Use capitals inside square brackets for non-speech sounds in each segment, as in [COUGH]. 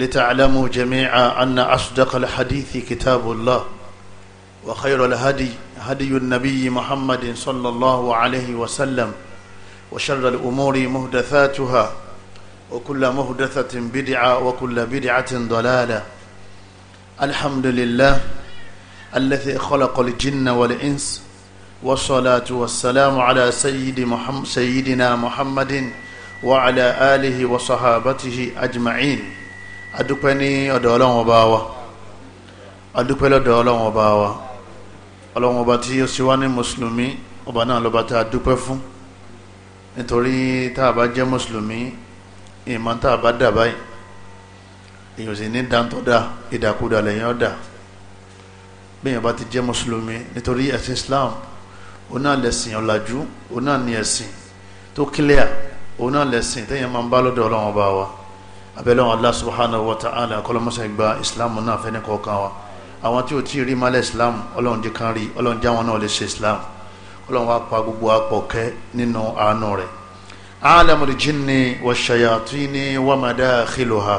لتعلموا جميعا أن أصدق الحديث كتاب الله وخير الهدي هدي النبي محمد صلى الله عليه وسلم وشر الأمور مهدثاتها وكل مهدثة بدعة وكل بدعة ضلالة الحمد لله الذي خلق الجن والإنس والصلاة والسلام على سيد محمد سيدنا محمد وعلى آله وصحابته أجمعين adúpẹ́ ní ọ̀dọ̀ ọlọ́run ọba wa adúpẹ́ lọ́dọ̀ ọlọ́run ọba wa ọlọ́run ọba tí ó sì wá ní mùsùlùmí ọba náà lọ́ba tá a dúpẹ́ fún nítorí tá a bá jẹ́ mùsùlùmí ìmọ̀ tá a bá dà báyìí èèyàn sì ní dáńtọ́ ìdàkudà lẹ́yìn ọ̀dà bí èèyàn bá ti jẹ́ mùsùlùmí nítorí ẹ̀sìn Islam òun náà lẹ̀sìn ọ̀làjú òun náà ní ẹ̀sìn tó kílíà òun náà lẹ̀sìn téèyàn máa ń bá lọ́dọ̀ ọlọ́run ọba wa abẹ́lẹ́wọ̀n Allah subhanahu wa ta'ala kọlọmọsẹ̀ gba islam náà fẹ́ni kọ̀ọ̀kan wa àwọn tí ò tí ì rí malẹ̀ islam ọlọ́run jẹ́ kan rí ọlọ́run jẹ́ àwọn náà lè ṣe islam ọlọ́run wa pa gbogbo apọ̀ kẹ́ nínú àánú rẹ̀ alamul jinni wa shayatini wa madakhiluha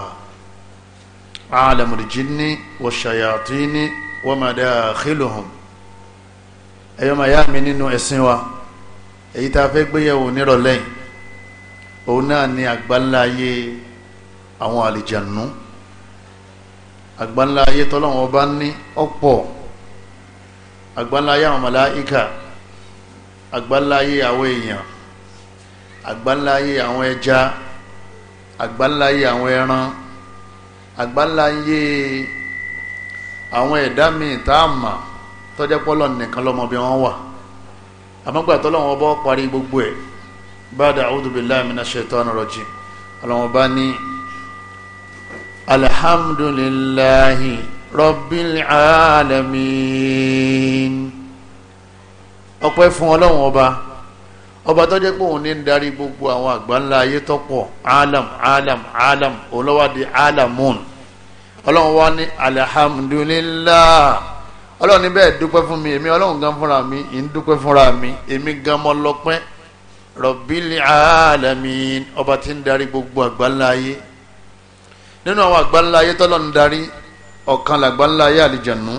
alamul jinni wa shayatini wa madakhiluhum ẹ̀yọ́ màá yá mi nínú ẹ̀sìn wa èyí tá a fẹ́ gbéyẹ̀wò nírọ̀lẹ́yìn òun náà ni àgbáńlá ayé àwọn àlìjànú àgbáńlá ayé tọ́lọ́wọ́n bá ní ọ̀pọ̀ àgbáńlá ayé àwọn màláíkà àgbáńlá ayé àwọn èèyàn àgbáńlá ayé àwọn ẹja àgbáńlá ayé àwọn ẹran àgbáńlá ayé àwọn ẹ̀dá míì tá a mà tọ́jẹ́ pọ́lọ́ nìkan lọ́mọ bí wà àmọ́gbà tọ́lọ́wọ́n bọ́ parí gbogbo ẹ̀ bá a dà áwùdù billahi minash shaitani rajim ọlọ́wọ́n bá ní alhamdulillahi rabbil alamin ọpẹ́ fún ọlọ́run ọba ọba tó jẹ́ pé òun ní ń darí gbogbo àwọn àgbà ńlá ayé tó pọ̀ alam alam alam olówádìí alamun ọlọ́run wá ní alhamdulillah ọlọ́run níbẹ̀ dúpẹ́ fún mi èmi ọlọ́run gan fúnra mi ìn dúpẹ́ fúnra mi èmi gan mọ́ lọ́pẹ́ rabbil alamin ọba tí ń darí gbogbo àgbà ńlá ayé nínú àwọn àgbáńlá ayé tọ́lọ́ ń darí ọ̀kan làgbáńlá ayé àlìjànú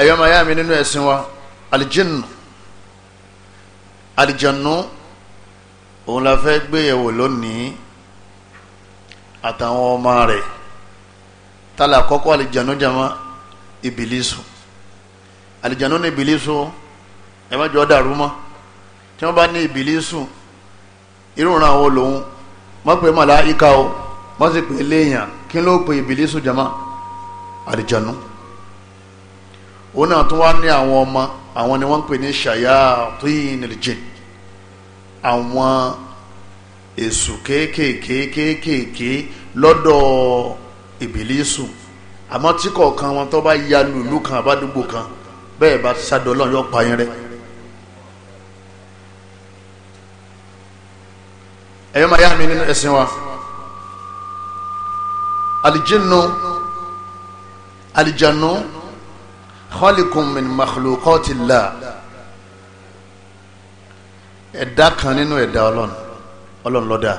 ẹ̀yọ́ máa yá mi nínú ẹ̀sìn wa àlìjìnnù àlìjànú òun la fẹ́ gbéyẹ̀wò lónìí àtàwọn ọmọ rẹ̀ tálà kọ́kọ́ àlìjànú jama ìbílísù àlìjànú ní ìbílísù ẹ má jọ dàrú mọ́ tí wọ́n bá ní ìbílísù irú ìran àwọn mọ́ pé màláíkà o mọ́ sì pé léèyàn kí ló pe ìbílísù jama àlìjànú òun náà tún wá ní àwọn ọmọ àwọn ni wọ́n ń pè ní shayatinil jinn àwọn èṣù kéékèèkéékèèké lọ́dọ̀ ìbílísù àmọ́ tí kọ̀ọ̀kan wọn tó bá ya lùlù kan àbádúgbò kan bẹ́ẹ̀ bá sádọ́ ọlọ́run pa yín rẹ́ ẹ̀yọ́ máa yá mi nínú ẹ̀sìn wa alìjínú alìjànú khaliqun min makhluqatillah ẹ̀dá kan nínú ẹ̀dá ọlọ́run ọlọ́run lọ́dà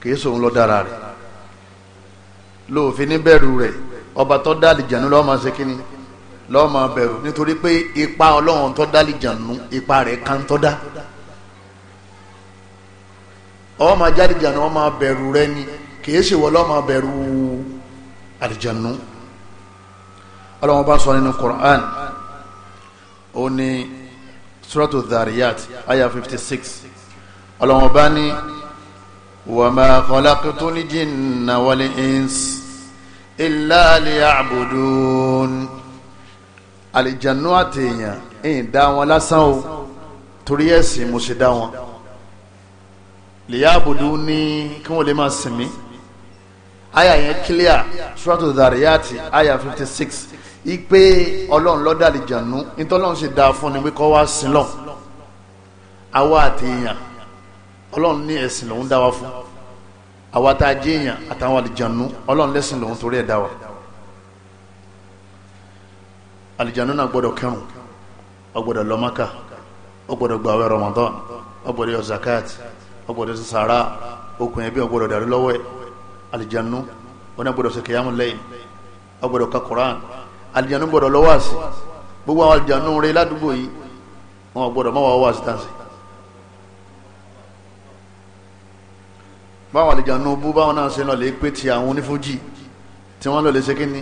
kìí sòun lọ́dà ara rẹ̀ lóòfin ní bẹ̀rù rẹ̀ ọba tó dá alìjànú lọ́ọ́ máa ṣe kínní lọ́ọ́ máa nítorí pé ipa ọlọ́run tó dá alìjànú ipa rẹ̀ kan tó dá ọ máa jáde jàǹdà wọn máa bẹ̀rù rẹ ni kìí ṣe wọ́n lọ́ máa bẹ̀rù àlìjànú ọlọ́wọ́n bá sọ nínú Qur'an ó ní suratu dhariyat ayah fifty six ọlọ́wọ́n bá ní wa ma khalaqtul jinna wal ins illa liya'budun àlìjànú àtẹ̀yàn ẹ̀yìn dá wọn lásán o torí ẹ̀sìn mo ṣe dá wọn. lèyàbùdú ní kí wọ́n lè máa sinmi àyà yẹn clear suratu Dhariyati àyà fifty six ipe ọlọ́run lọ́dà lè jànú nítọ́lọ́run ṣe dáa fún ni pé kọ́ wá sí lọ àwa àti èèyàn ọlọ́run ní ẹ̀sìn lòún dá wa fún àwa tá a jẹ́ èèyàn àtàwọn àlìjànú ọlọ́run lẹ́sìn lòún torí ẹ̀ dá wa àlìjànú náà gbọ́dọ̀ kẹrùn ó gbọ́dọ̀ lọ Mákà ó gbọ́dọ̀ gbààwẹ̀ Ramadan ó yọ zakat ọgbọ́dọ̀ sí sàárà okùn ẹbí ọgbọ́dọ̀ dàrú lọ́wọ́ ẹ̀ alìjánu wọn gbọ́dọ̀ sí kìyàmù lẹ́yìn ọgbọ́dọ̀ ka koran alìjánu gbọ́dọ̀ lọ́wọ́ àsì gbogbo àwọn alìjánu rẹ ládùúgbò yìí wọn gbọ́dọ̀ má wàá wá àsì tàǹsì. báwọn alìjánu bú báwọn náà ṣe lọ lè pé ti àwọn onífújì tí wọ́n lọ lè ṣe kíni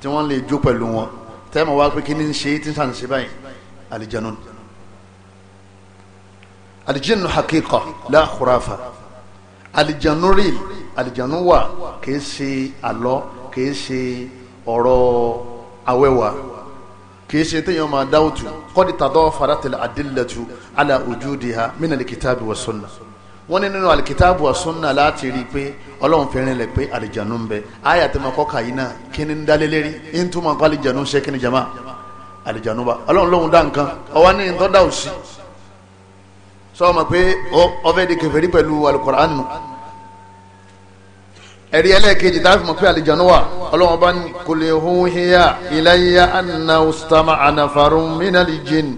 tí wọ́n lè jó pẹ̀lú wọn tẹ́ẹ̀mọ̀ wá pé kíni ń ṣe tí ń sàn alijinnu hakika la khurafa alijanu rí alijanu wà kìí ṣe àlọ kìí ṣe ọ̀rọ̀ awẹ́wà kìí ṣe téèyàn máa dáwùtù kọ́ni tàdọ́ faratẹ̀lẹ̀ adillatu ala wujudiha mina alikitaabi wa sunna wọ́n ní nínú alikitaabu wa sunna láti rí i pé ọlọ́run fẹ́rin lẹ̀ pé alijanu ń bẹ àyà tẹ́ ma kọ́ kàyí náà kí ni ń tún ma kọ́ alijanu ṣe kí jama alijanu ba ọlọ́run lóhun dá nǹkan ọwọ́ ní nǹkan dá sọ ma pé ọfẹ́ di kèfèrí pẹ̀lú alukoran nù ẹ̀rí ẹlẹ́ẹ̀kejì tá a fi mọ̀ pé àlìjánu wà ọlọ́wọ́n bá ní kòlè hóhíyà ilayya anna ustama anafarun minali jin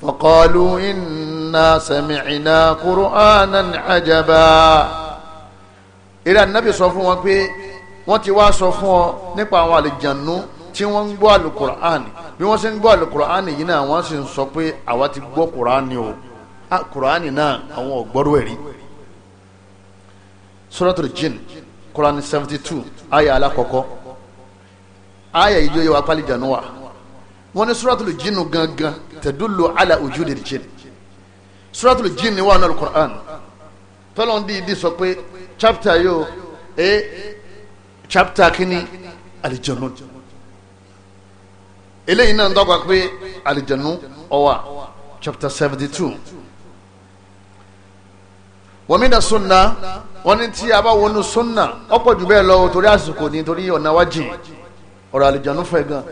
faqalu inna sami'na qur'anan ajaba eré anabi sọ fún wọn pé wọ́n ti wá sọ fún ọ nípa àwọn àlìjánu tí wọ́n ń gbọ́ alukoran bí wọ́n sì ń gbọ́ alukoran yìí náà wọ́n sì ń sọ pé àwa ti gbọ́ koran ni o kùránì náà àwọn ọ̀gbọ́rú ẹ̀rí suratul jinn kùránì seventy two àyà alákọ̀ọ́kọ́ àyà ìjọ yẹ wà pálí januwa wọ́n ní suratul jinnu gangan ala àlà ujudil jinn suratul jinn ni wà nínú Quran. tọ́lọ́n dìídì sọ pé chapter yóò ẹ chapter kínní àlìjọ̀nù eléyìí náà ń dọ́gba pé àlìjọ̀nù ó chapter seventy two wọ́n mi dà sunna wọ́n ní tí a bá wọnú sunna ọ̀pọ̀ jù bẹ́ẹ̀ lọ torí àsìkò ní torí ọ̀nà wájì ọ̀rọ̀ àlùjànnú fẹ̀ gan.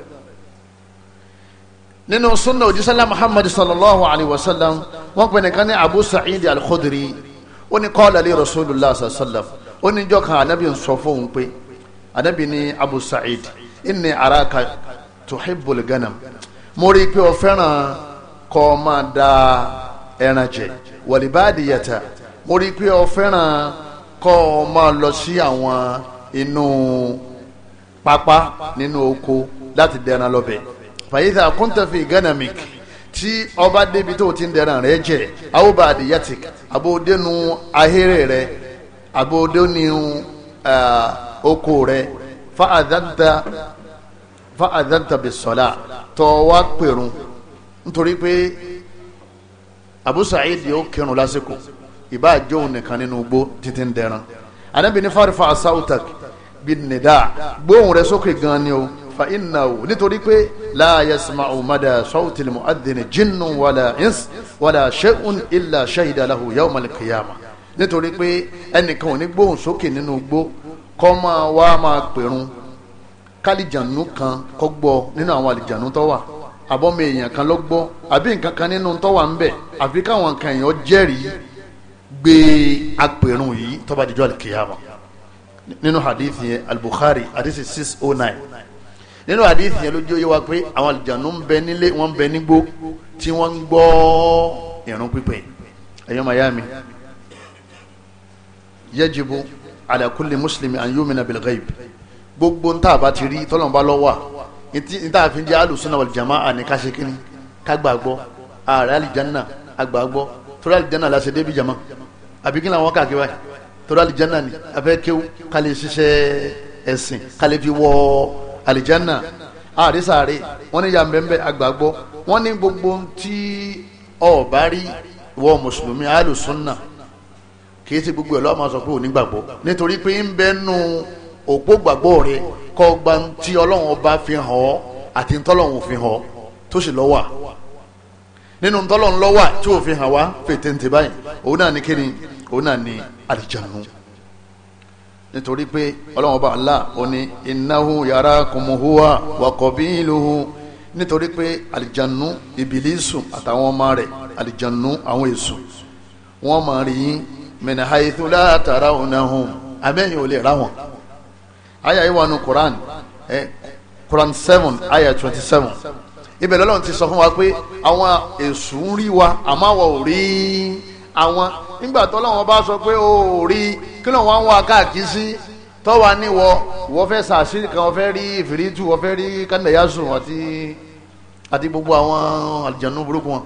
nínú sunna òjísàlá muhammad sallallahu alayhi wa sallam wọ́n pè nìkan ní abu sa'id al-khudri ó ní qala li rasulillah sallam ó ní jọ́ kan anabi ń sọ fóun pé anabi ní abu sa'id inni araka tuhibbul ganam mo rí i pé o fẹ́ràn kọ́ ọ máa da ẹran jẹ wàlíbáàdì mo rí i pé o fẹ́ràn kọ́ ọ máa lọ sí àwọn inú pápá nínú oko láti dẹran lọ́bẹ̀ fàyíṣà kúntàfì ganamik tí ọba débi tó ti ń dẹran rẹ jẹ àwòbá àdìyàtìk àbòdénu ahéré rẹ àbòdénu oko rẹ fa'adanta fa'adanta bisola tọ́wá pèrún nítorí pé Abu Sa'id yóò kírun lásìkò ìbá àjọhùn nìkan nínú igbó títí ń dẹran anabi ní farifa asautak bin nida gbóhùn rẹ sókè gan ni o fa inna o nítorí pé la yasma'u mada sawtil mu'adhdhin jinnun wala ins wala shay'un illa shahida lahu yawmal qiyamah nítorí pé ẹnìkan ò ní gbóhùn sókè nínú igbó kọ́ máa wá máa pèrún kálíjànú kan kọ́ gbọ́ nínú àwọn àlìjànú tó wà àbọ̀mọ èèyàn kan ló gbọ́ àbí nǹkan kan nínú tó wà ń bẹ̀ àfi káwọn kan èèyàn jẹ́rìí gbé apẹ̀rùn yìí tó bá dijọ́ alikiyama nínú hadith yẹn al-Bukhari hadith six oh nine nínú hadith yẹn lójú yẹ wa pé àwọn àlùjánu ń bẹ nílé wọn ń bẹ nígbó tí wọ́n ń gbọ́ ìrun pípé ẹ̀yọ́ mayami yajibu ala kulli muslimi an yumina bil ghaib gbogbo ntá a bá ti rí tọ́lọ́n bá lọ́wọ́ à ntá fi jẹ́ alùsùnà wal jamaa ní káṣe kágbàgbọ́ ààrẹ alìjánná àgbàgbọ́ torí alìjánná la débi jama àbí la làwọn kàkiri báyìí torí alijanna ni afẹ́ kéwù kálí ṣiṣẹ́ ẹ̀sìn kálí fi wọ alijanna àrísàárè wọ́n ní yàmbẹ́mbẹ́ àgbàgbọ́ wọ́n ní gbogbo tí ọ̀ọ́bá rí wọ mùsùlùmí alùsùnà kìí ṣe gbogbo ẹ̀ lọ́wọ́ máa sọ pé òní gbàgbọ́ nítorí pé ń bẹ́ nu òpó gbàgbọ́ rẹ kọ́ gba tí ọlọ́run ọba fi hàn ọ́ àti ntọ́lọ́run fi hàn ọ́ tó sì lọ́wà nínú ntọ́lọ́run lọ́wà tí ò fi hàn wá fètèǹtè báyìí òun náà ní kíni òun náà ni àlìjánu nítorí pé ọlọ́run bá Allah ó ní innahu yarakumu huwa wa qabiluhu nítorí pé àlìjánu ìbílísù àtàwọn ọmọ rẹ̀ àlìjánu àwọn èṣù wọ́n máa rí yín min haythu la tarawnahum àmẹ́yìn ò lè rá wọn. àyà yìí wà nù Quran eh, Quran seven àyà twenty seven ibẹ̀ lọ́lọ́run ti sọ fún wa pé àwọn èṣù ń rí wa àmọ́ àwọn ò rí àwọn nígbà tó lọ́wọ́ bá sọ pé o rí kí lọ́wọ́ ń wá káàkiri sí tọ́wà níwọ wọ́n fẹ́ sàṣírí kan wọ́n fẹ́ rí ìfìrìtù wọ́n fẹ́ rí kánìyàsù àti àti gbogbo àwọn àlìjànú burúkú wọn.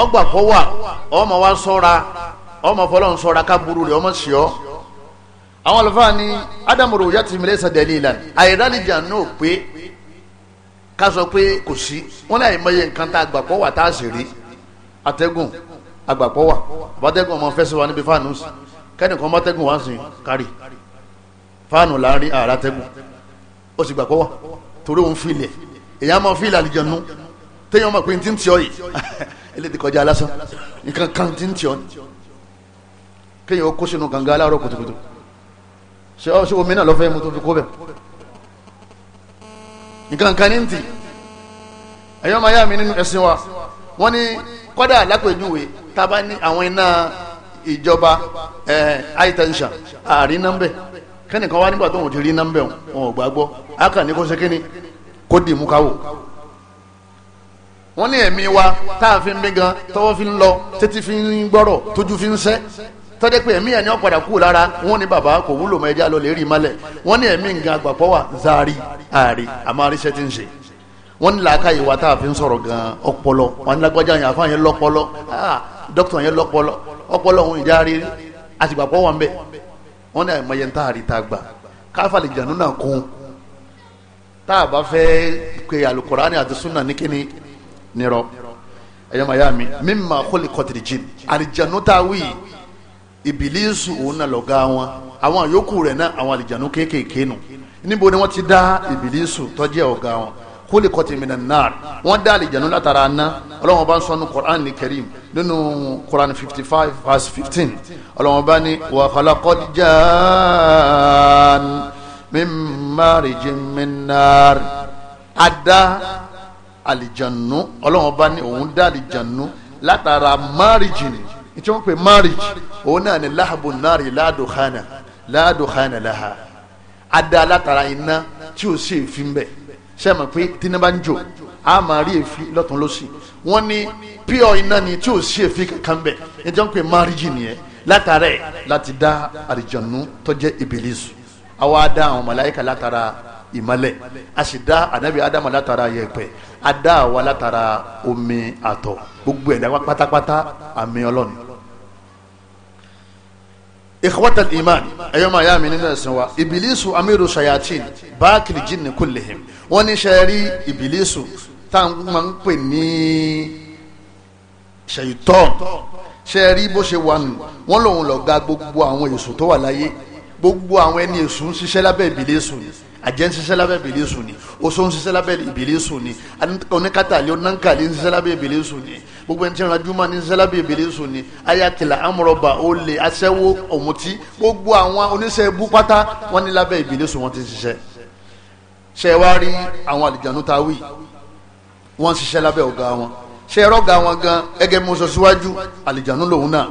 ọgbà kọ́ wà ọmọ wa sọ́ra ọmọ fọlọ́n sọ́ra ká burú rẹ̀ ọmọ sí ọ́ àwọn àlùfáà ni ádámù rò yàtì mílẹ̀ sàdẹ̀lì ìlànà àìránìjànú pé ká sọ pé kò sí wọn láì mọye nǹkan tá a gbà kọ́ wà tá a sì rí atẹ́gùn agbàpọ̀ wà àbátẹ́gùn ọmọ fẹ́ sí wa níbi fáànù sí kẹ́nìkan bátẹ́gùn wá sí kárì fáànù láàrin ààrẹ atẹ́gùn ó sì gbàpọ̀ wà torí òun filẹ̀ èyí á máa fi ilẹ̀ àlìjẹ̀nu téèyàn máa pe ní ti ń tiọ́ yìí [LAUGHS] eléyìí ti kọjá lásán nǹkan kan ti ń tiọ́ ni kéèyàn ó kó sínú gàngá aláàárọ̀ kùtùkùtù ṣé ọ́ ṣé omi náà lọ́fẹ́ mu tó fi kó bẹ̀ nǹkan kan ní ń ẹ̀yọ́ máa yá mi nínú ẹ̀sìn wa wọ́n ní kọ́dà lápèjúwe tá a bá ní àwọn iná ìjọba high tension àárín nọ́mbẹ̀ kẹ́nìkan wá nígbà tó wọn ti rí nọ́mbẹ̀ wọn ò gbàgbọ́ a kàn ní kó ṣe kíni kó dì mú káwò wọ́n ní ẹ̀mí wa tá a fi ń bí gan tọ́wọ́ fi ń lọ títí fi ń gbọ́rọ̀ tójú fi ń sẹ́ tọ́dẹ́ pé ẹ̀mí ẹni ọ̀padà kú lára wọ́n ní bàbá kò wúlò mọ́ ẹja lọ lè rí malẹ̀ wọ́n ní ẹ̀mí nǹkan àgbàpọ̀ wà zaari ààrí àmọ́ àríṣẹ́ ti ń ṣe wọ́n ní làákàyè wa tá a fi ń sọ̀rọ̀ gan ọpọlọ wọn ní lágbájá yẹn àfa yẹn lọ́pọlọ ah, dókítà yẹn lọ́pọlọ ọpọlọ òun ìjà rírí àtìgbàpọ̀ wọn bẹ́ẹ̀ wọ́n ní àìmọye ń tá a rí ta gbà káfà lè jànú náà kún tá a bá fẹ́ pe alukurani àti sunna ní kíni nírọ ẹ̀yọ́ màá yá mi mímà kólé kọ́tìrì jìn àlìjànú tá a wí ìbílísù òun náà lọ́gá wọn àwọn àyókù rẹ̀ náà àwọn àlìjànú kéékèèké nù níbo ni wọ́n ti dá ìbílísù tó jẹ́ ọ̀gá wọn kólé kọ́tì mi náà nàárì wọ́n dá àlìjánu látara ná ọlọ́wọ́n bá ń sọnù Qur'an ní Karim nínú Qur'an fifty five verse fifteen ọlọ́wọ́n bá ní wa khalaqal janna min marijin min nàárì àdá àlìjánu ọlọ́wọ́n bá ní òun dá àlìjánu látara marijin ìtí wọ́n pè marij òun náà ní láhàbù nàárì la dukhana la dukhana laha àdá látara iná tí ò sí èéfín bẹ́ẹ̀ sẹ́mi pé tìǹbà ń jò a máa rí èéfì lọ́tún lọ́sì wọ́n ní píọ̀ iná ni tí ò sí èéfì kankan bẹ̀ ẹ jẹ́ ń pè máríjì nìyẹn látara ẹ̀ láti dá àlìjànú tó jẹ́ ìbílísù àwa dá àwọn màláíkà látara ìmọ́lẹ̀ a sì dá ànábì ádámà látara yẹ̀pẹ̀ a dá àwa látara omi àtọ̀ gbogbo ẹ̀dá wa pátápátá àmì ọlọ́ni. ikhwatal iman ẹ̀yọ́ màá yá mi nínú ẹ̀sìn wa ìbílísù amírù sayatin báàkìlì jìnnì kullihim wọ́n ní ṣe rí ìbílísù tá à ń máa ń pè ní ṣèyítọ́n ṣe rí bó ṣe wà nù wọ́n lòun lọ̀gá gbogbo àwọn èṣù tó wà láyé gbogbo àwọn ẹni èṣù ń ṣiṣẹ́ lábẹ́ ìbílísù ni àjẹ́ ń ṣiṣẹ́ lábẹ́ ìbílísù ni oṣó ń ṣiṣẹ́ lábẹ́ ìbílísù ni oníkàtàlẹ́ onáńkàlẹ́ ń ṣiṣẹ́ lábẹ́ ìbílísù ni gbogbo ẹni tí ń rajúmọ́ ní ṣiṣẹ́ lábẹ́ ìbílísù ni ayatollah amúrọ̀bà olè aṣẹ́wó ọ̀mùtí gbogbo àwọn oníṣẹ́ ibú pátá wọ́n ní lábẹ́ ìbílísù wọ́n ti ṣiṣẹ́ ṣe wá rí àwọn àlìjánu tá a wí wọ́n ṣiṣẹ́ lábẹ́ ọ̀gá wọn ṣe rọ́gà wọn gan gẹ́gẹ́ mo sọ síwájú àlìjánu lòun náà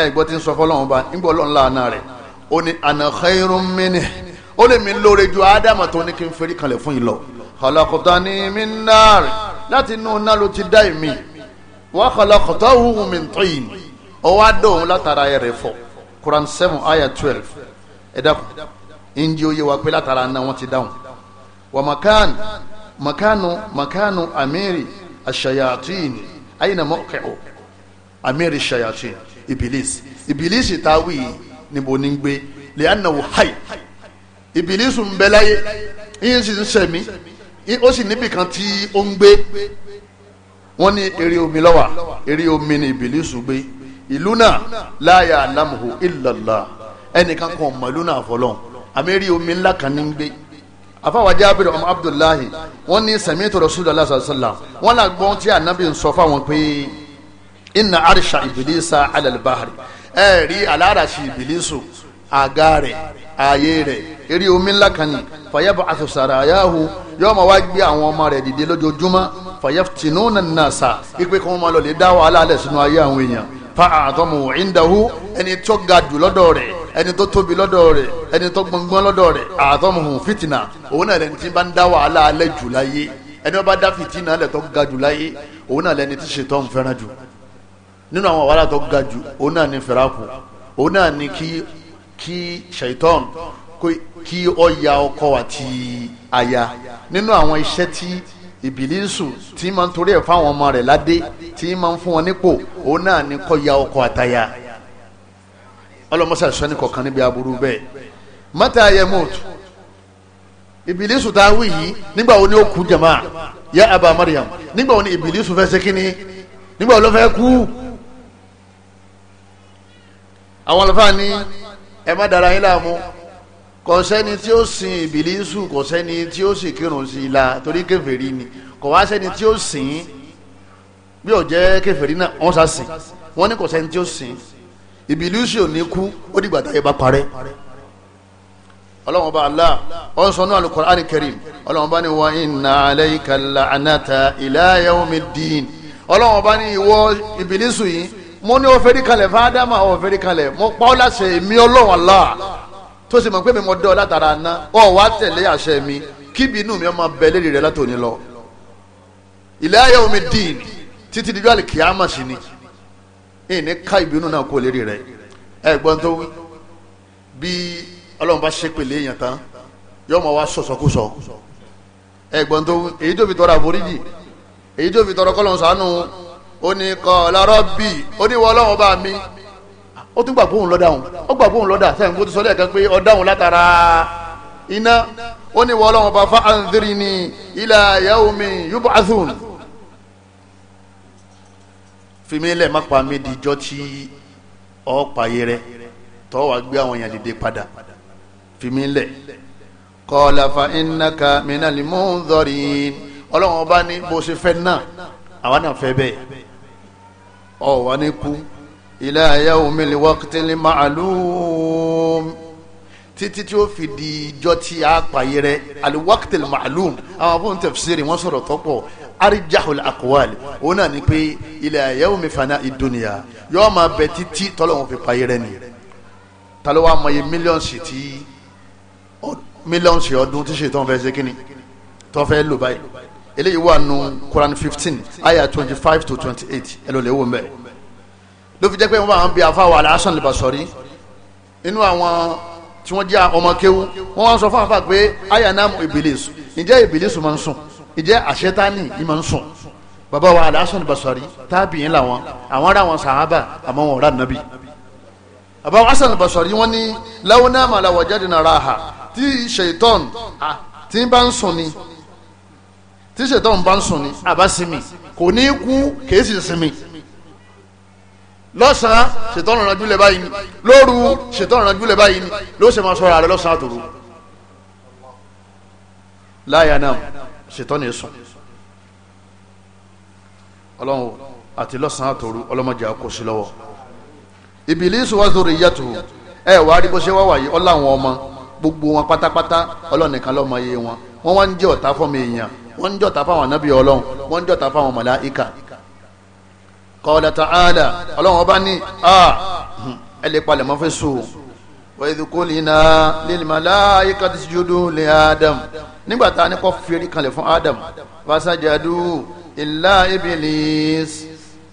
ẹ gbọ́ tí ń sọ fọlọ́run ba ń bọ̀ lọ́n láàánà rẹ̀ ó ní ana khairun minni ó lè mi lóore ju ádámà tó ní kí n ferí kanlẹ̀ fún yìí lọ khalaqtani min nar láti inú náà ló ti dá èmi wa khalaqtahu min tin ọwọ́ àdó òun látara ẹ̀rẹ̀ fọ Quran seven ayah twelve ẹ̀dá kù ń jẹ́ òye wa pé látara náà wọ́n ti dáhùn wa makan makanu makanu amiri ashayatin aina mawqi'u amiri ashayatin iblis iblis tawi ni bo ni gbe le annahu hayy iblis ń bẹ láyé yin sì ń ṣẹ̀mí ó sì níbì kan tí ó ń gbé wọ́n ní eré omi ló wà eré omi ni ìbílísù gbé ìlú náà la ya'lamuhu illa Allah ẹnìkan kan mọ̀ ìlú náà fọlọ́n àmì eré omi ńlá kan ní ń gbé àfáwọn Jábìrì ọmọ Abdullahi wọ́n ní sami'tu Rasulullah sallallahu alaihi wasallam wọ́n là gbọ́n tí ànábì ń sọ fáwọn pé inna arsha ibilisa ala al-bahri ẹ rí alárasì ìbílísù àga rẹ̀ ààyè rẹ̀ eré omi ńlá kan ní fàyàbọ̀ àtúnṣàrà àyáhu yóò máa wá gbé àwọn ọmọ rẹ̀ dìde lójoojúmọ́ fàyàftinúnà nàṣà ipe kí wọ́n lọ lè dá wàhálà alẹ́ sínú ayé àwọn èèyàn fa àtọ́mù ìndahu ẹni tó ga jù lọ́dọ̀ ẹni tó tóbi lọ́dọ̀ rẹ̀ ẹni tó gbọ̀ngbọ̀n lọ́dọ̀ rẹ̀ àtọ́mùhùn fìtìnà òun náà lẹni tí bá ń dá wàhálà alẹ́ jù láyé ẹni wọ́n bá dá fìtìnà alẹ́ tó ga jù láyé òun náà lẹni tí ṣètọ́ ń fẹ́ràn jù nínú àwọn wàhálà tó ga jù òun náà ní fẹ́rakù òun náà ní kí kí ṣètọ́n kí ọ ya ọkọ àti aya nínú àwọn iṣẹ́ tí ìbílísù tí máa ń torí ẹ̀ fáwọn ọmọ rẹ̀ ládé tí máa ń fún wọn nípò òun náà ní kó ya ọkọ àtaya ọlọmọsà sọni kọkan níbi aburú bẹ́ẹ̀ mata yamut ìbílísù tá a wí yìí nígbà wo ni ó kú jama ya aba mariam nígbà wo ni ìbílísù fẹ́ ṣe kínní nígbà wo ló fẹ́ kú àwọn àlùfáà ni ẹ má dara yín láàmú kò sẹ́ni tí ó sin ìbílísù kò sẹ́ni tí ó sì kírun sí i la torí kèfèrí ni kò tí ó sìn bí ó jẹ́ náà wọ́n sá sìn wọ́n ní kò tí ó sìn ìbílísì ò ní kú ó dìgbà táyé bá parẹ́ ọlọ́wọ́n bá Allah ọ̀n sọ́nù al-Qur'an al-Karim ọlọ́wọ́n bá ní wa inna alayka al-la'nata ila yawmi ddin ọlọ́wọ́n bá ní ìwọ ìbílísì yìí mo ní ó kalẹ̀ fáadámà ó kalẹ̀ mo pa ọ́ láṣẹ èmi ọlọ́wọ́n Allah tó sì mọ̀ pé mi mọ̀ dọ́ látara ná ọ wá tẹ̀lé àṣẹ mi kíbi inú mi ọmọ abẹ́lé rẹ̀ látòní lọ ila yawmi ddin títí dijọ́ àlè kìámà sí ni. ẹ̀ ní ká ìbínú náà kó lérí rẹ̀ ẹ̀ tó bí ọlọ́run bá ṣe pèlè èèyàn tán yóò máa wá sọ̀sọ̀kúsọ ẹ̀ tó èyí tó fi tọrọ àforíjì èyí tó fi tọrọ kọ́lọ́run ṣàánú ó ní kọ́ lọ́rọ́ bì bá fa ila yawmi yub'athun fimi lẹ má pa mí di jọ tí ọ pààyè rẹ tọ́ wa gbé àwọn èèyàn dìde padà fimi lẹ. kọ́lá fa ináka mina lè mú un dọ̀rí ọlọ́run ọba ní bó ṣe fẹ́ náà àwa náà fẹ́ bẹ́ẹ̀ ọ wà ní kú ilé ayé omi lè wá tẹ́lẹ̀ màálùm títí tí ó fi di ijọ́ tí a pààyè rẹ àlè màálùm àwọn abóhùn tẹ̀fsírì wọ́n sọ̀rọ̀ tọ́pọ̀ arijahul akwali òun náà ni pé ilẹ̀ ayẹ́wò mi fana ìdúnìyà yóò máa bẹ títí tọ́lọ́wọ́n fi pa irẹ́ ni talo wa mọ iye mílíọ̀nsì tí mílíọ̀nsì ọdún tí ṣètò ọ̀fẹ́ ṣe kínni tó fẹ́ lò báyìí eléyìí wà nù Quran fifteen aya twenty five to twenty eight ẹ lọ lè wò mbẹ ló fi jẹ́ pé wọ́n bá wọn bí afáwọ̀ aláṣán lè bá sọ̀rí inú àwọn tí wọ́n jẹ́ ọmọ kéwú wọ́n wá sọ fún àfà pé aya náà Ibilis ǹjẹ́ Ibilis máa ń sùn ìjẹ́ àṣetánì ìmọ̀ ń sùn bàbá wa Al-Hasan Basari tábìyìn làwọn àwọn ará wọn sàhábà àmọ́ wọn rà nàbì bàbá wa Al-Hasan Basari wọn ní lawna ma la wajadna raha tí ṣètọ́n tí bá ń sùn ni tí ṣètọ́n bá ń sùn ni àbá sinmi kò ní kú kèé sì sinmi lọ́sàn-án ṣètọ́n rànjú lẹ́ báyìí ni lóru ṣètọ́n rànjú lẹ́ báyìí ni ló ṣe máa sọ ara rẹ lọ́sàn-án àtòru láyà náà ṣètọ́ ní sùn ọlọ́run àti lọ́sàn-án àtòru ọlọ́mọdé kò sí lọ́wọ́ Ìbílísì wa zurriyatu ẹ wà á rí bó ṣe wá wàyí ọláwọn ọmọ gbogbo wọn pátápátá ọlọ́run nìkan lọ́mọ iye wọn wọ́n wá ń jẹ́ ọ̀tá fún mi èèyàn wọ́n ń jẹ́ ọ̀tá fáwọn anábì ọlọ́run wọ́n ń jẹ́ ọ̀tá fáwọn màláíkà qala ta'ala ọlọ́run ọba ní ah, ẹ lè palẹ̀mọ́ fẹ́ sùn وإذ قلنا للملائكة اسجدوا لآدم nígbà tá a ní kó fìrí kanlẹ̀ fún Adam fasajadu illa Iblis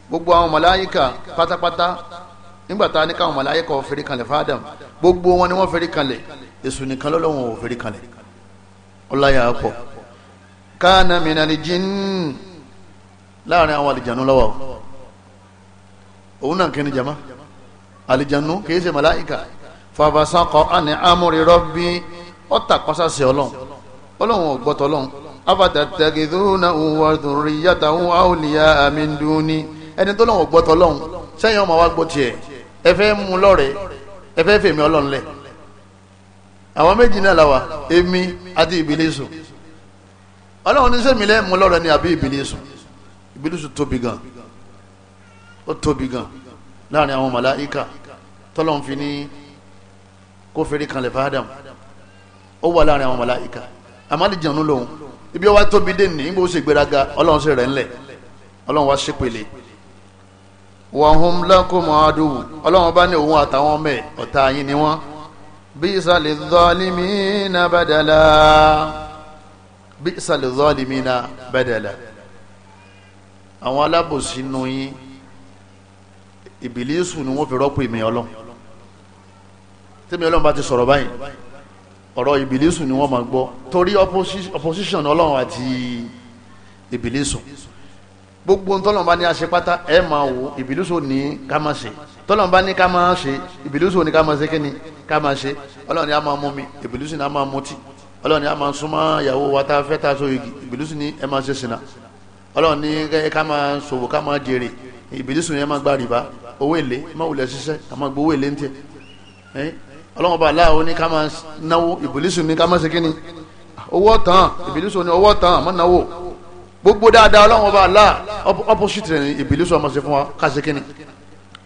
gbogbo àwọn màláyíkà pátápátá nígbà tá a ní káwọn màláyíkà ó fìrí kanlẹ̀ fún gbogbo wọn ni wọ́n fìrí kanlẹ̀ Èṣù nìkan lọ́lọ́wọ́n ò fìrí kanlẹ̀ ọláyà pọ̀ kana minal jinn láàrin àwọn àlìjànú lọ́wọ́ òun náà kí ni jama àlìjànú kì í ṣe màláyíkà fàbàsákọ̀ àní amúri rọ́bí ó tàkọ́sá sí ọlọ́run ọlọ́run ò gbọ́tọ̀ ọlọ́run afatatagiduna wa dhurriyatahu awliya min duni ẹni tó lọ́wọ́ gbọ́tọ̀ ọlọ́run sẹ́yìn ọmọ wa gbọ́ tiẹ̀ ẹ fẹ́ mú lọ́rẹ̀ẹ́ ẹ fẹ́ fèmí ọlọ́run lẹ̀ àwọn méjì náà làwà èmi àti ìbílísù ọlọ́run ní sẹ́mi lẹ́ mú lọ́rẹ̀ẹ́ ni àbí ìbílísù ìbílísù tóbi gan ó tóbi gan láàrin àwọn màláíkà tọ́lọ́run fi ní kó fèrè kan lè fa ádámù ó wà láàrin àwọn màláíkà àmàlì jẹun lòun ibi ọwá tóbi dé ní nígbà ó sì gbéraga ọlọ́run sì rẹ̀ ńlẹ̀ ọlọ́run wá ṣépele wàhùn lakum aduwwu ọlọ́run bá ní òun àtàwọn ọmọ ẹ̀ ọ̀tá yín ni wọ́n bi'sa liz-zalimina badala bi'sa liz-zalimina badala àwọn alábòsínú yín ìbílísù ni wọ́n fi rọ́pò ìmì ọlọ́run tẹ́mi ọlọ́run bá ti sọ̀rọ̀ báyìí ọ̀rọ̀ ìbílísù ni wọ́n máa gbọ́ torí opposition ọlọ́run àti ìbílísù gbogbo tọ́lọ́run bá ní àṣẹ pátá ẹ̀ máa wò ìbílísù ní ká máa ṣe tọ́lọ́run bá ní ká máa ṣe ìbílísù ní ká máa ṣe kíni ká máa ṣe ọlọ́run ni a máa mú mi ìbílísù ni a máa mutí ọlọ́run ni a máa súnmọ́ ìyàwó wa tá a fẹ́ ta so igi ìbílísù ni ẹ máa ṣe sìnà ọlọ́run ni ká máa ṣòwò ká máa jèrè ìbílísù ni ẹ máa gba rìbá owó èlé ẹ máa wulẹ̀ ṣiṣẹ́ àmọ́ gbowó èlé ń tiẹ̀ ọlọ́wọ́n bá aláwo ní ká máa náwó ìbílísù ní ká máa ṣe kíni owó tán ìbílísù ní owó tán àmọ́ náwó gbogbo dáadáa ọlọ́wọ́n bá alá opposite rẹ̀ ní ìbílísù ọmọ ṣe fún wa ká ṣe kíni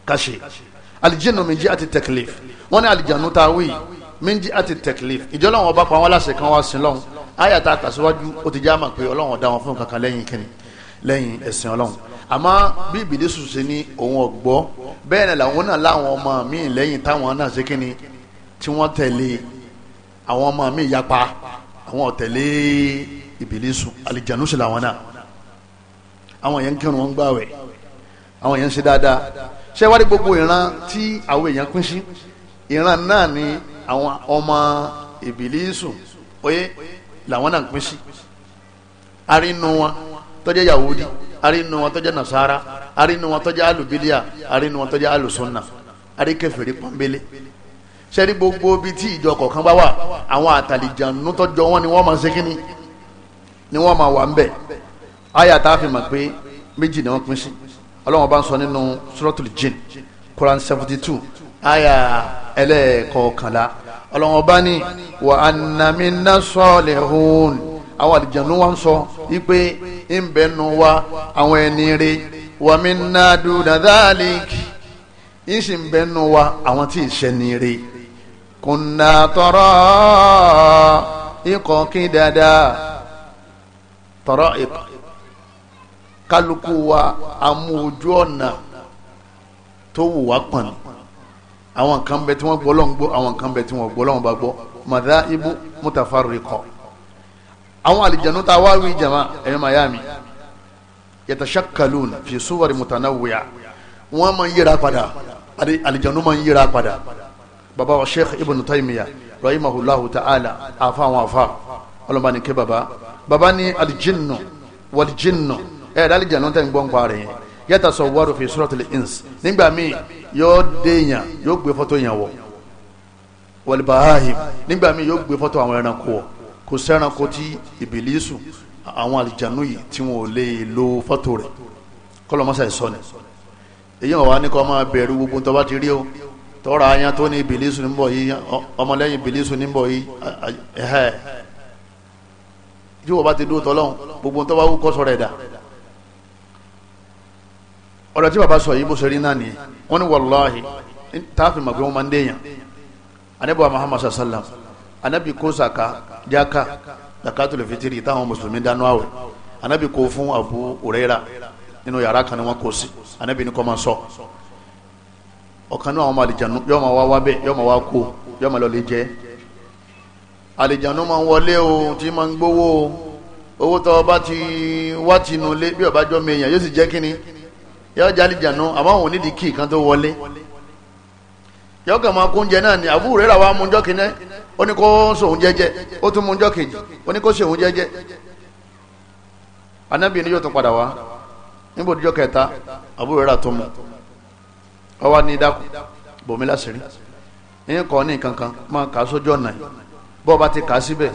ká ṣe alìjẹ́nu mi jẹ́ àti tẹ̀kìlìf wọ́n ní alìjẹ́nu ta wí mi jẹ́ àti tẹ̀kìlìf ìjọ ọlọ́wọ́n bá pa wọn láṣẹ kan wá sí lọ́hùn áyà ta tàṣíwájú ó ti já mà pé ọlọ́wọ́n dá wọn fún kankan lẹ́yìn kíni lẹ́yìn ẹ̀sìn ọlọ́run àmọ́ bí ìbílísù ṣe ní òun ọ̀gbọ́ bẹ́ẹ̀ ni làwọn náà láwọn ọmọ míì lẹ́yìn táwọn náà ṣe kíni tí wọ́n tẹ̀lé àwọn ọmọ mi yapa àwọn ọ̀tẹ̀lé ìbílísù àlìjánu sí làwọn náà àwọn yẹn ń kírun wọn gbààwẹ̀ àwọn yẹn ń ṣe dáadáa ṣé wá rí gbogbo ìran tí àwọn èèyàn pín sí ìran náà ni àwọn ọmọ ìbílísù oyé làwọn náà pín sí arínú wọn tó yahudi arínú wọn tó nasara arínú wọn tó alubilia arínú wọn tó jẹ́ alusunna aríkẹfẹ̀rí pọ́nbélé sẹ́ni gbogbo bíi tí ìjọ kọ̀ọ̀kan bá wà àwọn àtàlìjànú tọ́jọ́ wọn ni wọ́n máa ṣe kínní ni wọ́n máa wà ń bẹ̀ àyà tá fi mọ̀ pé méjì ni wọ́n pín sí ọlọ́wọ́n bá ń sọ nínú suratul jin Quran seventy two àyà ẹlẹ́ẹ̀kọ̀ọ̀kànlá ọlọ́wọ́n bá ní wa anna minna salihun àwọn àlìjànú wa ń sọ wípé ń bẹ nu wa àwọn ẹni rè wa minna duna dhalik ń sì ń bẹ nu wa àwọn tí ì ṣẹ́ni rè. كنا طرائق كددا طرائق kálukú wa amú ojú ọ̀nà tó wù wá pọ̀n ní àwọn kan bẹ tí wọ́n gbọ́ lọ́n gbọ́ àwọn kan bẹ tí wọ́n gbọ́ lọ́n bá gbọ́ màdá ibú mutafarriqa àwọn àlìjànú tá a wá wí jama ẹ̀yọ́ miami yatashakkaluna fi suwari mutanawwi'a wọ́n máa ń yíra padà àlìjànú máa ń yíra padà baba wa sheikh ibn taymiya rahimahulahu ta'ala afa àwọn afa ọlọ́mọba ni ké baba baba ni alijinnu walijinnu ẹ̀ ẹ̀ alijinnu tẹ̀ ń gbọ́n pa rẹ̀ yẹn yàtà sọ wàrú fi suratul ins nígbà míì yóò déyàn yóò gbé fọ́tò yẹn wọ̀ wàlìbáhìm nígbà míì yóò gbé fọ́tò àwọn ẹranko wọ̀ kò sẹ́ranko tí ìbílísù àwọn àlìjánu yìí tí wọn ò lè lo fọ́tò rẹ̀ kọ́lọ́mọ́sà ìsọ̀nì èyí wọn wá ní kọ́ máa bẹ̀rù gbogbo tó bá ti rí o tọ́ra ayan tó ní ìbìlísù níbọ̀ yìí ọmọlẹ́yìn ìbìlísù níbọ̀ yìí ẹ̀hẹ́ yíwọ bá ti dúró tọ́lọ́hún gbogbo tó bá wú kọ́ sọ̀rọ̀ ẹ̀dá ọ̀rọ̀ tí bàbá sọ yìí bó ṣe rí náà nìyẹn wọ́n ní wàláhì táàfin màgbé wọn máa ń déyàn anábì wa muhammad sallam fitiri táwọn mùsùlùmí anábì kó fún Abu nínú yàrá kan ni wọ́n kó ọ̀kan náà àwọn ọmọ àlìjànú yóò máa wá wá bẹ́ẹ̀ yóò máa wá kó yóò máa lọ lè jẹ́ àlìjànú máa ń wọlé o tí máa ń gbowó o owó tó o bá ti wá tinú lé bí ọba jọ mi èèyàn yóò sì jẹ́ kínní yóò jẹ́ àlìjànú àmọ́ òun nídìí kí kan tó wọlé yóò kàn máa kó oúnjẹ náà ni àbúrò rẹ̀ làwọn amúnjọ́ kínní ó ní kó sòun jẹ́jẹ́ ó tún mú kejì ó ní kó sòun jẹ́jẹ́ anábìyẹn yóò tún padà wá níbo ìjọ kẹta àbúrò rẹ̀ là mu ọwọ́ ní dákú bòmí lásìrí ẹ̀yìn kọ́ ní kankan máa kaso á sójú ọ̀nà yìí bọ́ ọba ti kà á síbẹ̀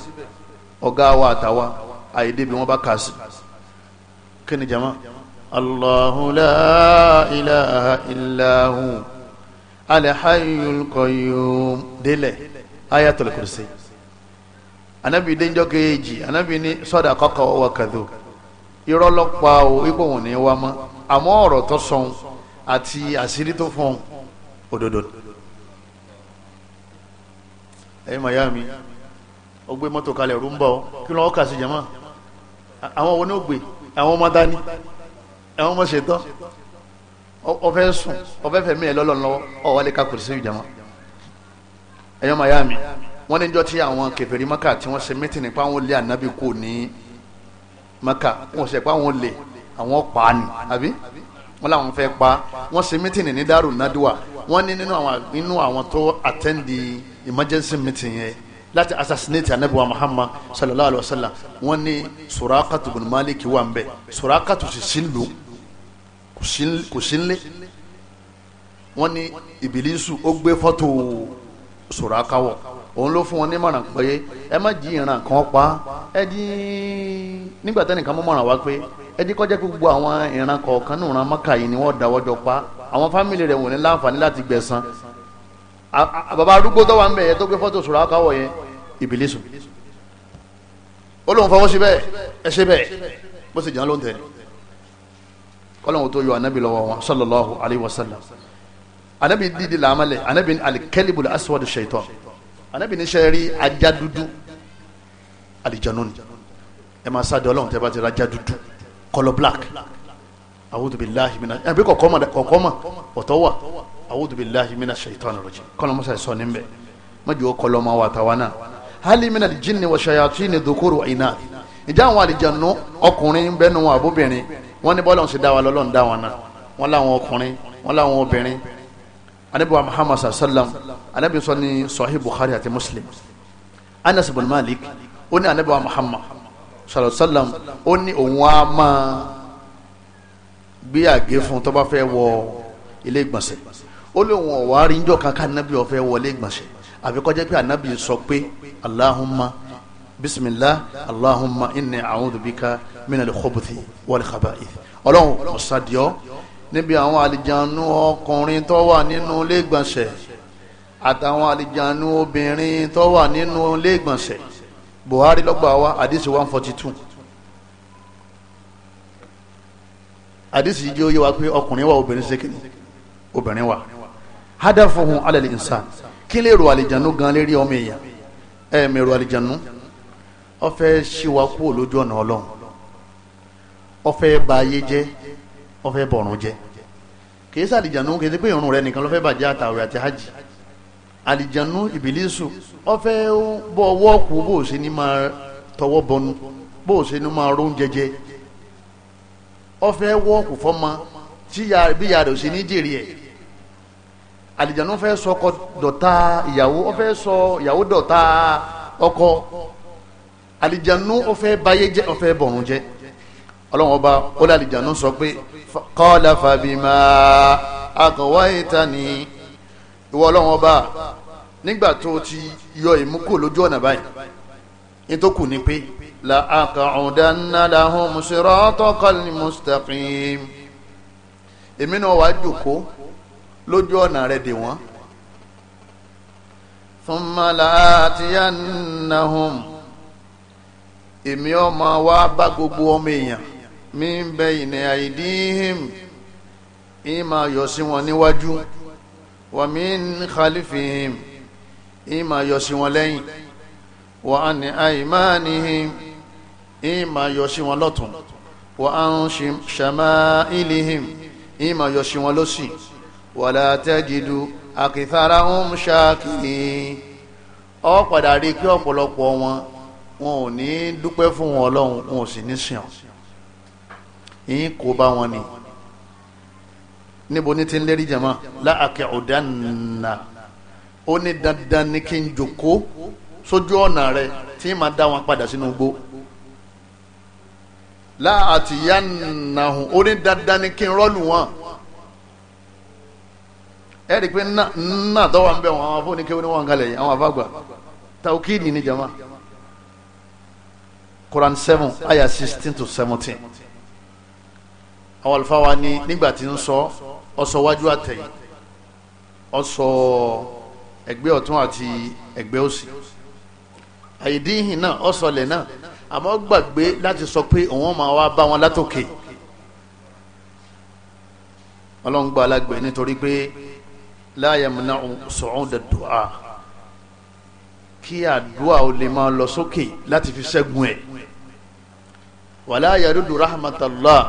wa àtàwa àyèdè bí wọ́n bá kà á jama Allahu la ilaha illahu, hu al-hayyul qayyum délẹ̀ ayatul kursi anabi denjọ́ kejì anabi ní sọ́dà kọ́kọ́ wọ́kàdó irọ́ lọ́pàá o ipò wọn ni wá mọ́ àmọ́ ọ̀rọ̀ tó sọ̀hún àti àṣírí tó fún òdodo ẹ̀yin mayami ó gbé mọ́tò kalẹ̀ rú ń bọ̀ kí lọ́ọ́ kà sí jama àwọn wo ni ó gbé àwọn ọmọ dání àwọn ọmọ ṣetán ọfẹ́ sùn ọfẹ́ fẹ̀mí ẹ̀ lọ́lọ́ lọ́wọ́ ọ̀wá lè ka kùrìsì jama ẹ̀yin mayami wọ́n ní jọ́ tí àwọn kèfèrí maka tí wọ́n ṣe mítìn nípa àwọn olè ànábì kò ní maka wọ́n ṣe pa àwọn olè àwọn pa á àbí wọ́n làwọn fẹ́ pa wọ́n ṣe mítìnì ní Darou Nadwa wọ́n ní nínú àwọn tó attend the emergency meeting yẹn láti assassinate anabi wa Muhammad sallallahu alayhi wa sallam wọ́n ní Surakatu bin Malik wà ń bẹ̀ Surakatu sì sí lù kò sí nlé wọ́n ní Ìbílísù ó gbé fọ́tò Suraka wọ̀ òun ló fún wọn ní mọ̀ràn pé ẹ má jí ìran kan pa ẹ dín nígbà tẹ́nìkan mọ̀ràn wá pé ẹdí kọjá pé gbogbo àwọn ìran kọ̀ọ̀kan ní ìran mọ́kà yìí ni wọ́n dáwọ́jọ pa àwọn fámìlì rẹ̀ wò ní láǹfààní láti gbẹ̀san bàbá arúgbó tó wà ń bẹ̀ yẹn tó gbé fọ́tò sùrọ̀ akáwọ̀ yẹn ìbílísù ó lóun fọwọ́ sí bẹ́ẹ̀ ẹ ṣe bẹ́ẹ̀ bó sì jẹun ló ń tẹ̀ kọ́lọ́hún tó yọ anabi lọ́wọ́ wọn sallallahu alayhi wa sallam anabi dídì làmàlẹ̀ anabi alikẹ́libul aswadu shaitan anabi ní sẹ́ẹ̀rí ajá dúdú alìjẹun ní ẹ máa sáájú ọlọ́run tẹ́ bá ti ra ajá dúdú color black awudubilahi mina ẹbí kọkọma dẹ kọkọma ọtọ wa awudubilahi mina shaitan rọjì kọlọmọsà sọ ní bẹ mọjú kọlọmọ wa tàwa náà hali mina jinni wa shayatini dhukuru wa ina ìjà àwọn àlìjànú ọkùnrin bẹnu àbóbìnrin wọn ní bọ́lá ń sì dá wa lọ́lọ́ ń dá wọn náà wọn làwọn ọkùnrin wọn làwọn obìnrin anabi wa muhammad sallam anabi sọ ní sahih bukhari àti muslim anas bin malik ó ní anabi muhammad sàlọ̀sálàm ó ní òun á máa gbé àgé fún tó bá fẹ́ wọ ilé ìgbọ̀nsẹ̀ ó lé òun ọ̀wá rí njọ́ kankan nábì ó fẹ́ wọ ilé ìgbọ̀nsẹ̀ àbí kó jẹ́ pé ànábì sọ pé aláhùnmá bisimilah aláhùnmá inni a'udhu bika minal khubuthi wal khaba'ith ọlọ́run ọ̀sàdìọ́ níbi àwọn àlìjànú ọkùnrin tó wà nínú ilé ìgbọ̀nsẹ̀ àtàwọn àlìjànú obìnrin tó wà nínú ilé ìgbọ̀nsẹ̀ Buhari lọ́gbà wa hadisi one forty two hadisi yìí jẹ́ oyé wa pé ọkùnrin wa obìnrin ṣe kíni obìnrin wa hadafuhun alẹ́lẹ́ insan kí lè ro àlìjánu gan lérí ọmọ èèyàn ẹ mi ro àlìjánu ó fẹ́ ṣíwa kúrò lójú ọ̀nà ọlọ́run ó fẹ́ bà ayé jẹ́ ó fẹ́ bọ̀rùn jẹ́ kì í sàlìjánu kì í pé ìrun rẹ nìkan ló bàjẹ́ àtàwé àti hajj àlìjànú ìbílísù ọfẹ́ bọ́ wọ́ọ̀kù bó ṣe ní máa tọwọ́ bọnu bó ṣe ní máa rún jẹjẹ ọfẹ́ wọ́ọ̀kù fọ́mọ bíyà rẹ̀ ṣe ní jèrè ẹ̀ àlìjànú fẹ́ sọkọ dọ̀tá ìyàwó ọfẹ́ sọ ìyàwó dọ̀tá ọkọ àlìjànú ọfẹ́ báyé jẹ́ ọfẹ́ bọ̀rùn jẹ́ ọlọ́run ọba ó lálìjànú sọ pé qala fabima aqwaytani ìwọ ọlọ́run ọba nígbà tó o ti yọ ìmúkò lójú ọ̀nà báyìí ní tó kù ni pé la aqa'udanna lahum siratakal mustaqim èmi náà wàá jòkó lójú ọ̀nà rẹ̀ dè wọ́n. thumma la'atiyannahum èmi ọmọ wa bá gbogbo ọmọ èèyàn min bayni aydihim ìmọ̀ ayọ̀ sí wọn níwájú wa min khalifihim ìmà yọ sí wọn lẹ́yìn wa an aymanihim ìmà yọ sí wọn lọ́tún wa an shamailihim ìmà yọ sí wọn lọ́sì wala tajidu akitharahum shakirin ọ padà rí kí ọ̀pọ̀lọpọ̀ wọn wọn ò ní dúpẹ́ fún wọn ọlọ́run wọn ò sì ní sìn ọ́ yín kó bá wọn nìyí níbo ní ti ń lérí jama láàkẹ́ ọ̀dánà ó ní dandan ní kí n jòkó sójú ọ̀nà rẹ tí ma dá wọn padà sínú igbó láàtì yánnahùn ó ní dandan ní kí n rọ́lù wọn ẹ rí i pé nná tọ́wọ́ ń bẹ̀ wọn àwọn afọ́ ní kéwọ́n ní kalẹ̀ yìí àwọn afágbà tàwùkìdì ní jama Quran seven ayah sixteen to seventeen àwọn wa ni nígbà tí ń ọsọ wájú àtẹ̀yìn ọsọ ẹgbẹ́ ọ̀tún àti ẹgbẹ́ òsì àyèdíhìn náà ọsọlẹ̀ náà àmọ́ gbàgbé láti sọ pé òun máa wá bá wọn látòkè ọlọ́run gba alágbẹ̀ nítorí pé láàyè múná sọ̀rọ̀ dàdúrà kí àdúrà ò lè máa lọ sókè láti fi ṣẹ́gun ẹ̀ wàláyà dúdú rahmatulah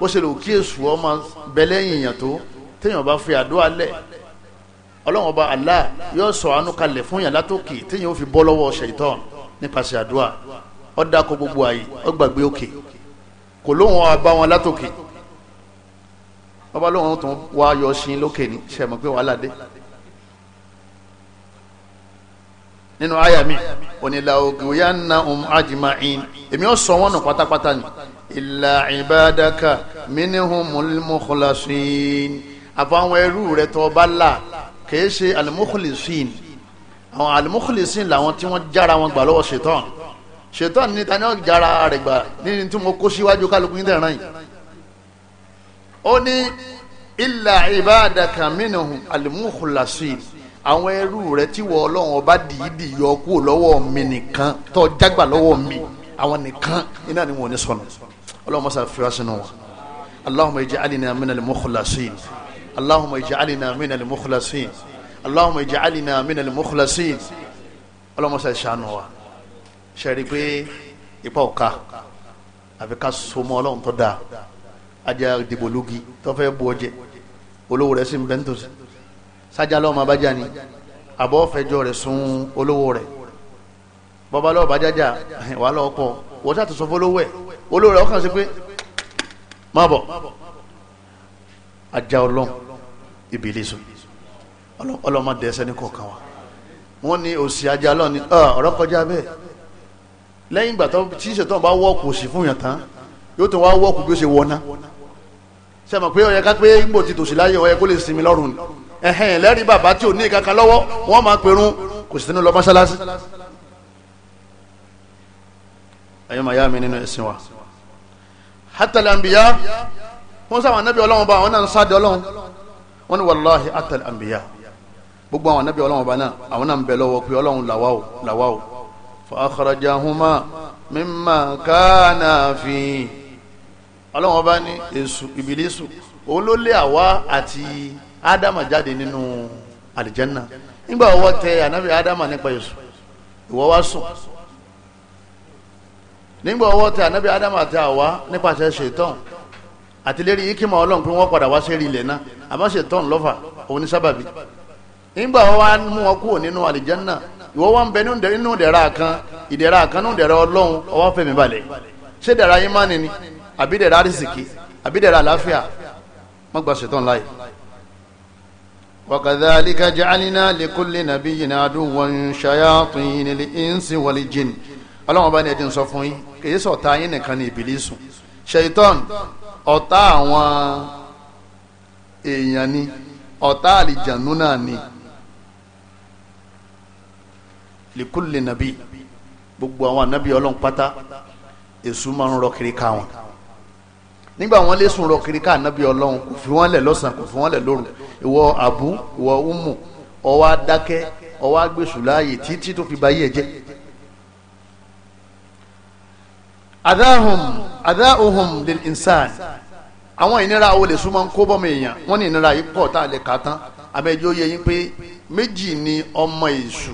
bó ṣe lò kí èṣù ọmọ bẹlẹ́yìn èèyàn tó téèyàn bá fi àdúrà lẹ̀ ọlọ́run ọba Allah yóò sọ àánú kalẹ̀ fún yàn látòkè téèyàn ó fi bọ́ lọ́wọ́ ṣèitán nípasẹ̀ àdúrà ó dákọ̀ gbogbo àyè ó gbàgbé òkè kò lóhùn abá wọn látòkè ọba lóhùn tó wá yọ ṣin lókè ní sẹ́mi pé wàhálà dé nínú àyà mi onílà ògùn yà ń na òun àjìmáìn èmi ó sọ wọn nù pátápátá ni illa ibadaka minhumul mukhlasin àfàwọn ẹrú rẹ tó bá là kìí ṣe al-mukhlasin àwọn al-mukhlasin làwọn tí wọ́n jára wọn gbà lọ́wọ́ ṣetán ṣetán ní tani wọ́n jára rẹ̀ gbà ní tí mo kó síwájú kálukú ní tẹ̀ràn yìí ó ní illa ibadaka minhumul mukhlasin àwọn ẹrú rẹ tí wọ Ọlọ́run ọba dìídì yọ kúrò lọ́wọ́ mi nìkan tó jágbà lọ́wọ́ mi àwọn nìkan iná ni wọn ò ní sọnù. اللهم صل في اللهم اجعلنا من المخلصين اللهم اجعلنا من المخلصين اللهم اجعلنا من المخلصين اللهم صل شانو وا sẹ́rí pé ipa ọ̀ka àfi ká somọ́ ọlọ́run tó dáa ajá dìbò lógi tó fẹ́ bu ọjẹ́ olówó rẹ̀ sì ń bẹ́ńtò sí sájà lọ́wọ́ máa bá jà ní àbọ̀ fẹjọ́ rẹ̀ sun olówó rẹ̀ bọ́bá lọ́wọ́ bá jájà wàá lọ́wọ́ pọ̀ wọ́n ṣàtúnṣe fọlọ́wọ́ ẹ̀ olórí ọkàn sí pé má bọ̀ ajá ọlọ́n ìbílísù ọlọ́mọdé ẹsẹ̀ ní kọ̀ọ̀kan wa wọ́n ní òsì ajá ọlọ́ni ọ̀rọ̀ kọjá bẹ́ẹ̀ lẹ́yìn ìgbà tí ìṣètò bá wọ́ọ̀kù òsì fún yàn tán yóò tó wá wọ́ọ̀kù bí ó ṣe wọ́ná ṣe mọ̀ pé ó yẹ ká pé ìgbò ti tòṣì láyé ó yẹ kó lè sinmi lọ́rùn ẹ̀hẹ́n lẹ́rìí bàbá tí ò ní ìkankan lọ́wọ́ wọ́n máa perun kò sì nínú lọ mọ́ṣáláṣí ẹ̀yọ́ màyá mi nínú ẹ̀sìn wa hatal anbiya wọn sábà anabi Ọlọ́run ba àwọn náà ń sáde Ọlọ́run wọn ni wàlláhi hatal anbiya gbogbo àwọn anabi Ọlọ́run ba náà àwọn náà ń bẹ lọ́wọ́ pé Ọlọ́run làwáwò làwáwò fa akhrajahuma mimma kana fi Ọlọ́run ba ní èṣù ìbílísù òun ló lé àwa àti ádámà jáde nínú àlìjánná nígbà wọ́n tẹ anabi ádámà nípa èṣù ìwọ wá sùn nígbà ọwọ́ tẹ ànábì ádámù àti àwa nípasẹ̀ ṣètọ́n àti lérí ikima ọlọ́run pé wọ́n padà wá sí ilẹ̀ náà àmọ́ ṣètọ́n lọ́fà òun ní sábàbí nígbà wọn wá mú wọn kúrò nínú àlìjánná ìwọ wọn bẹ nínú ìdẹ̀ra kan ìdẹ̀ra kan nínú ìdẹ̀ra ọlọ́run ọwọ́ fẹ̀mí balẹ̀ ṣé ìdẹ̀ra yín má nìní àbí ìdẹ̀ra àrísìkì àbí ìdẹ̀ra àláfíà wọ́n gba ṣètọ́n láàyè. وكذلك جعلنا لكل نبي عدوا شياطين الإنس والجن ọlọ́wọ́n bá ní ẹ̀dín sọ fún yín kìí sọ̀tá yín nìkan ní ìbílísù ṣèyítọ́n ọ̀tá àwọn èèyàn ni ọ̀tá àlìjànú náà ni likulli nàbí gbogbo àwọn ànábì ọlọ́run pátá èṣù máa ń rọ kiri ká wọn nígbà wọn lè sùn rọ kiri ká ànábì ọlọ́run kò fi wọn lẹ̀ lọ́sàn kò fi wọn lẹ̀ lóru ìwọ àbú ìwọ umu ọwọ́ adákẹ́ ọwọ́ agbésùláyè títí tó fi ba yé jẹ́ adáhùn adáhùn lil insan àwọn ìnira wo lè súnmọ́ kó bọ́mọ èèyàn wọ́n ní ìnira yìí pọ̀ tá a lè kà tán abẹ́jọ́ yẹ yín pé méjì ni ọmọ èṣù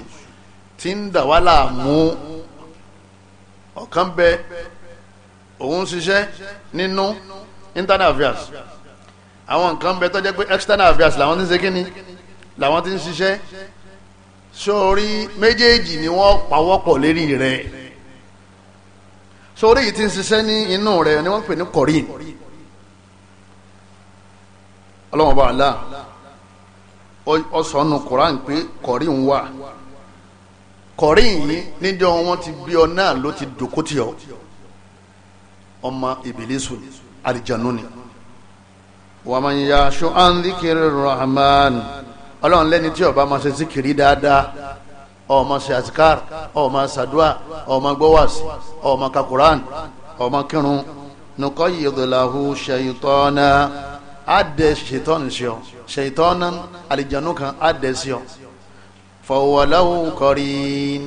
tí ń dà wá láàmú ọ̀kan bẹ òun ṣiṣẹ́ nínú internal affairs àwọn nǹkan bẹ tó pé external affairs làwọn ti ń ṣe kí ni làwọn ti ń ṣiṣẹ́ sórí méjèèjì ni wọ́n pawọ́pọ̀ lérí rẹ̀ so orí yìí ti ń ṣiṣẹ́ ní inú rẹ̀ ni wọ́n ń pè ní kọ̀rín ọlọ́mọba àlá ọsàn nù koran pé kọ̀rín wà kọ̀rín yìí níjọ́ wọn ti bí ọ náà ló ti dòkó tì ọmọ ìbílísù àlìjánu ni wà á máa ya aṣọ àǹdíkiri rahman ọlọ́run lẹ́ni tí ọba máa ṣe síkiri dáadáa ọmọ ṣe àtikáàr ọmọ ṣàdúà ọmọ gbọ́wàsí ọmọ kakuran ọmọ kírun nùkọ́ yìdìláhu ṣèyítọ́nà àdẹ ṣètọ́nù sí ọ ṣèyítọ́nà àlìjánu kan àdẹ sí ọ fọwọ́láhu kọrin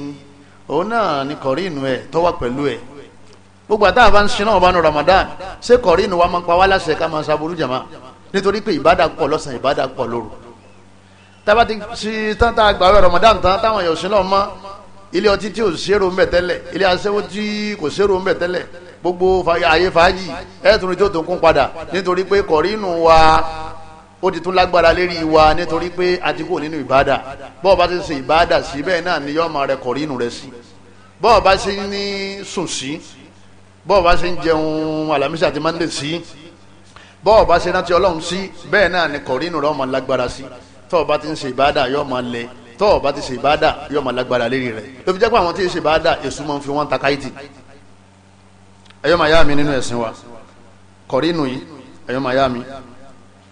òun náà ni kọrin ẹ tọ́wọ́ pẹ̀lú ẹ gbogbo àtàwọn bá ń sin náà bá nu Ramadan ṣé kọrin wa máa ń pa wá láṣẹ ká máa ṣàbùrú jàmá nítorí pé ìbádà pọ̀ lọ́sàn ìbádà pọ̀ lóru tába ti ṣe tán tá a gbà Ramadan tán táwọn èèyàn sílọ̀ mọ́ ilé ọtí tí ò ṣèrò ń bẹ̀ tẹ́lẹ̀ ilé aṣẹ́wó tí kò ṣèrò ń bẹ̀ tẹ́lẹ̀ gbogbo àyè fàájì ẹ̀ẹ́dùnrin tó tó kún padà nítorí pé kọ̀rínù wa ó ti tún lágbára lérí wa nítorí pé a ti kú nínú ìbáàdà bọ́ọ̀ bá ti ṣe ìbáàdà sí bẹ́ẹ̀ náà ni yọ́ọ̀mà rẹ kọ̀rínù rẹ sí bọ́ọ̀ bá ṣe ní sùn sí bọ́ọ̀ bá ṣe ń jẹun alamisa àti mande sí bọ́ọ̀ bá ṣe rántí ọlọ́run sí bẹ́ẹ̀ náà ni kọ̀rínù rẹ ọmọ lágbára sí tọ́ ọ bá ti ń ṣe ìbáàdà yóò máa lẹ tọ́ ọ bá ti ṣe ìbáàdà yóò máa lágbára lérí rẹ̀ ló fi jẹ́ pé àwọn tí ń ṣe ìbáàdà èṣù máa ń fi wọ́n ta káyìtì ẹ̀yọ́ máa yá mi nínú ẹ̀sìn wa kọ̀rínù yìí ẹ̀yọ́ máa yá mi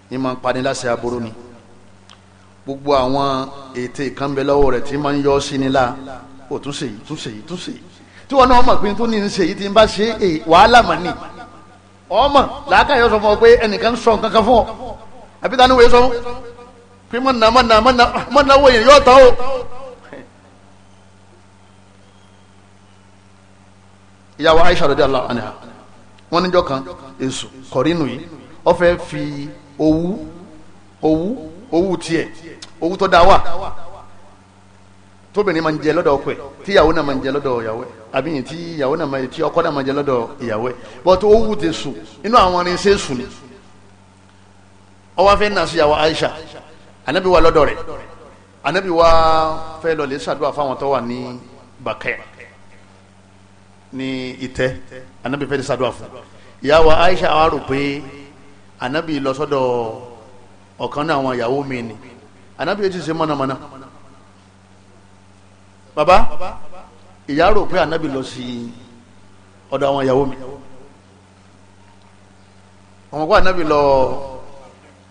ní máa ń pani láṣẹ aburú ni gbogbo àwọn ète ìkànnbẹ lọ́wọ́ rẹ̀ tí máa ń yọ sí ni la ò tún ṣèyí tún ṣèyí tún ṣèyí tí wọn náà mọ̀ pé tó ní ṣèyí tí ń bá ṣe é wàhálà mọ̀ ni ọmọ làákàyọ̀ sọ fún ọ pé ẹnìkan sọ nǹkan kan fún ọ àbí tani wòye sọ fún pé mọ nà mọ nà mọ nà mọ nà wọ yẹn yọ tán o. ìyàwó Aisha radiyallahu anha wọn níjọ kan èso kọrínù yìí ó fẹ́ fi owú owú owú tiẹ̀ owú tó dá wà tóbìnrin máa ń jẹ lọ́dọ̀ ọkọ ẹ̀ tíyàwó náà máa ń jẹ lọ́dọ̀ ìyàwó ẹ̀ àbí yìí tíyàwó náà máa tí ọkọ náà máa jẹ lọ́dọ̀ ìyàwó ẹ̀ bọ́tú owú ti sùn inú àwọn irinṣẹ́ sùn ni ó wá fẹ́ nà sí ìyàwó Aisha anabi wa lọ́dọ̀ rẹ̀ anabi wa fẹ́ lọ lè ṣàdúrà fáwọn tó wà ní bàkẹ́ ní ìtẹ́ anabi fẹ́ lè ṣàdúrà fún wa Aisha wa rò pé anabi lọ sọ́dọ̀ ọ̀kan náà àwọn mi ni anabi yóò ti ṣe mọ̀nàmọ́ná baba ìyá rò pé anabi lọ sí ọ̀dọ̀ àwọn ìyàwó mi ọmọ kó anabi lọ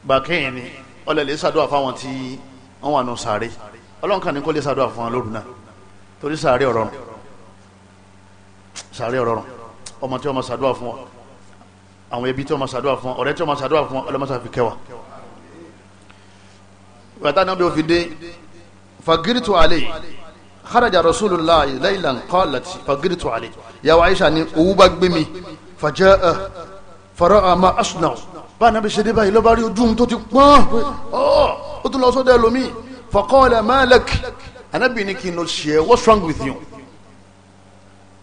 bàkẹ́ yẹn ni ọlẹ́ lè ṣàdúrà fáwọn tí wọ́n wà nù sàárè ọlọ́run kàn ní kó lè ṣàdúrà fún wọn lóru náà torí sàárè ọ̀rọ̀rùn sàárè ọ̀rọ̀rùn ọmọ tí wọ́n máa ṣàdúrà fún ọ àwọn ẹbí tí wọ́n máa fún ọ ọ̀rẹ́ tí wọ́n máa fún ọ ọlọ́mọṣà fi kẹwàá wàtá náà bí o fi dé fagiritu alẹ́ kharaja rasulullah laylan qalat fagiritu alẹ́ yàwó aisha ni owó bá gbé mi fàjẹ́ fara àmà asnau bá nàbí ṣe dé báyìí ló bá rí ojú tó ti pọ́n pé ọ́ ó tún lọ sọ́dọ̀ ẹlòmíì faqala malak anábì ní kí n lọ ṣe ẹ́ what's wrong with you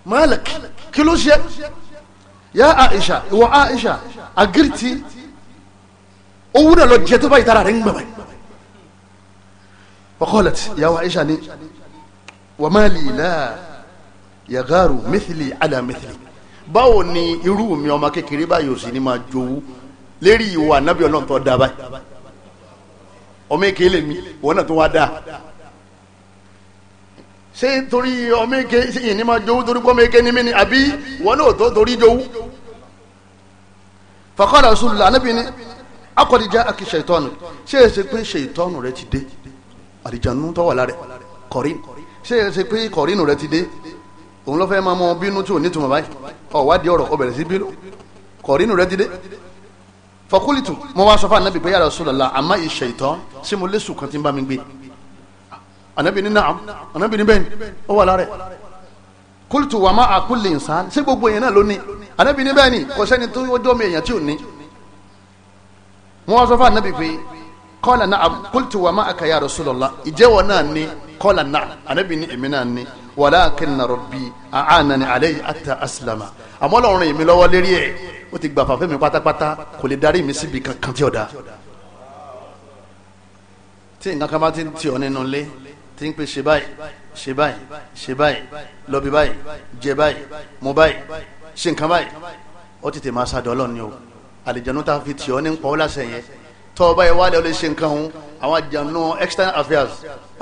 malak kí ló ṣe ya aisha ìwọ aisha agiriti owó náà lọ jẹ tó báyìí tára rẹ̀ ń gbàgbà faqalat ya aisha ni wa mali la yagaru mithli ala mithli báwo ni irú mi ọmọ kékeré báyìí ò sí ní máa jowú lérí ìwà nábì ọlọ́run tó da ọmọ èké lè mi ìwọ náà tó wá dáa ṣé torí ọmọ èké yìí ni máa jowú torí pé ọmọ èké ni mí ni àbí wọn náà tó torí jowú faqala rasulullah anábì ni akọ̀dìjà àkì ṣètọ́nù ṣé ẹ ṣe pé ṣètọ́nù rẹ ti dé àdìjànú tó wà lára kọ̀rín ṣé ẹ ṣe pé kọ̀rínù rẹ ti dé òun lọ́fẹ́ máa mọ bínú tí ò ní tùmọ̀ báyìí ọ̀wádìí ọ̀rọ̀ ọbẹ̀rẹ̀ sí bínú kọ̀rínù rẹ ti dé fọkúlìtù mo wá sọ fún anabi pé ya Rasulullah àmọ́ ìṣẹ̀tọ́ sí mo lẹ́sùn kan tí ń bá mi gbé anabi ní naam anabi ní bẹ́ẹ̀ ó wà lára kúlìtù wà má àkúlì nsán sí gbogbo èèyàn náà ló anabi ní bẹ́ẹ̀ kò sẹ́ni tó ọjọ́ mi èèyàn tí ò ní mo wá sọ fún anabi pé kọ́là náà kúlìtù wà má àkà ya Rasulullah náà ní kọ́là náà anabi ní èmi náà ní wàlá akẹ́ni na rabbi àánani alayhi àtà aslama àmọ́ Ọlọ́run ràn mí lọ́wọ́ lérí ẹ̀ ó ti gbà fàfẹ́ mi pátápátá kò lè darí mi síbi kankan tí ọ̀dà tí nǹkan kan bá ti ń tì ọ́ nínú ilé tí ń pè ṣe báyìí ṣe báyìí ṣe báyìí lọ́bi báyìí jẹ báyìí mu báyìí ṣe nǹkan báyìí ó tètè máa ṣàdọ̀ Ọlọ́run o àlìjẹ̀nu tá fi tì ọ́ ní pa ọ́ yẹn tọ́ ọ báyìí wálé ọ lè ṣe nǹkan òun àwọn àjànú external affairs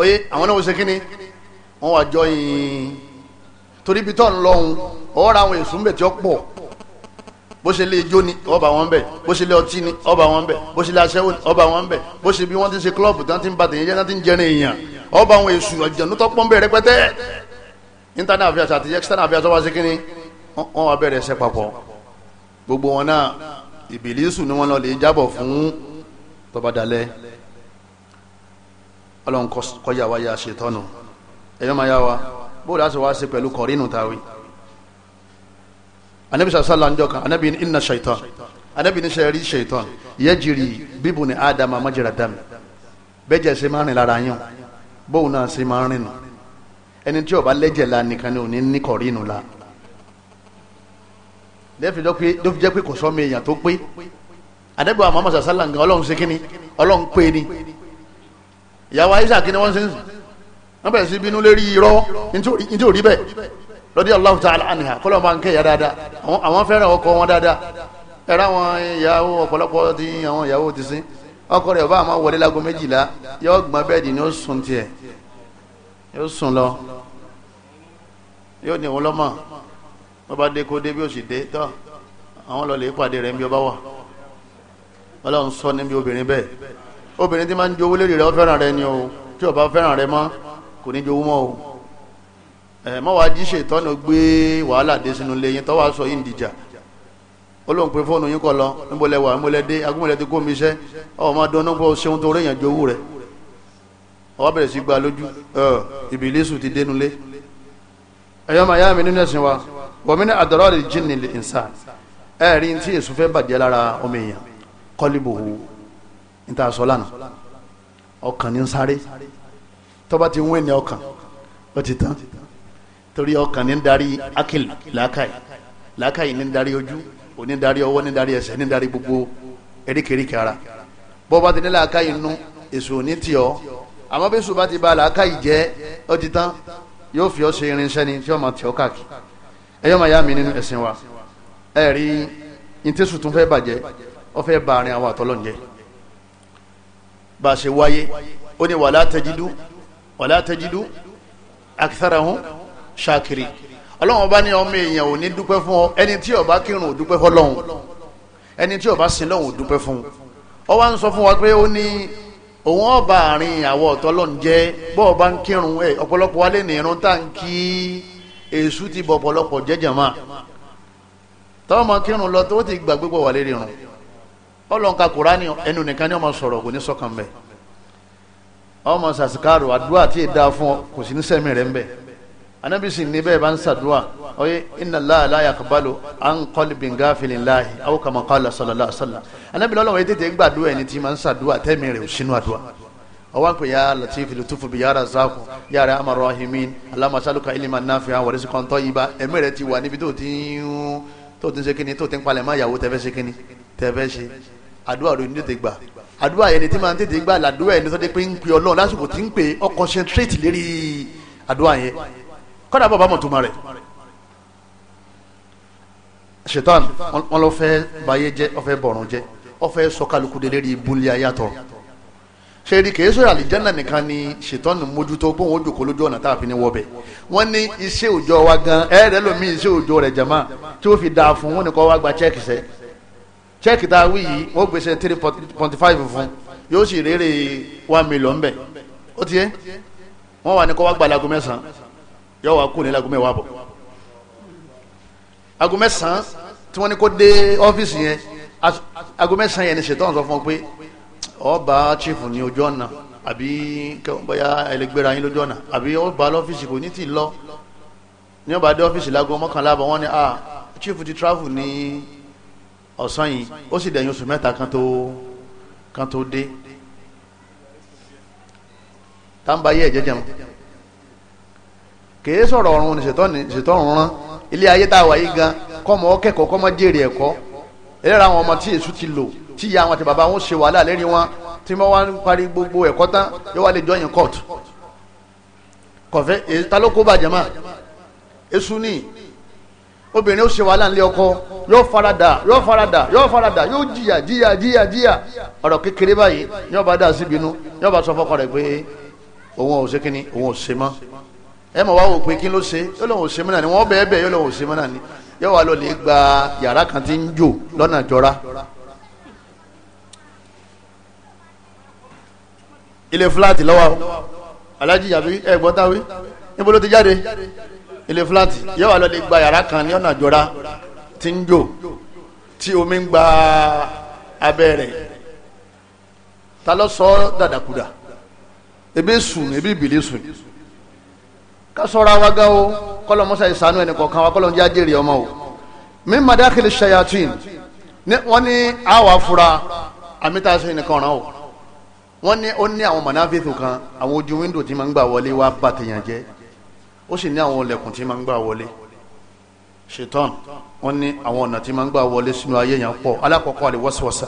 oyè àwọn náà wọ́n ṣe kínni wọ́n wà jọyìn torí ibi tó ń lọ́hùn ọ̀ọ́ra àwọn èso ń bẹ̀ tí ó pọ̀ bó ṣe lé ijó ni ọba wọn bẹ bó ṣe lé ọtí ni ọba wọn bẹ bó ṣe lé aṣẹ́wó ni ọba wọn bẹ bó ṣe bí wọ́n ti ṣe klọ́ọ̀bù tí wọ́n ti ń ba tèyí jẹ́ tí wọ́n ti ń jẹrin èèyàn ọba àwọn èṣù ọ̀jọ̀nú tó pọ́n bẹ̀rẹ̀ pẹ́tẹ́ internal affairs àti external affairs wọ́n wá sí kínní wọ́n wá bẹ̀rẹ̀ gbogbo wọn náà ìbílísù ni wọ́n lọ lè jábọ̀ fún tọba dalẹ̀ ọlọ́run kọjá wa yá ṣètọ́nù ẹ̀yọ́ máa yá wa bóòlù á sì wá sí pẹ̀lú kọ̀rínù táwí anabi sasala ń jọkan anabi inna shaitan anabi ní sẹ́rí shaitan yajiri bíbu ni adama majira dami bẹ́jẹ̀ sí máa rìn lára yàn bóun náà sí máa rìn nù ẹni tí ó bá lẹ́jẹ̀ la nìkan ni ò ní níkọ̀rí nù la lẹ́fi ló fi jẹ́ pé kò sọ́mọ èèyàn tó pé anabi wa muhammad sasala nǹkan ọlọ́run ṣe kínní ọlọ́run pé ni ìyàwó aisha kínní wọ́n ṣe ń sùn wọ́n bẹ̀rẹ̀ sí bínú lérí irọ́ nítorí bẹ́ẹ̀ lọ́dí Allahu ta'ala anha kọ́lọ́ máa ń kẹ́ ìyá dáadáa àwọn fẹ́ràn ọkọ wọn dáadáa ẹ̀rọ àwọn ìyàwó ọ̀pọ̀lọpọ̀ tí àwọn ìyàwó ti sin ọkọ rẹ̀ bá àmọ́ wọlé lágo méjìlá yóò gbọ́n bẹ́ẹ̀dì ni ó sùn tiẹ̀ yóò sùn lọ yóò ní òun lọ́mọ wọ́n bá dé kó dé bí ó sì dé tọ́ àwọn lọ lè pàdé rẹ̀ níbi ọba wà ọlọ́run sọ níbi obìnrin bẹ́ẹ̀ obìnrin tí máa ń jowó lérè rẹ̀ ó fẹ́ràn rẹ̀ ni o tí ó bá fẹ́ràn rẹ̀ mọ́ kò ní jowó mọ́ o. ẹ eh, mọ wàá ìtọ́nà gbé wàhálà dé sínú ilé yín tọ́wọ́ aṣọ sọ ń dìjà fóònù yín kọ lọ dé ti kó mi iṣẹ́ ọwọ máa dán ṣeun tó rẹyìn owó rẹ ọwọ bẹ̀rẹ̀ sí gba lójú ti dénú lé máa yá mi nínú wa ní jí rí tí fẹ́ bàjẹ́ lára ọmọ èèyàn ta sọ ọkàn ní sáré ti ní ọkàn ó ti tán. torí ọkàn ní darí akil làákàyè làákàyè ní darí ojú òní darí ọwọ́ ní darí ẹsẹ̀ ní darí gbogbo eríkèéríkèé ara bọ́ bá ti ní làákàyè nú èso òní tì ọ́ àmọ́ bí sùn bá ti ba làákàyè jẹ́ ó ti tán yóò fi ọ́ ṣe irinṣẹ́ ni tí ó máa tì ọ́ káàkiri ẹ̀yọ́ máa yá mi nínú ẹ̀sìn wa ẹ̀ rí ìtẹ́sùn tún fẹ́ bàjẹ́ ó fẹ́ ba àárín àwọn àtọ́lọ́njẹ́ bá a ṣe wáyé ó ní wàlá tajidu wàlá tajidu aktharahum ṣáàkiri ọlọ́run ọba ní ọmọ èèyàn ò ní dúpẹ́ fún ọ ẹni tí ó bá kírun ò dúpẹ́ fọlọ́run ẹni tí ó bá sin lọ́run ò dúpẹ́ fún ọ wá ń sọ fún wa pé ó ní òun ọba àárín àwọ̀ ọ̀tọ́lọ́run jẹ́ bọ́ ọba ń kírun ẹ ọ̀pọ̀lọpọ̀ wa lè ní irun tá ń kí èṣù ti bọ̀ ọ̀pọ̀lọpọ̀ jẹ́jẹ̀ máa tọ́wọ́ kírun lọ tó ti gbàgbé pọ̀ wà lérí irun ọlọ́nka kùránì ẹnu nìkan ni ọmọ sọ̀rọ̀ kò ní sọ́kàn bẹ́ẹ̀ ọmọ sàṣìkàrò àdúrà tí ì dáa fún ọ kò sí ní sẹ́mi rẹ̀ ń bẹ́ẹ̀ anabi sì ní bẹ́ẹ̀ bá ń sàdúrà ọyẹ inna Allaha la yaqbalu an qalbin ghafilin lahi aw kama qala sallallahu alaihi wasallam anabi lọ́lọ́wọ́ yẹ tètè gbàdúrà ẹni tí máa ń sàdúrà tẹ́mi rẹ̀ ò sínú àdúrà ọwọ́ pé ya latif lutufu bi ya razzaku ya rahman rahimin Allahumma saluka ilman nafi'an wa rizqan tayyiba ẹ̀mí rẹ̀ ti wà níbi tó ti ń tó ti ń ṣe kíni tó ti ń palẹ̀ má yàwó tẹ́fẹ́ ṣe kíni tẹ́fẹ́ ṣe àdúrà rẹ̀ ní tètè gbà àdúrà yẹn ni tí máa ń tètè gbà làdúrà yẹn ni tó dé pé ń pè Ọlọ́run lásìkò tí ń pè ó concentrate lérí àdúrà yẹn kọ́dà bàbá mọ̀ tó ma rẹ̀ ṣètàn wọn lọ fẹ́ bayé jẹ́ ọfẹ́ bọ̀rùn jẹ́ ọfẹ́ sọkàlùkù délé rí ibùlé ayàtọ̀ ṣèrí kìí sọ àlìjánà nìkan ni ṣètàn mójútó bóun ó jòkó lójú ọ̀nà táàfin ní wọ́bẹ̀ wọ́n ní iṣẹ́ òòjọ́ wa gan ẹ̀ẹ́dẹ́ lomi iṣẹ́ òòjọ́ rẹ̀ jama tí ó fi dáa fún wọn nìkan wá gba chẹ́ẹ̀kì sẹ́ chẹ́ẹ̀kì tá a wí yìí wọ́n gbèsè three point five fún yóò sì rérè one million bẹ́ẹ̀ ó ti yẹ wà ní kọ́ wá gbalago mẹ́sàn-án yọ wá kú ní lago mẹ́wàá bọ̀ ago mẹ́sàn-án tí wọ́n ní kó dé ọ́fíìsì yẹn ago mẹ́sàn-án yẹn ni ṣètọ́n sọ fún ọ pé ọba chief ní ojú ọ̀nà àbí bóyá ẹlẹgbẹ́ra yín lójú ọ̀nà àbí ọba lọ́fíìsì kò ní tì lọ ní ọba dé ọ́fíìsì lago mọ́kànlá bọ̀ wọ́n ní ah chief ti travel ní ọ̀sán yìí ó sì dẹ̀yìn oṣù mẹ́ta kan tó kan tó dé tá ń ba ayé kèé sọ̀rọ̀ ọ̀run ni ṣètọ́ ọ̀run rán ilé ayé tá a wà yìí gan kọ́mọ kẹ́kọ̀ọ́ kọ́mọ jèrè ẹ̀kọ́ ẹlẹ́ra àwọn ọmọ tí èṣù ti lò tí ìyá àwọn àti bàbá wọn ṣe wàhálà lẹ́rìn wọn tí wọ́n wá ń parí gbogbo ẹ̀kọ́ tán yóò wá lè jọyìn court kọ̀fẹ́ ta ló kó bàjẹ́ mà èṣù ni obìnrin ó ṣe wàhálà nílé ọkọ yóò farada yóò farada yóò farada yóò jìyà jìyà jìyà jìyà ọ̀rọ̀ kékeré báyìí yóò bá dà síbi inú yóò bá sọ fọkọ rẹ̀ pé òun ò ṣe kíni òun ò ṣe mọ́ ẹ mọ̀ wá wò pé kí ló ṣe yóò lòun ṣe mọ́nà ni wọ́n bẹ́ẹ̀ bẹ́ẹ̀ yóò lòun ṣe mọ́nà ni yóò wá lọ lè gba yàrá kan tí ń jò lọ́nà jọra. ilé fúláàtì lọ́wọ́ alájí yàbí ẹ gbọ́ táwé níbo ló ti jáde ilé fúláàtì yóò wá lọ lè gba yàrá kan ní ọ̀nà jọra tí ń jò tí omi ń gba abẹ́ rẹ̀ ta ló sọ dàdàkudà ebi sùn ebi ìbílẹ̀ sùn ká sọ́ra wa gan o kọ́lọ̀ mọ́sá ìsànú ẹnì kọ̀ọ̀kan wa kọ́lọ̀ ń jájèrè ọmọ o mi madakili shayatin wọ́n ní àwa fura àmì tá a sọ ẹnì kan ràn o wọ́n ní ó ní àwọn mọ̀nàfíìsù kan àwọn ojú wíńdò tí máa ń gbà wọlé wá bá tèèyàn jẹ́ ó sì ní àwọn ọlẹ́kùn tí máa ń gbà wọlé ṣetán wọ́n ní àwọn ọ̀nà tí máa ń gbà wọlé sínú ayé yẹn pọ̀ alákọ̀ọ́kọ́ àlè wọ́síwọ́sà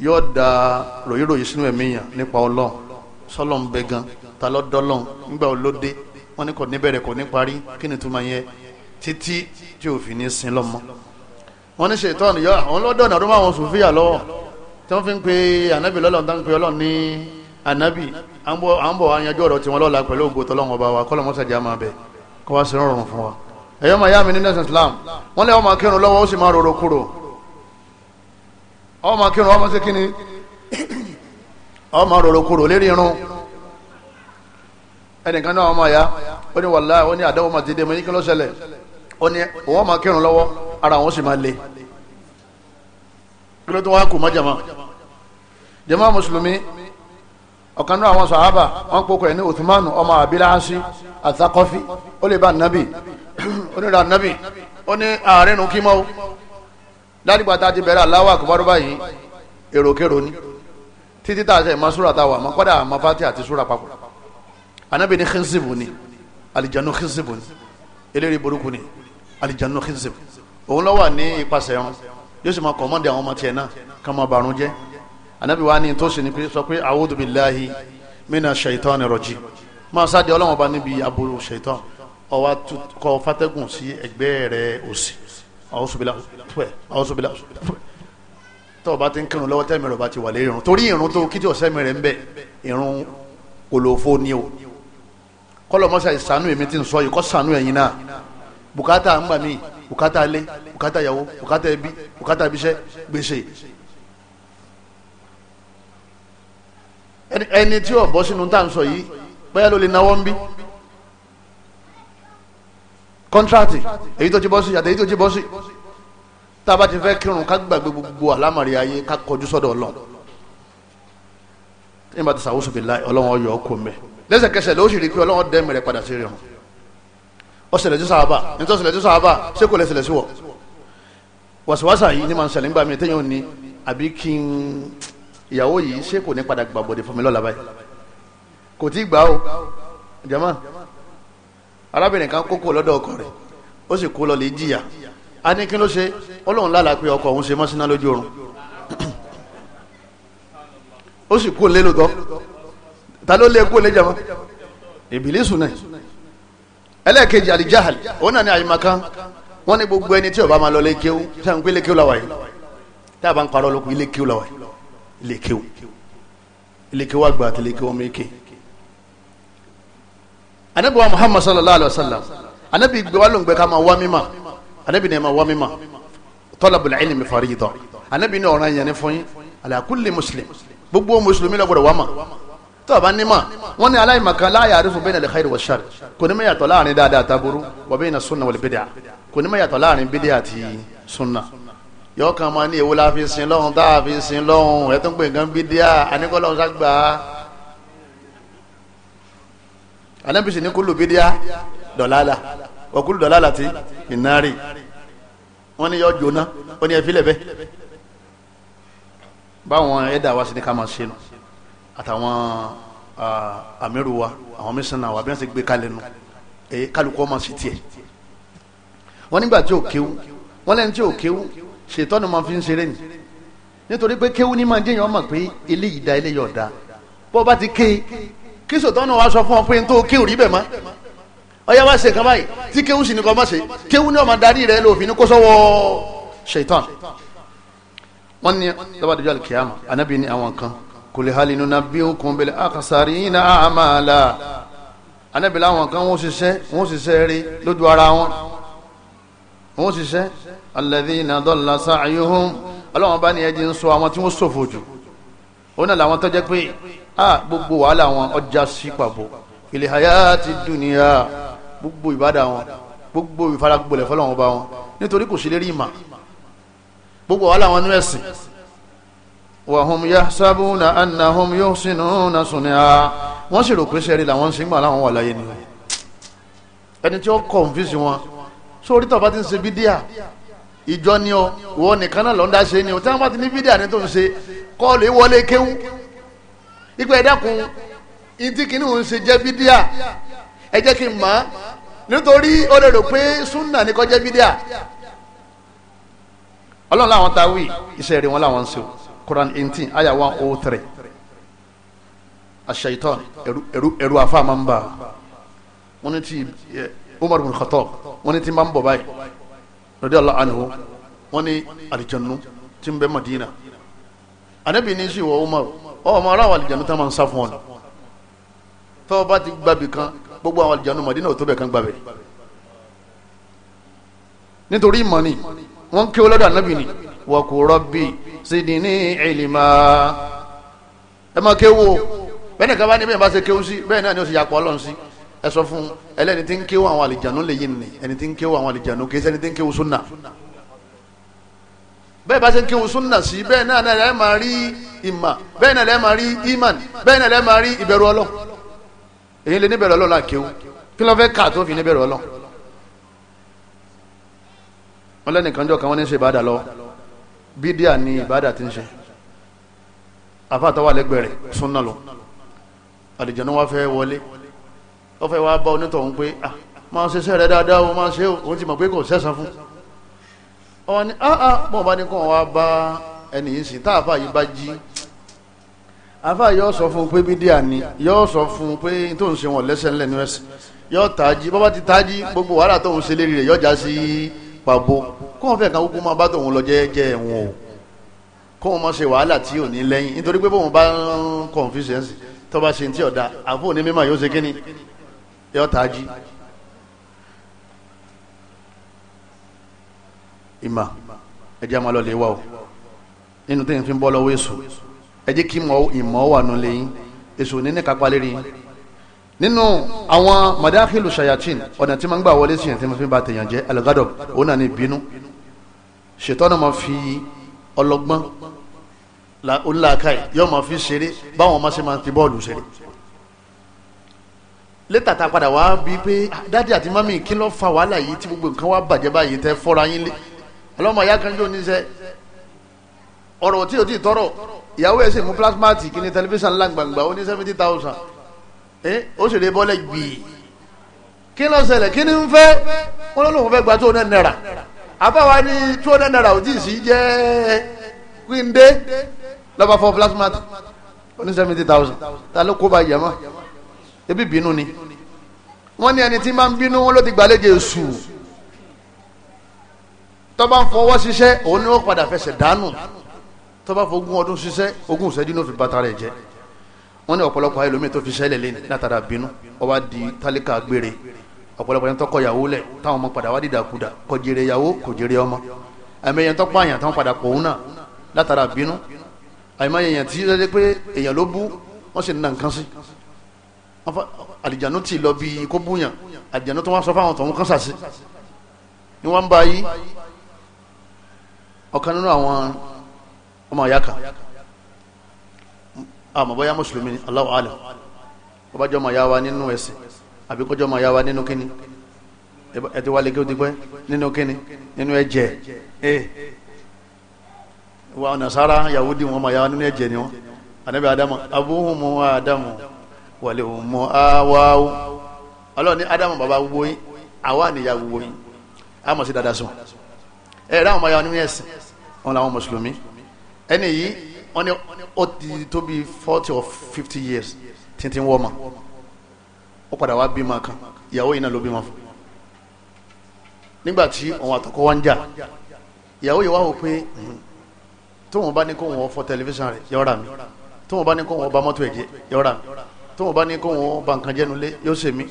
yóò da ròyìnròyìn sínú ẹ̀mí yẹn nípa ọlọ́run sọlọ́n gan ta ló dọ́lọ́n nígbà olóde wọ́n ní kò ní bẹ̀rẹ̀ kò ní parí kí ni túmọ̀ yẹ títí tí ò fi ní sin lọ́mọ. wọ́n ní ṣètò àníyàn àwọn lọ́dọ̀ náà ló máa wọn sùfíà lọ́wọ́ tí wọ́n fi ń pe ànábì lọ́lọ́run tá ń pe ọlọ́run ní ànábì à ń bọ̀ ayanjú ọ̀rọ̀ tiwọn lọ́la pẹ̀lú ògo tọ́lọ́run ọba wa kọ́lọ́ mọ́sàjà máa bẹ̀ kó wá sí rọrùn fún wa. ẹ̀yọ́ máa yá mi ní nẹ́sìn Islam wọ́n lé ọmọ akérun lọ́wọ́ ó sì máa rorò kúrò ọmọ akérun ọmọ sí kíni ọmọ rorò kúrò lérí irun ẹnìkan náà ọmọ ya ó ní wàlá ó ní àdáwọ̀ máa ti dé mo ní kí ló ṣẹlẹ̀ ó ní òun máa kírun lọ́wọ́ ara òun sì máa le kí ló tó wá kù mọ́ jama jama mùsùlùmí ọ̀kan náà àwọn sàhábà wọn kókò ẹ̀ ní Uthman ọmọ abiláhásí àtàkọ́fí ó lè bá nàbì ó ní ra nàbì ó ní ààrẹ nù kí mọ́ o ládìgbà tá a ti bẹ̀rẹ̀ aláwọ̀ àkùbọ́dọ́ báyìí èròkèrò ni títí tá a ṣe ìmọ̀ súra tá a wà mọ́ kọ́dà àmọ́ fátì àti súra papọ̀ anabi ni xinzibu ni alijanu xinzibu ni eléyìí burúkú ni alijanu xinzibu òun lọ wà ní ipasẹ̀ wọn yóò sì máa kọ́mọ́dé àwọn ọmọ tiẹ̀ náà ká máa bàrún jẹ́ anabi wa ni tó sì ni sọ pé awudu mina shaitan rọjí máa sáde ọlọ́wọ́n bá níbi aburú shaitan ọwọ́ kọ fatẹ́gùn sí ẹgbẹ́ rẹ òsì àwọsùbìlà tuẹ àwọsùbìlà tuẹ tọ́ ọba ti ń kírun lọ́wọ́ tẹ́mi rẹ̀ ọba ti wà lé irun torí irun tó kí tí rẹ̀ ń bẹ̀ irun kòlòfó ni o. kọlọmọsà ìsànú èmi ti ń sọ yìí kọ sanu ẹ̀yin náà bukata ń bukata mí bukata ilé bukata ebi bukata ẹbí gbese ibiṣẹ́ gbèsè ẹni tí ò bọ́ sínú tá à ń sọ yìí bẹ́ẹ̀ ló lè náwó ń bí kọ́ńtrátì èyí tó ti bọ́ sí àti èyí tó ti bọ́ sí tá ti fẹ́ kírun ká gbàgbé gbogbo àlámàrí ayé ká kọjú sọ́dọ̀ ọlọ́run tí bá ti sàwọ́sọ̀ fi láì ọlọ́run ọyọ̀ ọkọ̀ mẹ́ẹ̀. lẹ́sẹ̀kẹsẹ̀ ló sì rí i pé ọlọ́wọ́ dẹ́mi rẹ̀ padà sí rí hàn ó ṣẹlẹ̀ sí sàábà nítorí ṣẹlẹ̀ sí sàábà ṣé kò lè ṣẹlẹ̀ sí wọ̀ wàsíwàsà yìí ni màá ń ṣẹlẹ̀ nígbà mi téèyàn ní àbí kí n ìyàwó yìí ṣé kò ní padà gbàbọ̀dẹ̀ fún mi lọ́la báyìí kò tí ì gbà ó jama arábìnrin kan kókó lọ́dọ̀ ọkọ rẹ̀ ó sì kó lọ lè jìyà a ní kí ló ṣe ọlọ́run lálàá pé ọkọ òun ṣe mọ́síná lójú oorun [CLEARS THROAT] ó sì kó lé lóòótọ́ ta ló lé kó lé jama ìbílísù náà ẹlẹ́ẹ̀kejì àlìjáhàlì òun náà ní àyèmàkan wọ́n ní gbogbo ẹni tí ó bá máa lọ lékéwú tí a ń gbé lékéwú làwà yìí tí a bá ń parọ́ lóko ilékéwú làwà yìí lékéwú lékéwú àgbà àti lékéwú ọmọ èké. muhammad sallallahu alayhi wa sallam anabi gbé wa ló ń gbé ká máa wá mímà anabi ní ẹ máa wá mímà talabul ilmi farida anabi ní ọ̀ràn yẹn ní fún yín ala muslim gbogbo mùsùlùmí lọ́gbọ̀dọ̀ wá mà tó o bá ní mọ̀ wọ́n ní aláìmọ̀kan la ya'rifu bayna al-khayri wa shar kò ní mẹ́yàtọ̀ láàrin dáadáa taburú wa bayna sunna wal bid'ah kò ní mẹ́yàtọ̀ láàrin bídíà àti sunna yọ̀ọ́ kan máa ní èwo la fi sin lọ́hùn tá a fi sin lọ́hùn ẹ̀ tó ń pè nǹkan bídíà àníkọ́lọ́hùn ságbà anábìsì ní kullu bídíà dọ̀lálà wa kullu dọ̀lálà ti ìnárì wọ́n ní yọ̀ọ́ jóná wọ́n ní ẹ fílẹ̀ bẹ́ẹ̀ báwọn ẹ̀dá wa sí ni ká máa ṣe nù àtàwọn àmírù wa àwọn mísánná wa bí wọ́n ti gbé kalẹ̀ nu èyí kálukú ọmọ sí tiẹ̀ wọ́n nígbà tí ò kéwú wọ́n lẹ́ni tí ò kéwú ṣètọ́nu máa fi ń ṣeré ni nítorí pé kéwú ní máa déyàn mọ̀ pé eléyìí da eléyìí ọ̀dà bó bá ti ké kí ṣètọ́nu wa sọ fún ọ pé n tó kéwú rí bẹ̀ mọ́ ọyá wá ṣe nǹkan báyìí tí kéwú sì ní kọ́ mọ́ kéwú ní ọmọ darí rẹ lòfin ní kó sọ́wọ́ wọ́n ní lọ́wọ́ àdéjọ́ àlùkìyàmọ̀ anábì àwọn kan kòlè hali nuna bí ó kun bẹ̀lẹ̀ àkàsàrí iná àmàlà anábìlẹ̀ àwọn kan wọ́n ṣiṣẹ́ wọ́n ṣiṣẹ́ rí lójú ara wọn wọ́n ṣiṣẹ́ alladhina dalla sa'yuhum ọlọ́wọ́n bá ní ẹjì ń sọ àwọn tí wọ́n ṣòfò jù ó náà làwọn tó jẹ́ pé a gbogbo wàhálà wọn ọjà sí pàbó fil hayati dunya gbogbo ìbádà wọn gbogbo ìfaragbọ̀lẹ̀ fọlọ́wọ́n bá wọn nítorí kò sí lérí ìmà gbogbo wàhálà wọn nú ẹ̀sìn wàhùn yahsabuna annahum yuhsinuna sunia wọ́n sì rò pé sẹ́rí làwọn ń sìngbà láwọn wà láyé nìyẹn ẹni tí ó kọ̀ǹfìsì wọn sórí tó bá ti ń ṣe bídíà ìjọ ni ọ wọ nìkan náà lọ́ndà ṣe ni ọ tí wọ́n bá ti ní bídíà ni tó ń ṣe kọ́ọ̀lù ìwọlé kéwú ìgbà ẹ̀dá kun ìdí kìíní òun ṣe jẹ́ bídíà ẹ jẹ́ kí n mọ̀ nítorí ó lè rò pé súnà ni kò jẹ́ bídíà ọlọ́run làwọn ta wí iṣẹ́ wọn làwọn ń ṣe o. Quran 18, aya 103. oh three aṣaitọ́n ẹ̀rú ẹ̀rú afa máa ń bá wọn ní ti eh, Umar bin Khattab wọn ní ti máa ń bọ̀ báyìí radiyallahu anhu wọn ní àlìjẹ̀nu ti ń bẹ Madina anabi ní sí ìwọ Umar ọ ọmọ aráwọ̀ àlìjẹ̀nu tá máa ń sá fún ọ tọ́ kan gbogbo àwọn àlìjẹ̀nu Madina ò tó bẹ̀ kan gbàbẹ̀ nítorí ìmọ̀ ni wọ́n ń kí ó wọ̀kù rọ́bì sídìní ìlìmà ẹ máa kéwò bẹ́ẹ̀ nìkan bá ní bẹ́ẹ̀ bá ṣe kéwò sí bẹ́ẹ̀ náà ni ó sì yàpọ̀ ọlọ́run sí ẹ sọ fún ẹlẹ́ni tí ń kéwò àwọn àlìjànú lè yín ni ẹni tí ń kéwò àwọn àlìjànú kì í ṣẹ́ni tí ń kéwò súnà bẹ́ẹ̀ bá ṣe ń kéwò súnà sí bẹ́ẹ̀ náà lẹ́ẹ̀ máa rí ìmà bẹ́ẹ̀ náà lẹ́ẹ̀ máa rí ìmàn bẹ́ẹ̀ náà lẹ́ẹ̀ máa rí ìbẹ̀rù ọlọ́run èyí lè níbẹ̀rù ọlọ́run náà kéwò kí bídíà ni ìbádà ti ń ṣe àfáàtọ̀ wà lẹ́gbẹ̀ẹ́ rẹ̀ súnà lọ àlìjànnú wá fẹ́ wọlé ó fẹ́ wá bá onítọ̀hún pé ah máa ṣe sẹ́rẹ̀ dáadáa o máa ṣe òun ti mọ̀ pé kò sẹ́sàn fún ọwọ́ ni ah ah mọ̀ bá ní kàn wá bá ẹni yìí sìn tá àfáà yìí bá jí àfáà yóò sọ fún un pé bídíà ni yóò sọ fún un pé tó ń ṣe wọn lẹ́sẹ̀ ńlẹ̀ ní ẹ̀sìn yóò tají bọ́bá ti tají gbogbo wàhálà tó ń ṣe lérí rẹ̀ yọjà sí pàbó kóun fẹ́ kan kúkú máa bá tòun lọ jẹ́jẹ́ wọn o kóun máa ṣe wàhálà tí ò ní lẹ́yìn nítorí pé bóun bá ń confidence tó bá ṣe ti ọ̀dà àfọ̀ ní mímọ̀ yóò ṣe kíni yóò tají. ìmà ẹjẹ́ àmọ́ lọ lè wà o nínú tẹ́yìn fi ń bọ́ lọ́wọ́ èso ẹjẹ́ kí ìmọ̀ wà nù lẹ́yìn èso ní ní kápá lérí nínú àwọn madakilu shayatin ọ̀nà tí máa gbà wọlé sí ẹ̀ tí máa fi bá tèèyàn jẹ́ alagadob òun náà ní ṣètọ́nà máa fi ọlọ́gbọ́n onílàákàyè yóò máa fi ṣeré báwọn ọmọ ṣe máa ti bọ́ọ̀lù ṣeré létà tá a padà wá bíi pé ah, dádì àti mami kí ló fa wàhálà yìí tí gbogbo nǹkan wá bàjẹ́ báyìí tẹ́ fọ́ra yín lé ọlọ́mọ ìyá kan jò níṣẹ́ ọ̀rọ̀ tí o ti tọrọ ìyàwó ẹ̀ sì mú plasmati kí ni tẹlifíṣàn ńlá gbàngbà ó ní seventy thousand ẹ ó sì lè bọ́lẹ̀ gbìyì kí ló ṣẹlẹ̀ kí ni ń fẹ́ wọn ló lóun fẹ́ gba tó náà náírà àbáwá ní two hundred naira ò tí ì sí jẹ́ wíńdé lọ́ba fọ plasmat oní seventy thousand ta ló kó ba yẹ mọ́ ebi bínú ni wọ́n ní ẹni tí máa ń bínú wọn ló ti gbàlejò èṣù tó bá ń fọwọ́ ṣiṣẹ́ òun ni ó padà fẹsẹ̀ dànù tó bá fogún ọdún ṣiṣẹ́ ogún ìṣẹ́jú ní òfin bàtà rẹ̀ jẹ́ wọ́n ní ọ̀pọ̀lọpọ̀ ayélujára tó fi ṣẹlẹ̀ lẹ́yìn látara bínú ó wá di tálíkà gbére ọ̀pọ̀lọpọ̀ yẹn tọkọ yàwó lẹ̀ táwọn ọmọ padà wá dìdàkudà kò jèrè yàwó kò jèrè ọmọ àmì yẹn tọpọ̀ àyàn táwọn padà pòun náà látara bínú àyàn máa yẹn tí lẹ́dẹ́ pé èèyàn ló bú wọ́n sì ń na nǹkan sí àlìjánu ti lọ bí kó búyàn àlìjánu tó wá sọ fáwọn tọ̀hún kan sàṣe ni wọ́n ń ba yí ọ̀kan nínú àwọn ọmọ àyàkà àmọ́ bóyá mùsùlùmí Allahu alam ọbàjọ́ ọmọ àyàwá nínú ẹ̀sìn àbí kọjọ́ máa yá wa nínú kíni ẹ ti wá lè kí o ti pẹ́ nínú kíni nínú ẹ̀jẹ̀ ee wa nasara yahudi wọn máa yá wa nínú ẹ̀jẹ̀ ni wọn anabi adamu abuhumu adamu wàlẹ̀ òmù awáwó ọlọ́run ní adamu bàbá gbogbo yín àwa nìyá gbogbo yín a mọ̀ sí dada sùn ẹ̀ ráwọn máa yá wa nínú ẹ̀sìn wọn làwọn mùsùlùmí ẹni yìí wọn ni ó ti tó forty or fifty years títí wọ́n mọ̀ ó padà wá bímọ kan ìyàwó yìí náà ló bímọ fún nígbà tí òun àtọkọ wá ń jà ìyàwó yìí wá wò pé tóun bá ní kó wọn fọ tẹlifíṣàn rẹ yọra mi tóun bá ní kó wọn bá mọ́tò ẹ̀jẹ̀ yọra mi tóun bá ní kó wọn bá nǹkan jẹ́nu lé yóò ṣe mí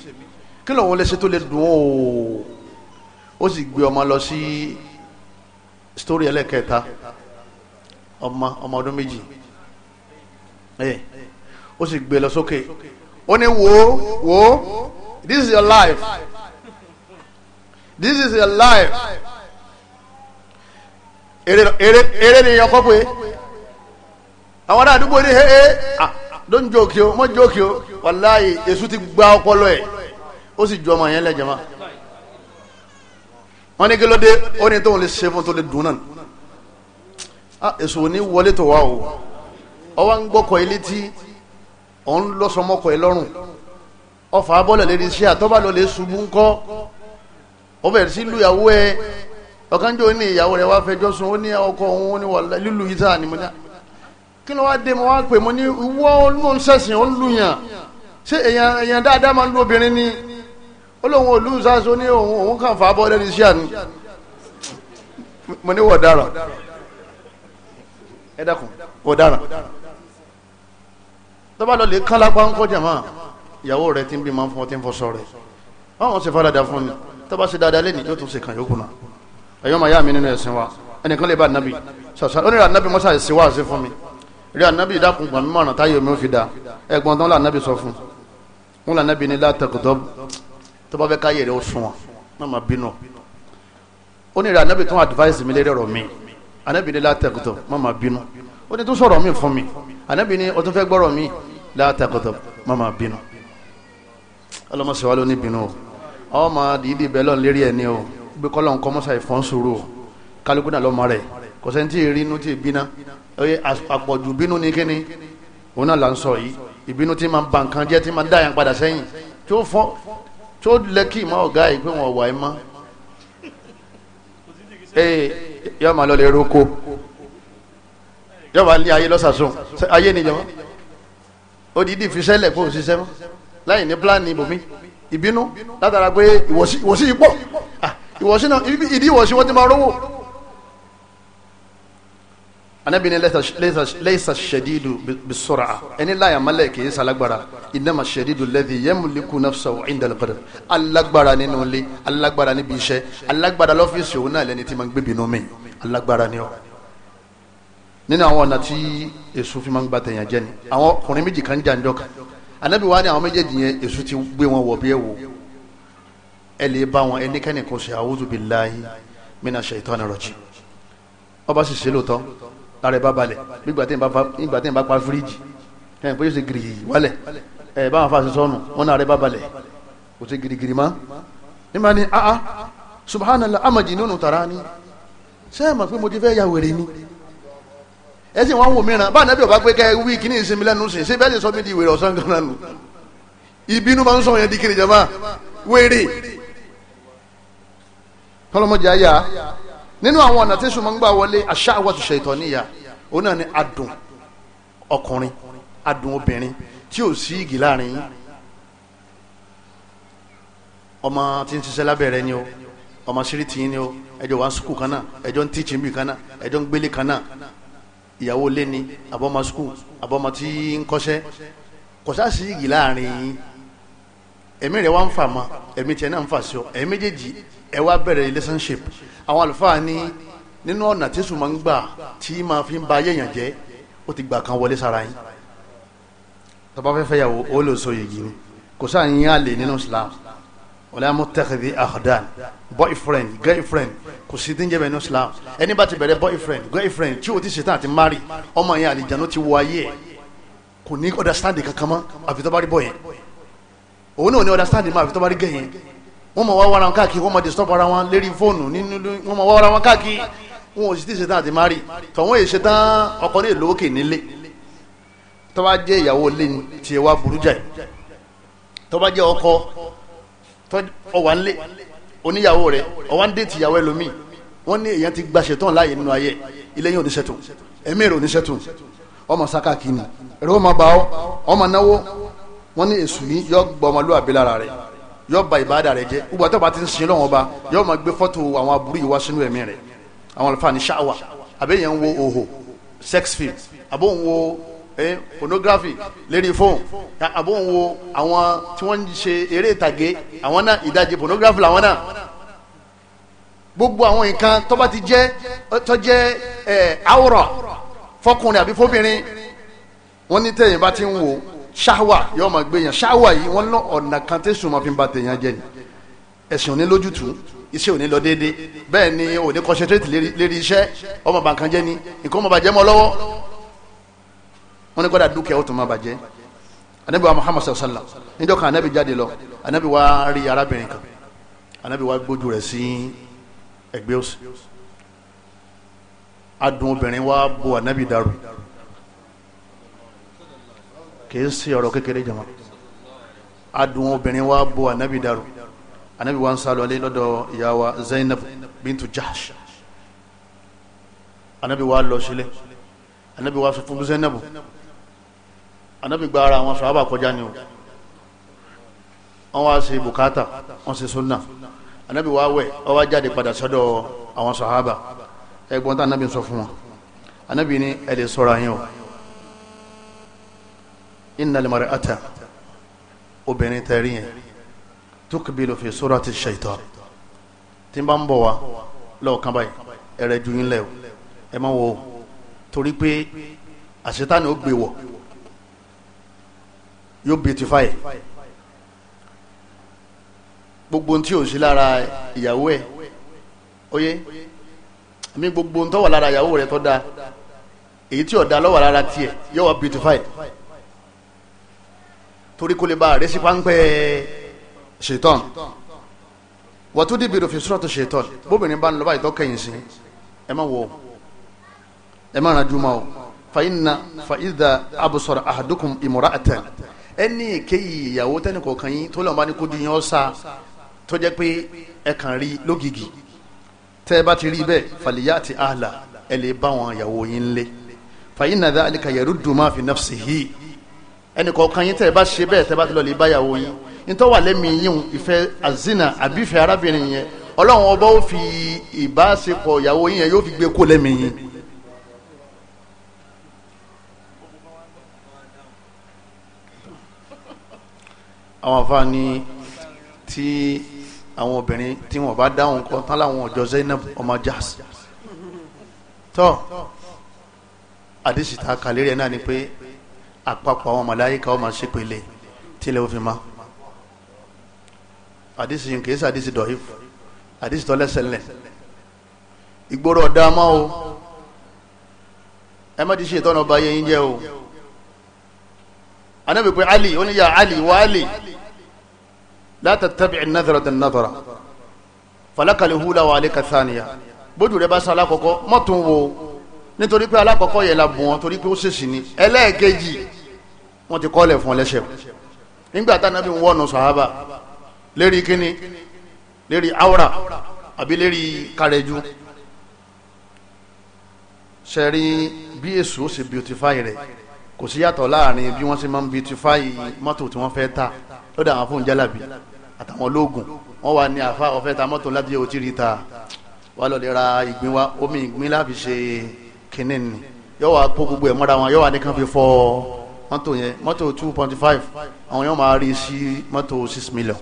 kí lóun lè ṣe tó lè dùn ó ó sì gbé ọmọ lọ sí sítórí ẹlẹ́kẹta ọmọ ọmọ ọdún méjì ó sì gbé lọ sókè ó ní wo wo this is your life this is your life èrè èrè èrè ni ọkọ pé àwọn ará àdúgbò ní hẹ́ẹ́ ah, don't joke o mọ́ joke o wàláyé èṣù ti gba ọpọlọ ẹ̀ ó sì ju ọmọ yẹn lẹ́jẹ̀ mọ́ wọ́n ní kí ló dé ó ní tóun lè ṣe fún tó lè dùn náà ah èṣù ò ní wọlé tó wá o ọwọ́ ń gbọ́kọ̀ ilé tí òun lọ́sọmọkọ ẹ lọ́rùn ọfà abọ́lẹ̀ lè rí iṣẹ́ àtọ́bà lọ lè ṣubú ńkọ́ ó bẹ̀rẹ̀ sí lùyàwó ẹ ọ̀kánjọ́ ní ìyàwó rẹ̀ wá fẹjọ́ sùn ó ní ọkọ òun ní wà lílù yìí ni mo ní kí ló wá dé mo wá pè mo ní ìwọ ló ń sẹ̀sìn ó ń lùyàn ṣé èèyàn dáadáa máa ń lu obìnrin ni ó lóun ò lù sáàsó ní òun òun kàn fà abọ́lẹ̀ rí iṣẹ́ àní mo ní wọ̀ dára ẹ dákun wọ̀ dára tọ́ba lọ lè kán lápá ń kọ́ jàmá ìyàwó rẹ̀ ti ń bí máa ń fọ́ ti ń fọ́ sọ rẹ̀ báwọn ṣe farada fún mi tọ́ba ṣe dáadáa lẹ́nu yóò tún ṣe kàn yókù náà ẹ̀yọ́ màá yá mi nínú ẹ̀sìn wa ẹnìkan lè bá ànábì ṣàṣà ó ní ànábì mọ́ṣá ṣe wá sí fún mi rí ànábì dákun gbà mí mọ̀ràn táyé omi ó fi da ẹ̀gbọ́n tán lànàbì sọ fún un lànàbì ní látàkùtọ́ tó bá fẹ́ káyè rẹ̀ ó sùn advice mi lérí ọ̀rọ̀ mi ànábì ní látàkùtọ́ má máa bínú ó ní tún sọ̀rọ̀ mi fún mi ànábì ní ó tún látàkọ̀tọ̀ máma bínú ọlọ́mọsíwá ló ní bínú o ọmọ dìídì bẹ́lọ̀ lérí ẹni o bí kọ́lọ̀ ń kọ́mọ́sà ìfọ́n sùúrù o kálukú náà lọ́mọ rẹ̀ kò sẹ́ni tí ìrínú ti bínú oye àpọ̀jù bínú ní kíni òun náà là ń sọ yìí ìbínú tí máa ń ba nǹkan jẹ́ tí máa ń dáyà padà sẹ́yìn tí ó fọ́ tí ó lẹ́kì mọ́ ọ̀gá yìí pé wọ́n wà ẹ́ mọ́ ee yọ́ọ́ máa lọ lè roko yọ́ọ́ máa lé ayé lọ́sàsùn ayé nìyẹn odidi fisẹ́lẹ̀ kó o ṣiṣẹ́ mọ́ láì ní pílánì ibòmí ìbínú látara pé ìwọ̀sí ipò ah, ìwọ̀sí náà ìdí ìwọ̀sí wọ́n ti máa rówó. anabi ni laysa shadidu bisur'a ẹni láyà malẹ̀ kì í salagbara innama shadidu alladhi yamliku nafsahu inda al-qadr alágbára nínú ilé alágbára níbi iṣẹ́ alágbára lọ́fíìsì òun náà lẹni tí ma ń gbé mi alágbára ni ọ́ nínú àwọn ọ̀nà tí èso fi máa ń gba tẹ̀yàn jẹ́ ni àwọn ọkùnrin méjì kan jà ń jọ kan anabi wa ni àwọn méjèèjì yẹn èso ti gbé wọn wọ̀ bí ẹ wò ẹ lè bá wọn ẹnikẹ́ni kò ṣe a'udhu billahi mina shaitani rajim ọba sì ṣe lóòótọ́ lára ẹ bá balẹ̀ nígbà tí n bá pa fíríjì ẹ̀ bóyá ṣe gìrì wálẹ̀ ẹ̀ báwọn afáàṣẹ sọ́nù wọn náà rẹ bá balẹ̀ kò ṣe gìrìgìrì mọ́ nígbà ya wèrè ni ẹ sì wọn wò mìíràn bá nàbí ọba pé kẹ wí kíní ìsinmi lẹ́nu sìn ṣé bẹ́ẹ̀ lè sọ mí di wèrè ọ̀sán kan náà nù ìbínú máa ń sọ yẹn di kiri jama wèrè kọlọmọdé ayá nínú àwọn ọ̀nà tí sùnmọ́ ń gbà wọlé àṣà àwọ̀tò ṣètò níyà òun náà ni adùn ọkùnrin adùn obìnrin tí ò sí igi láàrin yín ọmọ tí ń ṣiṣẹ́ lábẹ́rẹ́ ni o ọmọ síríìtì yín ni o ẹjọ́ wà ń sukù kan náà ẹjọ́ ń tíìtì mí kan náà ẹjọ́ ń gbélé kan náà ìyàwó ilé ni àbọ̀mọ skul àbọ̀mọ tí ń kọ́ṣẹ́ kọ̀ṣá sí igi láàrin yín ẹ̀mí rẹ̀ wá ń fà mọ́ ẹ̀mí tiẹ̀ náà ń fà sí ọ ẹ̀mí méjèèjì ẹ wá bẹ̀rẹ̀ relationship àwọn àlùfáà ní nínú ọ̀nà tí sùn máa ń gbà tí máa fi ń ba ayé èèyàn jẹ́ ó ti gbà kan wọlé sára yín tọ́ba fẹ́ yàwó ó lè so yìgì ni kò yín á lè nínú Islam wala mutakhidhi akhdan boyfriend girlfriend kò sí tí ń bẹ́ẹ̀ ní islam ẹni bá ti bẹ̀rẹ̀ boyfriend girlfriend tí o ti ṣetán àti mari ọmọ yẹn àlìjáná ti wọ ayé ẹ̀ kò ní understanding kankan mọ́ àfi tó bá rí bọ̀ yẹn òun náà ní understanding mọ́ àfi tó bá rí gẹ̀ yẹn wọ́n mọ̀ wá wára wọn káàkiri wọ́n mọ̀ disturb ara wọn lérí fóònù nínú wọ́n mọ̀ wá wọn káàkiri wọn ò sì ti ṣetán àti mari tọ̀wọ́n tọ́ ọwà ńlẹ̀ oníyàwó rẹ̀ ọwà ń déètì ìyàwó ẹlòmíì wọ́n ní èèyàn ti gba ṣetán láàyè nínú ayé ilé yẹn ò ní ṣẹ́tù ẹ̀mí rẹ̀ ò ní ṣẹ́tù ọmọ sáká kìíní ẹ̀rọ ọmọ bá ọ ọmọ náwó wọ́n ní èṣù yìí yọ gba ọmọlúwàbí lára rẹ̀ yọ ba ìbáàdà rẹ̀ jẹ́ gbogbo àtọ́ba ti ń sin lọ́wọ́ ba yọ máa gbé fọ́tò àwọn aburú yìí wá sínú ẹ̀mí rẹ̀ àwọn àlùfáà ní ṣáwà àbẹ́yẹn ń wo òhò sex film àbóhùn wo pornography lérí phone. àbò ń wo àwọn tí wọ́n ń ṣe eré ìtàgé àwọn náà ìdajì pornography làwọn náà gbogbo àwọn nǹkan tó bá ti jẹ́ tó jẹ́ ẹ̀ àwòrán fọkùnrin àbí fóbìnrin wọ́n ní tẹ̀yìn bá ti ń wò ṣáwà yóò máa gbé yàn ṣáwà yìí wọ́n ná ọ̀nà kan tí sùn máa fi ń ba tèèyàn jẹ ni ẹ̀sìn òní lójútùú iṣẹ́ òní lọ déédéé bẹ́ẹ̀ ni òní concentrate lérí iṣẹ́ ọmọ bàǹkan jẹ́ ni nǹkan ọmọ bàjẹ́ mọ́ lọ́wọ́ wọ́n ní kọ́dà dúkìá ó tún máa bàjẹ́ anabi wa muhammad sallallahu alaihi wa sallam níjọ́ kan anabi jáde lọ anabi wa rí arábìnrin kan anabi wa gbójú rẹ̀ sí ẹgbẹ́ òsì adùn obìnrin wa bo anabi dàrú kìí ṣe ọ̀rọ̀ kékeré jama adùn obìnrin wa bo anabi dàrú anabi wa ń sá lọlé lọ́dọ̀ ìyá zainab bintu jahsh anabi wa lọ sílẹ̀ anabi wa sọ fún zainab anabi gba ara àwọn sàhábà kọjá ni o wọ́n wá ṣe bùkátà wọ́n ṣe sunna anabi wá wẹ̀ wọ́n wá jáde padà sọ́dọ̀ àwọn sàhábà ẹgbọ́n tá anabi sọ fún wọn anabi ni ẹ lè sọ́ra yín o innal mar'ata obìnrin tẹ̀rí yẹn tukbilu fi surati shaitan tí n bá ń bọ̀ wá lọ́ọ̀kan báyìí ẹ̀rẹ̀ ju yín lẹ̀ o ẹ má wo torí pé àṣetánì ó gbé wọ̀ yóò beautify gbogbo ohun tí ò sí lára ìyàwó ẹ oyé mi gbogbo ohun tó wà lára ìyàwó rẹ tó dáa èyí tí ọ̀dà lọ́wọ́ lára tiẹ̀ yóò wá beautify torí kò lè ba àrẹ sí páńpẹ́ ṣètọ́n wọ́n tún dìbò ìròfin sọ́rọ̀ tó ṣètọ́n bóbìnrin bá ń lọ báyìí tó kẹ́yìn sí ẹ má wò ẹ má ràn jùmọ̀ fàyínà fàyídà abùsọ̀rọ̀ àdókùn ìmọ̀ràn àtẹ̀ ẹni èkéyìí ìyàwó tẹ́nì kọ̀ọ̀kan yín tó lọ́n bá ní kójú yín ọ̀sà tó jẹ́ pé ẹ kàn rí lógìgì tẹ́ ẹ bá ti rí bẹ́ẹ̀ fàlìyà àti àhàlà ẹ lè bá wọn ìyàwó yín lé fàyín nàdá àlìkà yaruddu ma fi nafsihi ẹnì kọ̀ọ̀kan yín tẹ́ ẹ bá ṣe bẹ́ẹ̀ tẹ́ ẹ bá ti lọ lè bá ìyàwó yín nítorí wà lẹ́mìí yín ìfẹ́ azina àbífẹ́ arábìnrin yẹn ọlọ́run ọba ó fi ìbáṣepọ̀ ìyàwó yín yẹn yóò fi gbé kó lẹ́mìí yín àwọn afa ni tí àwọn obìnrin tí wọn bá dáhùn kan tán láwọn ọjọ Zainab ọmọ Jahsh tó àdìsí ta kàlérí ẹ náà ni pé àpapọ̀ àwọn màláíkà ó máa ṣépele tílẹ̀ òfin ma àdìsí yìí kìí sàdìsí dọ̀hìf àdìsí tọ́lẹ́sẹ̀lẹ̀ ìgboro ọ̀dá máa o ẹ má ti ṣe ìtọ́nà ọba yín jẹ́ o anabi pé ali ó ní ya ali wa ali la tattabi' an-nadhra an-nadhra falaka al-ula wa alayka ath-thaniya bójú rẹ bá san alákọ̀ọ́kọ́ mọ́tún wo nítorí pé alákọ̀ọ́kọ́ yẹn la bùn wọn torí pé ó ṣèṣì ni ẹlẹ́ẹ̀kejì wọ́n ti kọ́lẹ̀ fún ọlẹ́ṣẹ̀ nígbà tá anabi ń wọ́nu sàhábà lérí kíni lérí awra àbí lérí kàrẹ́jú bí èso ṣe beautify rẹ̀ kò sí yàtọ̀ láàrin bí wọ́n ṣe máa ń beautify mọ́tò tí wọ́n fẹ́ ta lọ́dọ̀ àwọn fóun jálàbí àtàwọn ológun wọ́n wà ní àfa ọ̀fẹ́ ta mọ́tò láti yóò rí ta wà lọ́ọ́ ra ìgbín wa omi ìgbín láfi ṣe kínní ni yóò wá kó gbogbo ẹ̀ mọ́ra wọn yóò wá ní kàn fi fọ́ mọ́tò yẹn mọ́tò two point five àwọn yóò máa rí sí mọ́tò six million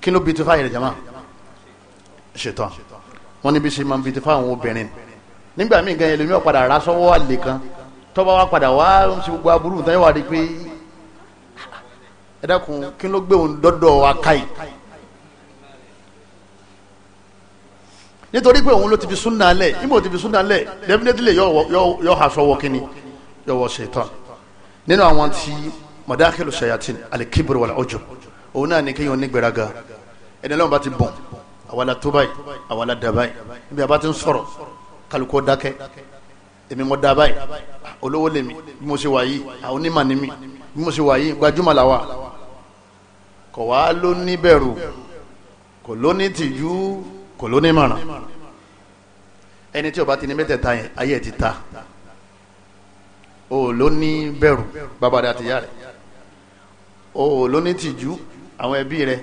kí ló beautify rẹ̀ jama ṣètò wọn níbi ṣe máa beautify àwọn obìnrin nígbà míì gan ẹlòmíọ̀ padà rà sọ́wọ́ àlè kan tọ́ba wa padà wá ń ṣe gbogbo aburú nǹkan yóò wá di pé ẹ dákun kí ló gbé òun dọ́dọ̀ wa káyì nítorí pé òun ló ti fi súnà lẹ̀ ìmọ̀ ti fi súnà lẹ̀ definitely yóò ha sọ́wọ́ kínní yóò wọ ṣètàn nínú àwọn tí mọ̀dákìlù ṣayatin alikibiri wàlá ọjọ́ òun náà ní kéèyàn nígbèraga ẹni lọ́wọ́n bá ti bọ̀n àwàlá tó báyìí àwàlá níbi àbá ti ń sọ̀rọ̀ kálukú dákẹ́ èmi mo da báyìí olówó lèmi bí mo ṣe wà yìí àwọn onímọ̀ ni mi bí mo ṣe wà yìí gbajúmọ̀ làwà kò wá ló ní bẹ̀rù kò ló ní tìjú kò ló ní mọ̀ràn ẹni tí ó bá ti ní mẹ́tẹ̀ẹ̀ta yẹn ayé ẹ̀ ti ta o ló ní bẹ̀rù bàbá rẹ̀ àtìyá rẹ̀ o ló ní tìjú àwọn ẹbí rẹ̀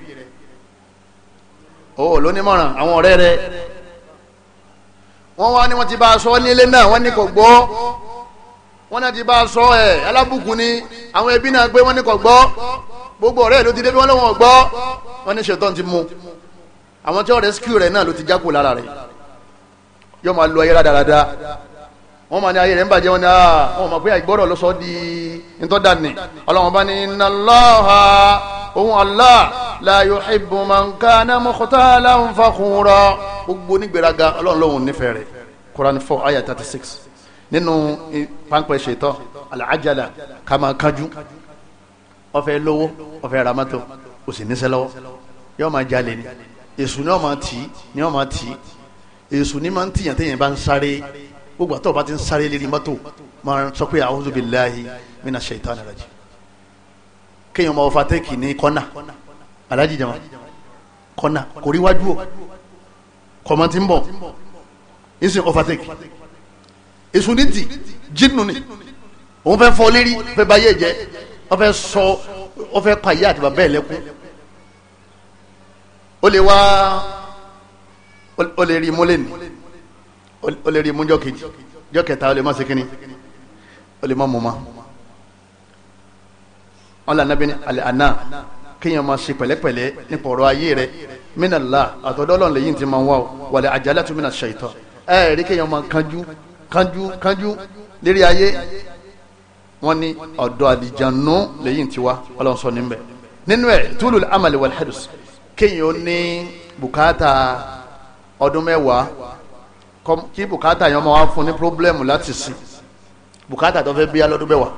o ló ní mọ̀ràn àwọn ọ̀rẹ́ rẹ̀ wọ́n wá ní wọ́n ti bá a sọ nílé náà wọ́n ní kò gbọ́ wọ́n náà ti bá a sọ ẹ̀ alábùkún ni àwọn ẹbí náà gbé wọ́n ní kò gbọ́ gbogbo ọ̀rẹ́ ló ti débi wọ́n lọ́wọ́ gbọ́ wọ́n ní ṣètọ́n ti mú àwọn tí wọ́n rescue rẹ̀ náà ló ti jákò lára rẹ̀ yóò máa lo ayé rádaràda wọ́n máa ní ayé rẹ̀ ń bàjẹ́ wọn ni wọ́n ah, máa pé àìgbọ́rọ̀ ló sọ di ntọ́dà ni ọlọ́run bá ní inna Allaha ohun Allah la yuhibbu man kana mukhtalan fakhura gbogbo nígbèraga ọlọ́run lòun nífẹ̀ẹ́ rẹ̀ Quran four ayah thirty six nínú pàǹpẹ́ ṣètọ́ alàjàlá Kama máa kánjú ó fẹ́ ramato ó sì níṣẹ́ lọ́wọ́ yóò jalè ni èṣù ni wọ́n máa tì ní wọ́n máa tì èṣù ni máa ń tìyàn téèyàn gbogbo àtọ́ bá ti ń sáré lérí mọ́tò máa sọ pé a'udhu billahi minash shaitani rajim kéèyàn máa fa tẹ́kì ní kọ́nà alájì jama kọ́nà kò rí wájú o kọ̀mọ́ ti ń bọ̀ ìsìn ọ̀fà tẹ́kì èsùn ní ti jínú ni òun fẹ́ fọ́ lérí fẹ́ bá yẹ̀ jẹ́ wọ́n fẹ́ sọ wọ́n fẹ́ pa ìyá àti bàbá ẹ̀ lẹ́kún ó lè wá ó lè rí mọ́lẹ́ni o lè rí mú jọ́kejì jọ́kẹta o lè má ṣe kínní o lè má mú ma wọn là nábìíní àlẹ́ àná kéèyàn máa ṣe pẹ̀lẹ́pẹ̀lẹ́ nípa ọ̀rọ̀ ayé rẹ mínàlá àtọ̀dọ́ Ọlọ́run lèyí ti máa ń wá o wàlẹ̀ àjálá tún mínà ṣàìtọ́ ẹ rí kéèyàn máa kánjú kánjú kánjú lérí ayé wọn ní ọ̀dọ̀ àdìjànú lèyí ti wá Ọlọ́run sọ níbẹ̀ nínú ẹ̀ túlù amàlẹ̀ wàlẹ̀ hẹ́dùs kéèyàn ó ní bùkátà ọdún kí bùkátà yẹn ọmọ wa fún ní pírọ́blẹ́mù láti sí bùkátà tó fẹ́ bí alọ́dún bẹ́wà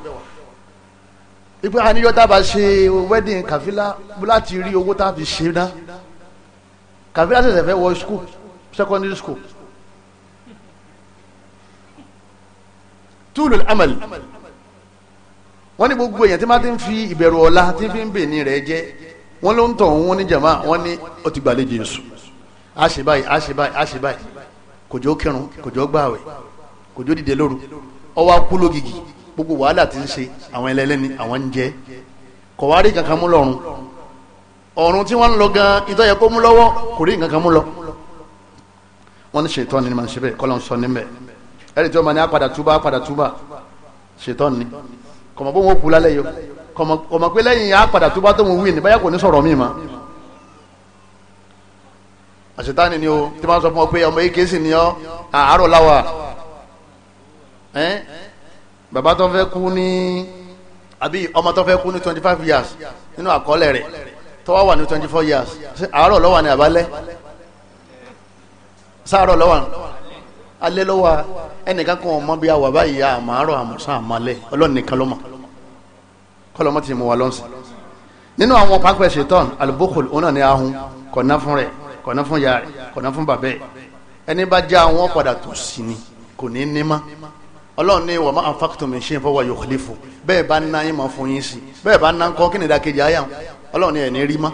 ipe àníyọ́ tá a bá ṣe wedding kàfílà láti rí owó tá a fi ṣe ná kàfílà ṣẹ̀ṣẹ̀ fẹ́ wọ school secondary school túlù amẹ̀lì wọ́n ní gbogbo èèyàn tí máa ti ń fi ìbẹ̀rù ọ̀la tí fi ń bè ní rẹ̀ jẹ́ wọ́n ló ń tọ̀ wọ́n ní jàmá wọ́n ní ó ti gbàlejò èṣù àṣìbáyì àṣìbáyì àṣìbáyì kòjó kírun kòjó gbààwẹ̀ kòjó dìde lóru ọwọ́ akú lógìgì gbogbo wàhálà ti ń ṣe àwọn ẹlẹ́lẹ́ni àwọn ń jẹ́ kọ̀wárí kankan mú lọ́rùn ọ̀run tí wọ́n ń lọ gan ìtọ́ yẹ kó mú lọ́wọ́ kò rí kankan mú lọ. wọ́n ní ṣètọ́ ni màá ṣe bẹ́ẹ̀ kọ́lọ́ ń sọ níbẹ̀ ẹ̀rì tí wọ́n máa ní apàdà túbà apàdà túbà ṣètọ́ ni kọ̀mọ̀ pé wọ́n kú lálẹ́ yọ kọ̀mọ̀ pé lẹ́yìn apàdà túbà tó ń wí ní báyà kò ní sọ̀rọ̀ míì máa àṣetáni ni o tí wọ́n sọ fún ọ pé ọmọ èké sì ni ọ àárọ̀ láwà bàbá tó fẹ́ kú ní àbí ọmọ tó fẹ́ kú ní twenty five years nínú àkọọ́lẹ̀ rẹ̀ tó wá wà ní twenty four years àárọ̀ lọ́wọ́ ni àbálẹ́ sáárọ̀ lọ́wọ́ alẹ́ lọ́wọ́ ẹnìkan kan ọmọ bíi àwọ̀ báyìí àmàárọ̀ àmọ̀sán àmàlẹ́ ọlọ́run nìkan ló mọ̀ ti mú wa lọ́sìn nínú àwọn pápẹ́ ṣetán alubókòlù òun ni ahun kọ̀ọ̀ná fún rẹ̀ kọ̀nà fún ya rẹ̀ kọ̀nà fún bàbá ẹ̀ ẹni bá já wọn padà tó sí ni kò ní ní mọ́ ọlọ́run ní wàmọ́ àfàkùtù mi ṣe fọwọ́ yóò kọ́lé fún bẹ́ẹ̀ bá ná yín mọ́ fún yín sí bẹ́ẹ̀ bá ná kọ́ kí ni ìdákejì ayé àwọn ọlọ́run ní ẹ̀ ní rí mọ́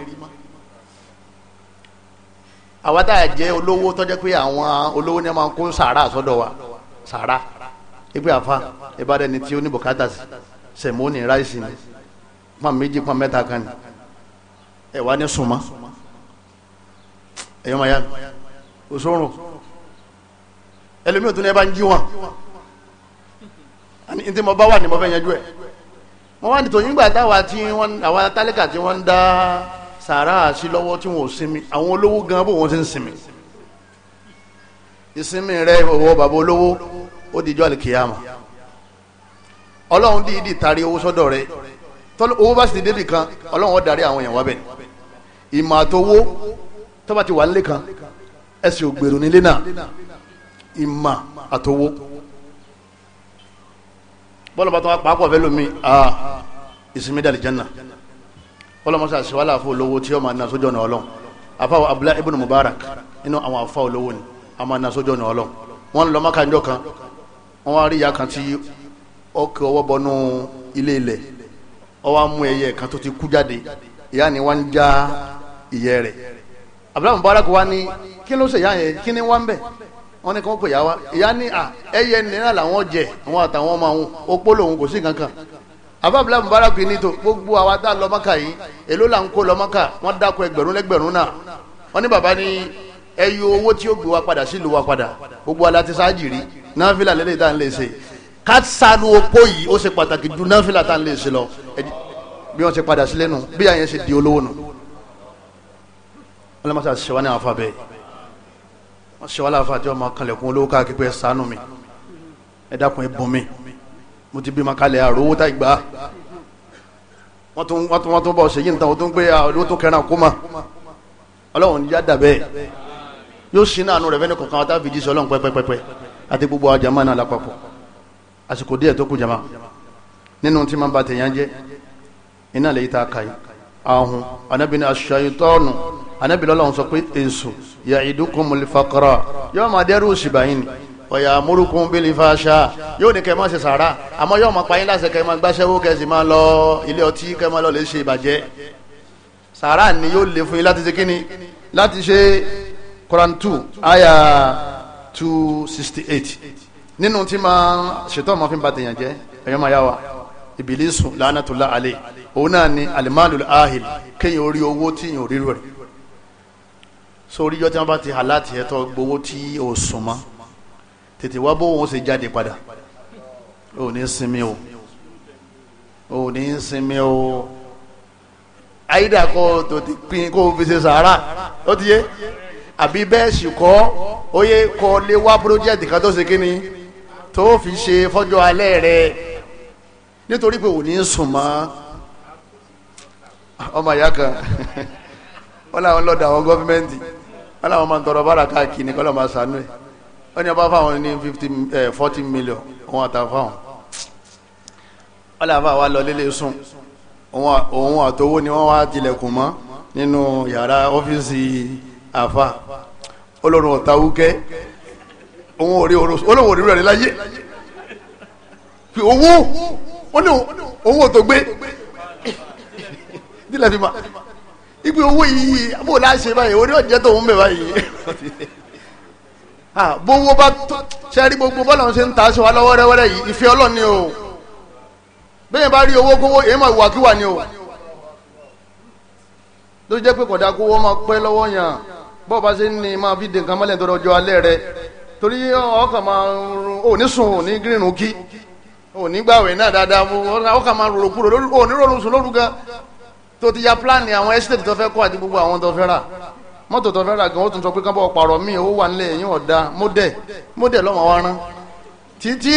àwa tá jẹ́ olówó tọ́jẹ́ pé àwọn olówó ni a máa kó sàárà sọ́dọ̀ wa sàárà ipe àfa ìbára ẹni tí ó ní bùkátà sẹ̀mónì ráìsì ni pọ́n méjì pọ́n mẹ́ta kan ni ẹ̀ ní sùnmọ́ ẹ̀yọ́ maya òṣòrùn ẹlòmíì tó ní ẹ bá ń jí wọn ní tí mo bá wà ní mo fẹ́ yanjú ẹ̀ mo wá nítorí nígbà táwa tí wọ́n àwọn tálíkà tí wọ́n ń dá sàárà sí lọ́wọ́ tí wọ́n ò sinmi àwọn olówó gan bó wọ́n ti ń sinmi ìsinmi rẹ ìwọ bàbá olówó ó di ijó àlìkìyàmà ọlọ́run dìídì tari owó sọ́dọ̀ rẹ tọ́lú owó bá sì débi kan ọlọ́run ó darí àwọn èèyàn wábẹ̀ ìmọ̀ àtowó tó bá ti wà nílé kan ẹsẹ̀ ògbèrò nílé náà ìmà àtowó bọ́lá bá tó wá pàápọ̀ fẹ́ lómi ìsinmi dàlí jẹ́nà bọ́lá mọ́sá àṣìwálà fún olówó tí ó máa na sójú ọ̀nà ọlọ́run afáwọ̀ Abdullah ibn Mubarak inú àwọn afá olówó ni a máa na sójú ọ̀nà ọlọ́run wọ́n ń lọ mọ́ka ńjọ́ kan wọ́n wá rí ìyá kan tí ọkọ̀ ọwọ́ bọnú ilé ilẹ̀ ọwọ́ mú ẹyẹ kan tó ti kú jáde ìyá ni wọ́n ń já ìyẹ́ rẹ̀ Abraham barak wa ni kí ló ṣe ìyá yẹn kí ni wá ń bẹ̀ wọ́n ní kí wọ́n wa ìyá ní à ẹyẹ nìyẹn làwọn jẹ àwọn àtàwọn ọmọ àwọn opó lòun kò sí kankan abdulhamu mubarak ni tó gbogbo àwa tá a lọ mọ́kà la èló là ń kó lọ mọ́kà wọ́n dákọ̀ ẹgbẹ̀rún lẹ́gbẹ̀rún náà wọ́n ní bàbá ní ẹyọ owó tí ó gbé wa padà sílùú wa padà gbogbo ala ti sáájì rí náfìlà lẹ́lẹ́ tá à ń lè ṣe ká sanu opó yìí ó ṣe pàtàkì ju náfìlà tá à ń lè se lọ bí wọ́n ṣe padà sílẹ̀ nù bí àyẹn ṣe di olówó nù wọn lè má sàṣẹ wa ní àwọn afa bẹ́ẹ̀ wọn ṣe wa láfa àti ọmọ kanlẹ̀kùn olówó káàkiri pé ṣàánú mi ẹ dákun ẹ bùn mi mo ti bímọ kalẹ̀ àrò owó tá ìgbà wọ́n tún wọ́n tún wọ́n tún bọ̀ ṣe yí nǹkan wọ́n tún gbé olówó tó kẹran kó ma ọlọ́run yá dà bẹ́ẹ̀ yóò ṣí náà nù rẹ̀ fẹ́ni kankan wọ́n tá fi jí ọlọ́run pẹ́pẹ́pẹ́ àti gbogbo àwọn náà lápapọ̀ àsìkò díẹ̀ tó anabi lọ́lọ́run sọ pé èso ya'idukumul faqra yóò máa dẹ́rù òṣì báyìí ni ọ̀yà amúrúkún bílí fàṣà yóò ní kẹ́ máa ṣe sàrà àmọ́ yóò máa payín láṣẹ kẹ́ máa gbàṣẹ́wó kẹ́ sì máa lọ ilé ọtí kẹ́ máa lọ lè ṣe ìbàjẹ́ sàrà ni yóò lè fún yín láti ṣe kíni láti ṣe Quran two aya two sixty eight nínú tí máa ṣètò ọmọ fún bàtẹ̀yàn jẹ́ ẹ̀yọ́ máa yá wa ìbílísù lánàtúlá àlè òun náà ni alimalu ahil kéèyàn orí owó tíyàn orí rẹ̀ sórí yọ tí wọn bá ti halati ẹ tọ gbowó tí o sùn mọ tètè wá bó wọn ṣe jáde padà o ní sinmi o o ní sinmi o àyídà kó tó ti pin kó fi ṣe sàárà ó ti yé àbí bẹ́ẹ̀ sì kọ́ ó yẹ kó lé wá pírójẹ́tì kan tó ṣe kí ni tó fi ṣe fọ́jọ́ alẹ́ rẹ nítorí pé ò ní sùn mọ́ ọmọ ìyá kan [LAUGHS] wọn làwọn lọ́dọ̀ àwọn gọ́fíńmẹ́ǹtì wọn làwọn máa ń tọrọ bára káàkiri ní kọ́lọ́ máa sànú ẹ̀ ní ọba fáwọn ní fifty forty million òun àtà fáwọn wọ́n làwọn àwa lọ lélẹ̀ sùn òun àtowó ni wọ́n wá tilẹ̀kùn mọ́ nínú yàrá ọ́fíìsì àfa olórun ọ̀tá wúkẹ́ òun ò rí olóhùn òrí rẹ̀ láyé fi owó òun ò gbé dílẹ̀ fi máa ibi owó yìí bó o láṣẹ báyìí orí ọ̀jẹ̀ tó ń bẹ̀ báyìí [LAUGHS] ah, bówó bá sẹ́rí gbogbo bọ́lá ń ṣe ń ta aṣọ wa lọ́wọ́ rẹ́wẹ́rẹ́ yìí ìfẹ́ Ọlọ́run ni o bẹ́ẹ̀ bá rí owó kówó èyí máa wàkíwà ni o ló jẹ́ pé kódà kówó máa pẹ́ lọ́wọ́ yàn bọ́ọ̀ bá ṣe ń ní máa fi dèkàn mọ́lẹ̀ tọrọ ọjọ́ alẹ́ rẹ torí ọkàn máa ò ní sùn ò gírìnrún kí ò ní náà dáadáa ọkàn máa rorò tó ti ya pílánì àwọn estate tó fẹ́ kọ́ àti gbogbo àwọn tó fẹ́ rà mọ́tò tó fẹ́ rà gan ó tún sọ pé kábọ̀ pààrọ̀ mi ó wà nílé yín ọ̀dà mọ́dẹ̀ mọ́dẹ̀ lọ́mọ wa rán títí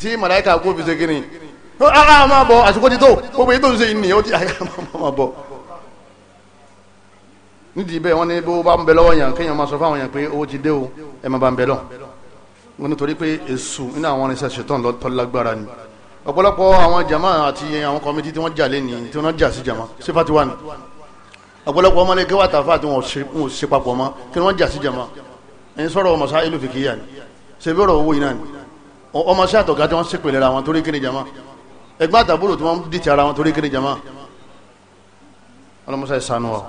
tí màláìka kó fi ṣe kiri ó ara máa bọ̀ àsìkò ti tó gbogbo yìí tó ń ṣe ìní ó ti àyà máa bọ̀ nídìí bẹ́ẹ̀ wọ́n ní bó bá ń bẹ lọ́wọ́ yàn kéèyàn máa sọ fáwọn yàn pé owó ti dé o ẹ̀ máa bá ń bẹ lọ wọn nítorí pé èṣù nínú àwọn irinṣẹ́ ṣetán lọ́tọ́ lágbára ni ọ̀pọ̀lọpọ̀ àwọn jama àti àwọn kọ́mítì tí wọ́n jà lé ní tí wọ́n jà sí jama sífàtí wà ní ọ̀pọ̀lọpọ̀ ọmọlé gẹ́wà tàfà tí wọ́n ṣe papọ̀ mọ́ kí wọ́n jà sí jama ẹni sọ̀rọ̀ masá ìlú fi kíyà ni ṣe bí ọ̀rọ̀ owó iná ni ọmọ sí àtọ̀gá tí wọ́n ṣe pèlè ra wọn torí kíni jama ẹgbẹ́ àtàbúrò tí wọ́n dì ti ara wọn torí kíni jama ọlọmọsá ìsanu wa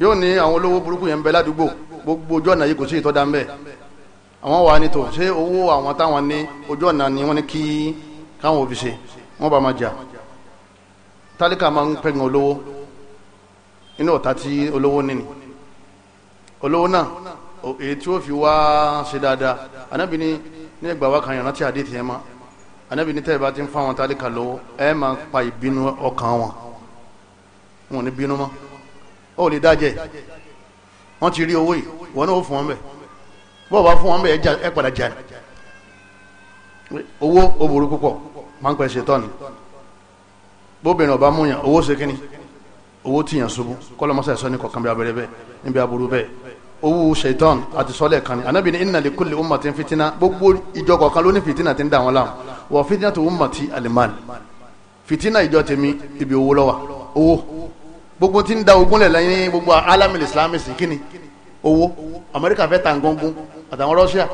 yóò ní àwọn olówó burúkú yẹn ń bẹ ládùúgbò gbogbo ojú ọ̀nà yìí kò sí ìtọ́dá ń bẹ àwọn wà ní tò ṣé owó àwọn táwọn ní ojú ọ̀nà ni wọ́n ní kí táwọn òfin ṣe wọ́n bá máa jà tálíkà máa ń pẹ̀gàn olówó inú ọ̀tá tí olówó níní olówó náà èyí tí ó fi wá ṣe dáadáa anábì ní ní ẹgbàá wa kan ìrántí àdé tiẹ̀ ma anábì ní tẹ́lẹ̀ bá ti ń fún àwọn tálíkà lówó ẹ máa pa ìbínú ọkàn wọn wọn ò ní bínú mọ́ ó lè dájẹ́ wọ́n ti rí owó yìí wọ́n náà ó fún wọn bẹ́ẹ̀ bọ́ọ̀ bá fún wọn bẹ́ẹ̀ ẹ padà jà owó ó burú púpọ̀ máa ń pẹ́ ṣetán ni bóbìnrin ọba múyàn owó ṣe kíni owó tìyàn ṣubú kọ́lọ́mọ́sá ẹ̀sọ́ ní kọ̀ọ̀kan bí abẹ́rẹ́ bẹ́ẹ̀ níbi aburú bẹ́ẹ̀ owó ṣetán àti sọ́lẹ̀ kan ni anábì ní inna li kulli ummatin fitina gbogbo ìjọ kọ̀ọ̀kan ló ní fitina ti ń dà wọn láàmú wa fitinatu ummati al-mal fitina ìjọ tèmi ibi owó lọ́wà owó gbogbo tí ń da ogunlẹ̀ lẹ́yìn gbogbo alamil islami sí kíni owó amẹ́ríkà fẹ́ ta ngongun àtàwọn rọ́ṣíà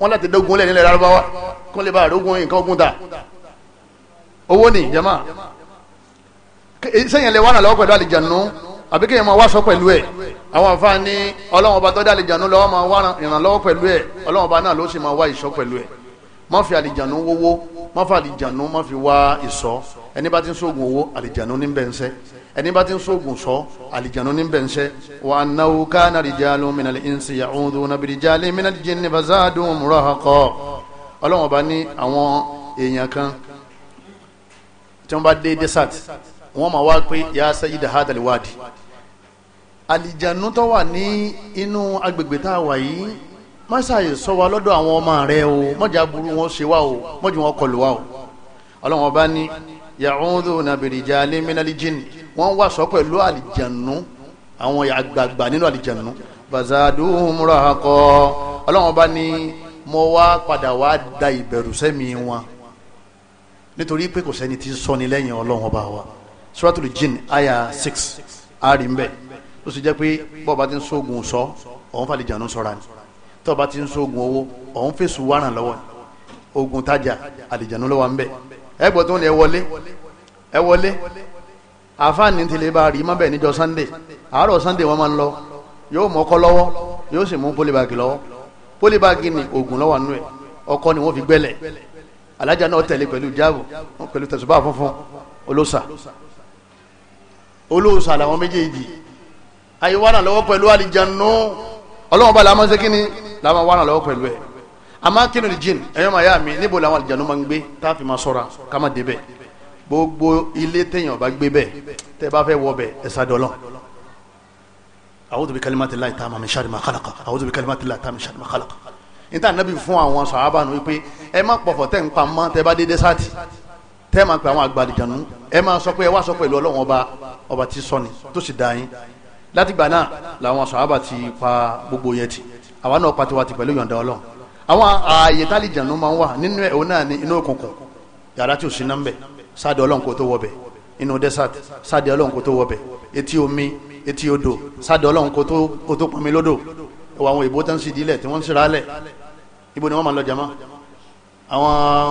wọ́n láti dógunlẹ̀ nílẹ̀ lárúbáwá kó lè bá àrógún nǹkan ogun ta owó ni jama eh, sẹ́yìn lè wà náà lọ́wọ́ pẹ̀lú àlìjànú àbí kéèyàn máa wá sọ pẹ̀lú ẹ̀ àwọn àfáà ní ọlọ́wọ́n ọba tó dá àlìjànú lọ́wọ́ máa wá ìrànlọ́wọ́ pẹ̀lú ẹ̀ ọlọ́wọ́n ọba náà ló sì máa wá ìṣọ́ pẹ̀lú ẹ̀ má fi àlìjànú wówó má fi àlìjànú má fi wá ìṣọ́ ẹni bá ti ń sóògùn owó àlìjànú ní bẹ́ẹ̀ ẹni bá ti ń sóògùn sọ àlìjànú ní bẹ́ẹ̀ ń sẹ́ wa annahu kana rijalun minal insi ya'udhuna birijalin minal jinni fazaduhum rahaqa ọlọ́wọ́n ọba ní àwọn èèyàn kan tí wọ́n bá dé desert wọ́n máa wá pé ya sayid hadal wadi àlìjànú tó wà ní inú agbègbè tá a wà yìí má ṣàyè sọ wa lọ́dọ̀ àwọn ọmọ rẹ o mọ̀jà burú wọn ṣe wá o mọ̀jù wọn kọlù wá o ọlọ́wọ́n bá ní yàhúndó nàbèrèjà lẹ́mínálíjìn wọ́n wà sọ pẹ̀lú àlìjànú àwọn àgbààgbà nínú àlìjànú bazaduhum rahaqa ọlọ́wọ́n bá ní mo wá padà wá da ìbẹ̀rù sẹ́mi wọn nítorí pé kò sẹ́ni tí ń sọni lẹ́yìn ọlọ́run ọba wa suratul jinn aya six ari mbẹ ó sì jẹ́ pé bọ́ọ̀ba ti ń sógun sọ ọ̀hún fàlẹ̀ jànú sọ̀ra ni tọ́ọ̀ba ti ń sógun owó ọ̀hún fèsù wàràn lọ́wọ́ ogun tajà àlìjànú lọ́wọ́ mbẹ ẹ gbọ́ tó ní ẹ wọlé ẹ wọlé àfáàní ti lè ba rí mọ́bẹ̀ níjọ sunday àárọ̀ sunday wọ́n máa ń lọ yóò mọ ọkọ lọ́wọ́ yóò sì mú pólíbàgì lọ́wọ́ pólíbàgì ni oògùn lọ́wọ́ nù ẹ̀ ọkọ ni wọ́n fi gbẹ́lẹ̀ alájà náà tẹ̀lé pẹ̀lú jáàbù pẹ̀lú tẹ̀sùbá funfun olóòsà olóòsà làwọn méjèèjì ayé wà lọ́wọ́ pẹ̀lú àlìjánu ọlọ́wọ́n bá làwọn ṣe kíni làwọn wà lọ́wọ́ pẹ̀lú ẹ̀ àmọ́ kínú ni jin ẹ̀yọ́ màá yá mi níbo làwọn àlìjánu máa ń gbé tá a fi máa sọ́ra ká má débẹ̀ gbogbo ilé téèyàn bá gbé bẹ́ẹ̀ tẹ́ bá fẹ́ wọ bẹ́ẹ̀ ẹ̀ sá dọ́lọ́ a'udhu bi kalimatillahi tammati min sharri ma khalaqa a'udhu bi kalimatillahi a min sharri ma khalaqa níta nàbí fún àwọn sàhábà nù wípé ẹ má pọ̀fọ̀ tẹ́ ń pa mọ́ tẹ́ bá dé dẹ́sáàtì tẹ́ máa pe àwọn àgbàdìjànú ẹ máa sọ pé ẹ wá sọ pẹ̀lú ọlọ́wọ́n ọba ọba tí sọni tó sì dá yín látìgbà náà làwọn sàhábà ti pa gbogbo yẹn ti àwa náà pati wa ti pẹ̀lú yọ̀ǹda ọlọ́run àwọn ààyè tálìjànú máa ń wà nínú ẹ̀ òun náà ní inú òkùnkùn yàrá tí ò sí náà ń bẹ̀ sáàdì ọlọ́run kò tó wọ bẹ̀ inú desert sáàdì ọlọ́run kò tó wọ etí omi etí odò ibo ni wọ́n máa lọ jama àwọn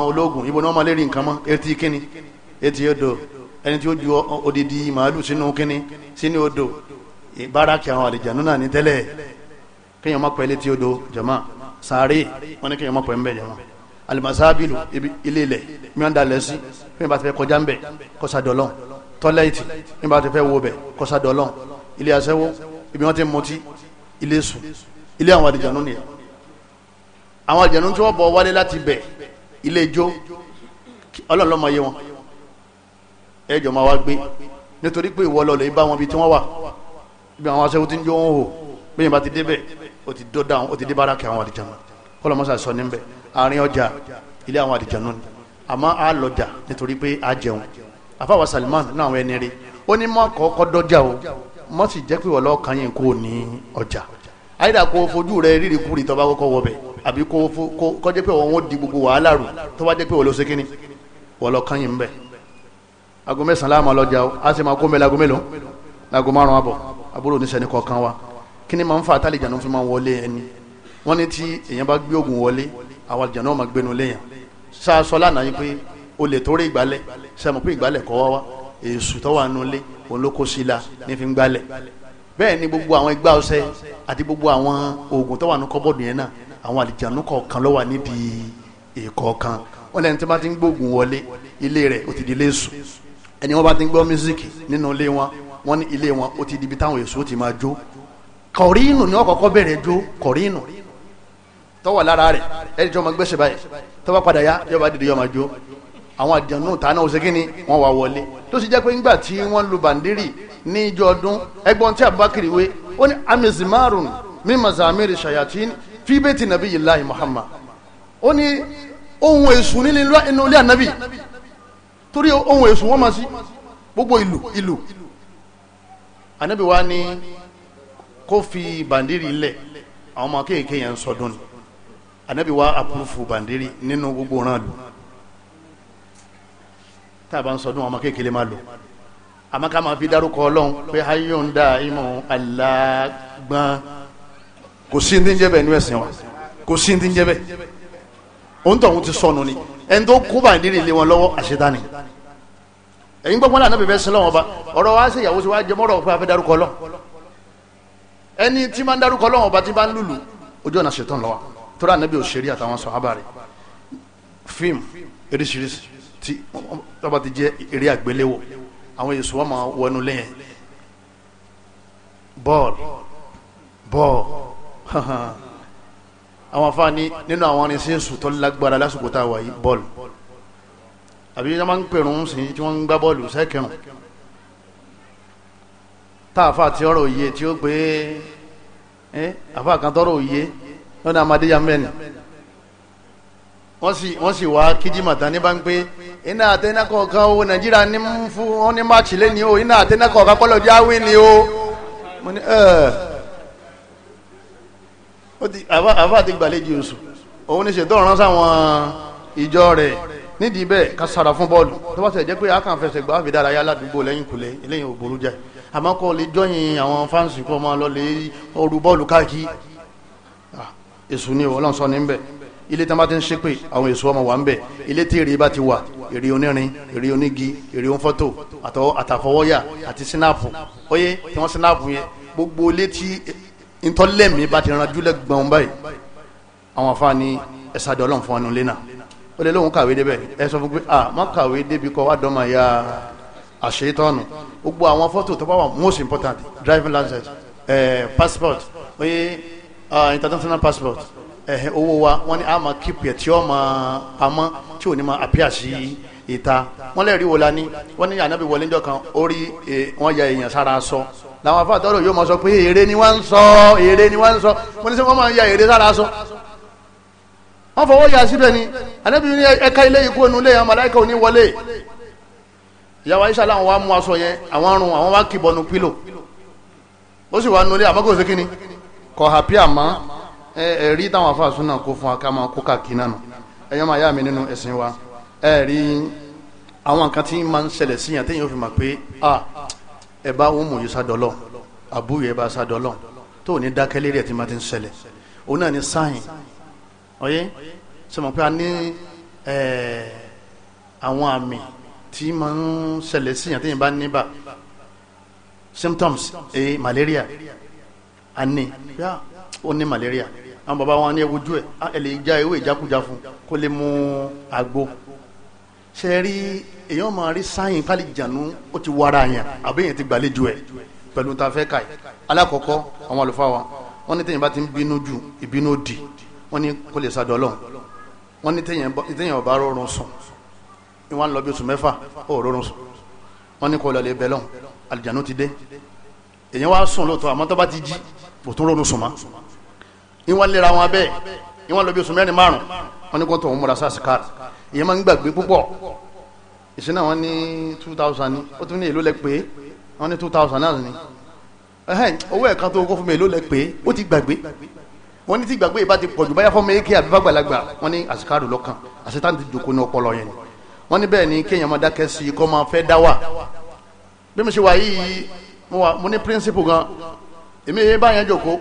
ológun ibo ni wọ́n máa lérí nǹkan mọ́ etí kíni etí odò ẹni tí ó ju odidi màálù sínú kíni sínú odò ìbáraki àwọn àlìjànú náà ní tẹ́lẹ̀ kéèyàn má pẹ́ létí odò jama sàárè wọn ni kéèyàn má pẹ́ ń bẹ̀ jama alimasabilu ilé ilẹ̀ mìíràn dalẹ̀ sí fún ìbá ti fẹ́ kọjá ń bẹ̀ kọ́sàdọ̀lọ́n tọ́lẹ́ẹ̀tì fún ìbá ti fẹ́ wo bẹ̀ kọ́sàdọ̀lọ́n ilé asẹ́wó ibi wọ́n ti mutí ilé sùn ilé àwọn àlìjànú nìyẹn àwọn àjẹ̀nú tí wọ́n bọ̀ wálé láti bẹ̀ ilé ijó ọlọ́run ló mọ iye wọn ẹjọ́ máa wá gbé nítorí pé ìwọ lọ́lọ́ ibá wọn bí tí wọ́n wà ibi àwọn aṣẹ́wó tí ń jó wọn hò bẹ́yìn bá ti débẹ̀ ó ti dó dáhùn ó ti dé bára kí àwọn àdìjànú kọ́lọ́ mọ́sá sọ níbẹ̀ àárín ọjà ilé àwọn àdìjànú ni àmọ́ a nítorí pé a jẹun àfàwà Salman náà àwọn ẹni rí ó ní mọ́ kọ́kọ́ dọ́jà o mọ́ sì jẹ́ pé ìwọ kan yẹn kò ní ọjà àyídà àbí kó jẹ́ pé òun ó di gbogbo wàhálà rù tó bá jẹ́ pé òun ló ṣe kíní wọ́n lọ kán yìí ń bẹ̀. aago mẹ́sàn-án láàmú ọlọ́jà o a sì máa kó mẹ́lẹ̀ aago mélòó aago márùn-ún àbọ̀ àbúrò oníṣẹ́ni kọ̀ọ̀kan wa kíní máa ń fa àtàlẹ́jà ló fi máa ń wọlé ẹni wọ́n ní tí èèyàn bá gbé oògùn wọlé àwọn àlejò máa gbénu léèyàn sáà lánàá yìí ni gbogbo àwọn igbá ọṣẹ àti gbogbo àwọn oògùn tó wà nù kọ́bọ̀dù yẹn náà àwọn àlìjánu kọ̀ọ̀kan ló wà níbi ìkọ̀ọ̀kan wọn lẹ́ni tí wọ́n bá ti ń gbógun wọlé ilé rẹ̀ ó ti di ilé èṣù ẹni wọ́n bá ti ń gbọ́ mísíkì nínú ilé wọn wọ́n ní ilé wọn ó ti di ibi táwọn èṣù ti máa jó kọ̀rínù ni wọ́n kọ́kọ́ bẹ̀rẹ̀ jó kọ̀rínù tó wà lára rẹ̀ ẹni tí wọ́n máa gbẹ́sẹ̀ báyìí tó bá padà yá yóò bá dìde yóò máa jó àwọn àlìjánu tàná òṣèkínni wọ́n wà wọlé tó sì jẹ́ pé ńgbà tí wọ́n lu bàndírì ní ìjọ ọdún ẹgbọ́n tí Abubakar wé ó ní amizmarun mímọ̀ zamiri shayatin fíbẹ̀tì nàbí yìí láì Muhammad ó ní ohun èṣù nílé inú ilé ànábì torí ohun èṣù wọ́n máa sí gbogbo ìlú ìlú ànábì wa ní kó fi bàndírì lẹ̀ àwọn ọmọ kéèké yẹn ń sọdún ni ànábì wa àpúrúfù bàndírì nínú gbogbo ràn lù tá a àwọn ọmọ kéèké lè máa lò àmọ́ ká fi dárúkọ ọlọ́run pé ayé ń dá ìmọ̀ alágbọ́n kò sí ní jẹ́ bẹ́ẹ̀ ní ẹ̀sìn wa kò sí ní jẹ́ bẹ́ẹ̀ òun tó òun ti sọnù ni ẹni tó kú bá nílé ilé wọn lọ́wọ́ àṣetánì ẹ̀yin gbọ́n pọ́nlá anábìbẹ́ sílẹ̀ wọn ba ọ̀rọ̀ wa ṣe ìyàwó sí wa jẹ́ mọ́rọ̀ pé a fẹ́ darúkọ lọ ẹni tí máa ń darúkọ lọ́wọ́ ọba tí bá ń lùlù ojú ọ̀nà ṣetán lọ́wọ́ tó rà anábì òṣèré àtàwọn sàhábà rẹ̀ fíìmù eríṣiríṣi tí ọba ti jẹ́ eré àgbéléwò àwọn èso wọn máa wọnú lẹ́yìn bọ́ọ̀lù bọ́ọ̀lù [LAUGHS] àwọn afá ní nínú àwọn arinṣẹ́ èṣù tó lágbára lásìkò tá a wà yìí bọ́ọ̀lù àbí wọ́n máa ń pèrún sí tí wọ́n ń gbá bọ́ọ̀lù sẹ́kẹ̀rùn tá àfá àti ọ̀rọ̀ òye tí ó gbé àfá kan tọrọ òye lọ́nà amadéyà mẹ́ni wọ́n sì wá kíjìmọ̀tà ní bá ń pé iná àtẹnákọ̀ kan o nàìjíríà ní fún wọn ní máàcì lẹ́ni o iná àtẹnákọ̀ kan kọ́lọ̀ jáwé ni o mo ní ẹ̀ẹ́ àbá àti gbàlejò oṣù òun ní ṣètò ọ̀ràn sáwọn ìjọ rẹ̀ nídìí bẹ́ẹ̀ ká sara fún bọ́ọ̀lù tó bá tẹ̀ jẹ́ pé akàn fẹsẹ̀ gbà fi dárayá ládùúgbò lẹ́yìn kulẹ̀ eléyìí ò burú jẹ́ àmọ́ kọ́ lè jọyìn àwọn fáǹsì kọ́ máa lọ lè ọrù bọ́ọ̀lù káàkiri èṣù ni ọlọ́run sọ ní bẹ́ẹ̀ ilé tán bá ti ń ṣépè àwọn èso ọmọ wa ń bẹ ilé tí èrè bá ti wà èrè onírin èrè onígi èrè onfọ́tò àtàfọwọ́yà àti sinapu oyè tí wọ́n sinapu yẹn gbogbo ilé tí ntọ́lẹ́mí bá ti ranjú lẹ́gbọ̀n báyìí àwọn afáàní ẹ̀sàdọ̀ ọlọ́run fún ọnù lẹ́nà ó lè lóun kàwé débẹ̀ ẹ sọ fún pé à má kàwé débi kọ́ wá dọ́mọ ya àṣetọ́nù gbogbo àwọn fọ́tò tó bá wà most important driving license eh, passport oye ah, international passport ẹ̀hẹ́ eh, owó wa wọ́n ní a máa keep ẹ̀ tí ó máa pamọ́ tí ò ní máa appear sí ìta wọ́n lẹ́rìí wo la ní wọ́n ní ànábì wọlé ńjọ́ kan ó rí eh, wọ́n ya èèyàn sára aṣọ làwọn afa àtọ́rọ̀ yóò mọ̀ sọ pé èrè ni wọ́n ń sọ èrè ni wọ́n ń sọ mo ní sẹ́ wọ́n máa ń ya èrè sára sọ wọ́n fọwọ́ yà síbẹ̀ ni ànábì ní ẹ̀ka ilé ikú ẹnu ilé àwọn màláìka ò ní wọlé ìyàwó aisha làwọn wa mú aṣọ yẹn àwọn arun àwọn wa kì bọnu pílò ó sì wà nulẹ̀ àmọ́ kò sí kíni kò hàpí àmọ́ ẹ̀rí táwọn afa àsúná kó fún wa máa kó káàkiri náà nù ẹ̀yọ́ máa yá mi nínú ẹ̀sìn wa ẹ̀rí àwọn nǹkan tí máa ń ṣẹlẹ̀ síyàn téèyàn fi mọ̀ pé ah ẹ bá Umu yìí sádọlọ abu yìí ẹ bá sádọlọ tó ní dákẹ́lé rẹ̀ tí ma ti ń ṣẹlẹ̀ òun náà ní sáyìn ọyẹ sọmọ pé a ní àwọn àmì tí ma ń ṣẹlẹ̀ sí yàn téèyàn bá ní symptoms ẹ malaria a ní ó ní malaria àwọn bàbá wọn ní ẹ wojú ẹ ẹ lè já ewé ìjákújá fún kó lè mú àgbo ṣe rí èèyàn máa rí sáyìn pálí jànú ó ti wára yẹn àbí èèyàn ti gbàlejò ẹ̀ pẹ̀lú ta fẹ́ ka yìí alákọ̀ọ́kọ́ àwọn àlùfáà wa wọ́n ní téèyàn bá ti ń bínú ju ìbínú di wọ́n ní kó lè sadọ̀ ọlọ́run wọ́n ní téèyàn bá rọrùn sùn ìwọ́n lọ bí oṣù mẹ́fà ó rọrùn sùn wọ́n ní kó lọ lè bẹ̀ lọ́hùn àlìjànú ti dé èèyàn wá sùn lóòótọ́ àmọ́ tó bá ti jí kò tún rọrùn sùn mọ́ ìwọ́n lera wọn bẹ́ẹ̀ ìwọ́n lọ bí oṣù mẹ́rin márùn wọ́n ní kó tó òun múra sásìkárì èyàn máa ń gbàgbé púpọ̀ ìṣúná wọn ní two thousand ni ó tún ní èlò lẹ pé wọn ní two thousand náà ni owó ẹ̀ka tó kọ́ fún mi èlò lẹ pé ó ti gbàgbé wọn ní ti gbàgbé ìbá ti pọ̀jù báyà fọ́mọ èké àbí fàgbàlagbà wọn ní àsìkárù lọ́kàn àṣetán ti jòkó ní ọpọlọ yẹn wọn ní bẹ́ẹ̀ ni kéèyàn máa dákẹ́ sí kọ́ máa fẹ́ dá wà bí mo ṣe wà yìí mo ní píríncípù gan èmi yẹn bá yẹn jòkó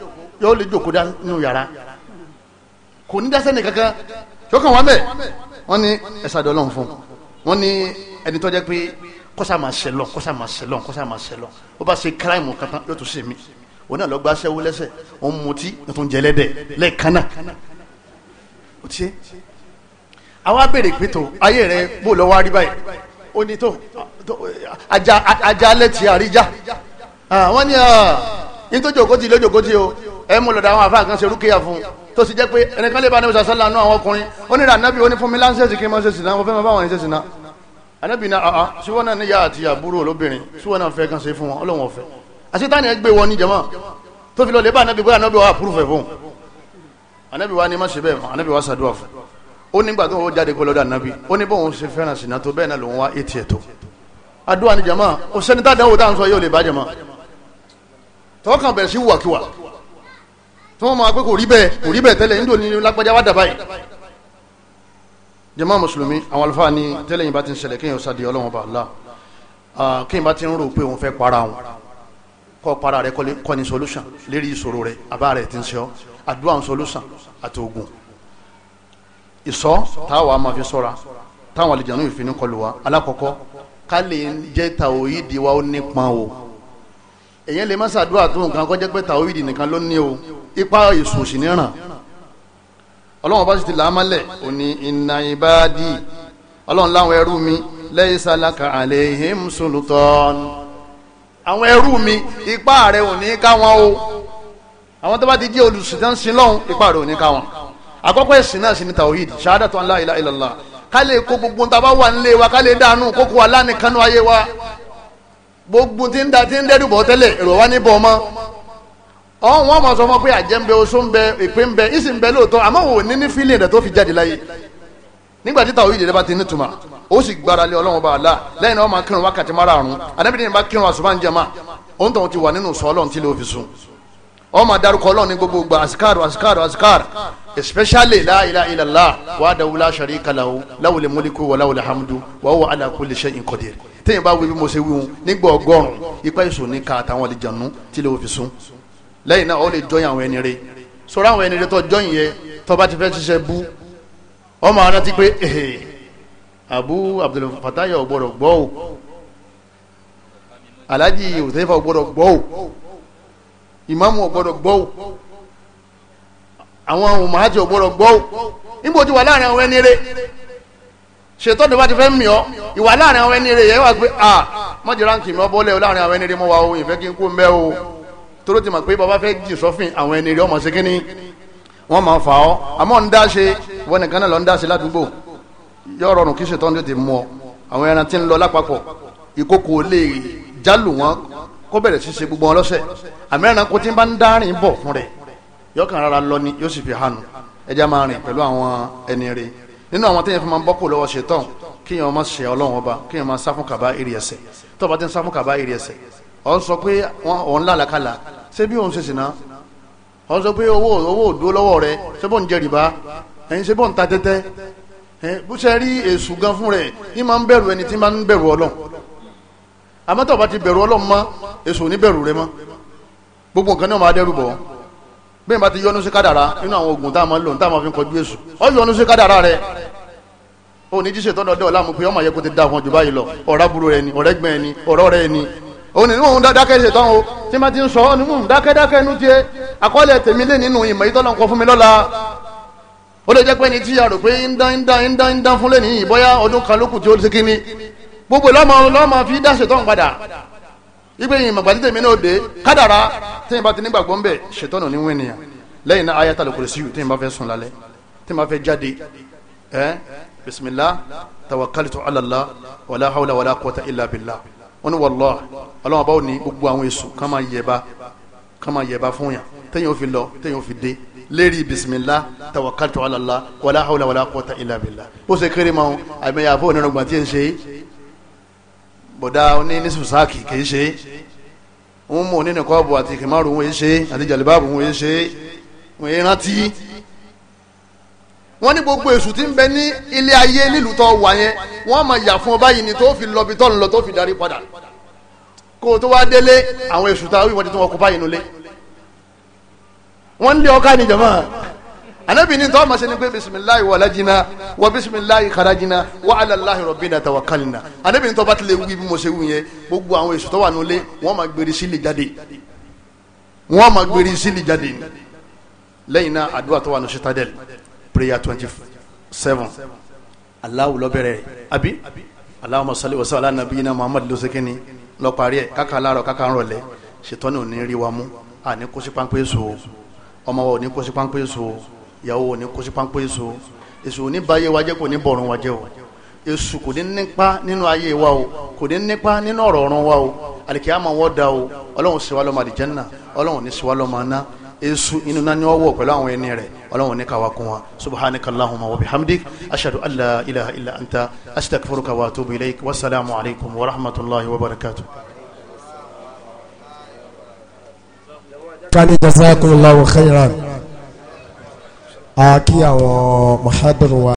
yóò lè jòkó dá nínú yàrá kò ní dá sẹ́ni kankan yóò kàn wá mẹ́ẹ̀ wọ́n ní ẹ̀sà dọ̀ lọ́n fún wọ́n ní ẹni tó jẹ́ pé kọ́sà máa ṣe lọ kọ́sà máa ṣe lọ kọ́sà máa ṣe lọ ó bá ṣe kíráìmù kankan yóò tún ṣe mí òun náà lọ gba aṣẹ́wó lẹ́sẹ̀ òun mutí yóò tún jẹlẹ́dẹ̀ lẹ́ẹ̀kanna ó tiẹ́ àwa béèrè pé tó ayé rẹ bó lọ wá rí báyìí ó ní tó ajá alẹ́ ti àríjà wọ́n ní ní tó jòkó ti lójòkó ti o ẹ mú lọ́dọ̀ àwọn àfáà kan ṣe rúkìá fún un tó sì jẹ́ pé ẹnìkan lè bá anabi sàṣálà nú àwọn ọkùnrin ó ní rànábì ó ní fún mi láńsẹ̀sì kí n máa ṣe sìnà mo fẹ́ máa bá wọn ṣe sìnà náà níyà ní jama tó fi lọ lè ni má ṣe bẹ́ẹ̀ mọ́ anabi wa ṣàdúrà fún un ó nígbà tó wọ́n jáde kó lọ́dọ̀ anabi ó ní bóun ṣe fẹ́ràn sìnà tó bẹ́ẹ̀ náà lòun wá etí ẹ̀ tó àdúrà ní jama òṣèlú tá a dánwò tá à ń sọ yóò lè bá jama tọ́kàn sí wàkiwà tí wọ́n máa pé kò rí bẹ́ẹ̀ kò rí bẹ́ẹ̀ tẹ́lẹ̀ níjò ní lágbájá wá dàbá yìí jàmá mùsùlùmí àwọn àlùfáà ní tẹ́lẹ̀ yìí bá ti ń ṣẹlẹ̀ kéèyàn sáde ọlọ́wọ́n bá Allah kéèyàn bá ti ń rò pé òun fẹ́ para òun kọ́ para rẹ̀ kọ́ ni solution lérí ìṣòro rẹ̀ àbá rẹ̀ ti ń ṣe ọ́ àdúrà solution àti oògùn ìṣọ́ táwa máa fi ṣọ́ra táwọn àlejò àánú ìfini kọlù wa alákọ̀ọ́kọ́ ká lè jẹ́ tàwíìdì wa ó nípa o èèyàn lè má ṣàdúrà tó nǹkan kọjá pé tàwíìdì nìkan ló ní o ipa èso si ní ràn ọlọ́run bá sì ti là á mọ́lẹ̀ ò ní inna ọlọ́run láwọn ẹrú mi laysa laka alayhim sultan àwọn ẹrú mi ò ní ká wọn o àwọn tó bá ti jẹ́ lọ́hùn ò ní ká wọn àkọ́kọ́ ẹ̀sìn náà sì ni ká lè kó gbogbo wà nílé wa ká lè dànù kókó wa lánìkanú gbogbo ń da ń wa ní ọmọ ọ̀hún wọn mọ̀ sọ fún pé àjẹ́ ń bẹ oṣó ń bẹ èpè ń bẹ ìsì ń bẹ lóòótọ́ àmọ́ wò ní ní fílìn rẹ̀ tó fi jáde láyé nígbà tí tàwọn ìdílé bá ti ní tuma ó sì gbára lé ọlọ́run bá a la lẹ́yìn náà máa kírun wákàtí márààrún anábìrin bá kírun àṣùbá ń jẹma òun tó ti wà nínú sọ ọlọ́run tí ló fi sùn ọ máa darúkọ ọlọ́run ní gbogbo gba asikaru asikaru asikaru especially la ilaha illallah wa dawula sharika lahu lawule lawule hamdu wa huwa ala kulli shay'in qadir téèyàn bá wí bí mo ṣe wí wọn nígbà ọgọ́rùn-ún ipa ìṣòní ka lẹ́yìn náà ó lè jọyìn àwọn ẹni rẹ sọ̀rọ̀ àwọn ẹni rẹ tó jọyìn yẹ tó bá ti fẹ́ ṣiṣẹ́ bú ọmọ àwọn ti pé abu abdul fataya ò gbọ́dọ̀ gbọ́ o alhaji òsèfà ò gbọ́dọ̀ gbọ́ o ìmáàmù ò gbọ́dọ̀ gbọ́ o àwọn ọmọhàjì ò gbọ́dọ̀ gbọ́ o níbo ti wà láàrin àwọn ẹni rẹ ṣètò tó bá ti fẹ́ mì ọ́ ìwà láàrin àwọn ẹni rẹ yẹ wà pé a mọ̀jì ránkì mi ọ́ bọ́lẹ̀ láàrin àwọn ẹni rẹ mọ́ wa o ìfẹ́ kí n kú mbẹ́ o tóró ti mọ̀ pé bàbá fẹ́ jì sọ́fìn àwọn ẹni rí ọmọ sí kínní wọ́n máa fà ọ́ àmọ́ ń dá ṣe wọ́n nìkan náà lọ ń dá ṣe ládùúgbò yọ rọrùn kí ṣètọ́ni tètè mú ọ àwọn ẹran tí ń lọ lápapọ̀ ìkókò lè jálù wọn kó bẹ̀rẹ̀ sí ṣe gbogbo wọn lọ́sẹ̀ àmì ẹran kó tí ń bá ń dárìn bọ̀ fún rẹ̀ yọ kàn rárá ni yóò sì fi hànú ẹja máa rìn pẹ̀lú àwọn ẹni nínú àwọn téèyàn fún kàbá ń sá fún kàbá èrè ṣé bí òun ṣe sìnà ọ sọ pé owó owó òdó lọ́wọ́ rẹ ṣé bọ́n jẹ rìbá ẹ̀yin ṣé bọ́n ta tẹ́tẹ́ bó ṣe rí èṣù gan fún rẹ̀ ní máa ń bẹ̀rù ẹni tí máa ń bẹ̀rù ọlọ́run àmọ́ tó bá ti bẹ̀rù ọlọ́run mọ́ èṣù ò ní bẹ̀rù rẹ mọ́ gbogbo nǹkan náà máa dẹ́rù bọ̀ bẹ́ẹ̀ bá ti yọnu sí kádàrá nínú àwọn oògùn tá a máa ń lò tá a máa fi kọjú èṣù ọ yọnu sí kádàrá rẹ ò ní jíṣe tọ́dọ̀ọ́dọ̀ láàmú pé ọmọ yẹ kó ti dá àwọn jù báyìí lọ ọ̀rá burú rẹ ni ọ̀rẹ́gbẹ́ ẹni ọ̀rọ̀ rẹ ni òun ni mò ń dákẹ́ ṣe tán o tí ma ti ń sọ ọ́ ni mò ń dákẹ́ dákẹ́ inú tiẹ̀ àkọọ́lẹ̀ tèmi lé nínú ìmọ̀ ìtọ́lọ̀ ń kọ fún mi lọ́la ó lè jẹ́ pé ní tí a rò pé ń dán ń dán ń dán ń dán fún lẹ́nu yìí bóyá ọdún kan lókù tí ó ṣe kíni gbogbo lọ́mọ lọ́mọ fi dá ṣetán padà ipe ìmọ̀ gbàdí tèmi náà dé kádàrá tí ìbá ti ní gbàgbọ́ ń bẹ̀ ṣetán ní wín nìyà lẹ́yìn náà ayatul kursi tí ìbá fẹ́ sùn lálẹ́ tí ìbá illa billah wọ́n ní wọ́lọ́ ọlọ́wọ́n báwo ni gbogbo àwọn èso ká máa yẹba ká máa yẹba fún yàn téèyàn ò fi lọ téèyàn ò fi dé lérí bisimilá tawakaltu ala Allah wàlá hawla wàlá quwwata illa billah bó ṣe kéré máa àmì àfọ onírun gbà tí ń ṣe bọ̀dá oní ní sùsáàkì kì í ṣe ń mú onínìkọ́ọ̀bù àti kìmáàrún wọn ṣe àti jàlíbáàbù wọn ṣe wọn rántí wọ́n ní gbogbo èṣù tí ń bẹ ní ilé ayé nílùú tó wà yẹn wọ́n máa yà fún ọ báyìí ni tó fi lọ bí tọ́nu lọ tó fi darí padà kó o tó wá délé àwọn èṣù tá a wíwọ́n ti tún ọkọ̀ báyìí nulẹ̀ wọ́n ń lé ọkà ní jama anabi ni tọ́wọ́ masẹ́ni pé bisimilayi walajina wa bisimilayi kharajina wa alalahi rọ̀bìnà tawakkalina anabi ni tọ́wọ́ bá tilẹ̀ wí bí mo ṣe wù yẹn gbogbo àwọn èṣù tó wà nulẹ̀ wọ́n máa gbèrè sílẹ̀ jáde wọ́n máa gbèrè sílẹ̀ jáde lẹ́yìn náà àdúrà tó wà ní citadel prayer twenty seven aláwo lọ́bẹ̀rẹ̀ àbí Allahumma salli wa sallam ala nabiyyina Muhammad ló sékè ní lọ́parí ẹ̀ káka láàrọ̀ káka rọ̀lẹ́ ṣètọ́ ní òní rí wa mú àní kó sí páńpẹ́ so ọmọ wa òní kó sí so ìyàwó òní kó sí so èso òní báyé wa jẹ́ kò ní bọ̀rùn wa jẹ́ o èso kò ní nípa nínú ayé wa o kò ní nípa nínú ọ̀rọ̀ ọ̀run wa o àlìkíyàmọ̀ wọ́n da o ọlọ́run ṣe wá lọ́mọ àlìjẹ́nà ọlọ́run ní ṣe lọ́mọ náà èṣù inú náà ni wọ́n wọ̀ pẹ̀lú àwọn ẹni rẹ̀ ọlọ́run ní káwa kún wa subhanaka allahumma wa bihamdik ashhadu an la ilaha illa anta astaghfiruka wa atubu ilayk wasalaamu alaykum wa rahmatulahi wa barakatuh. kani jazakumullahu khairan a kí àwọn mahadum wa.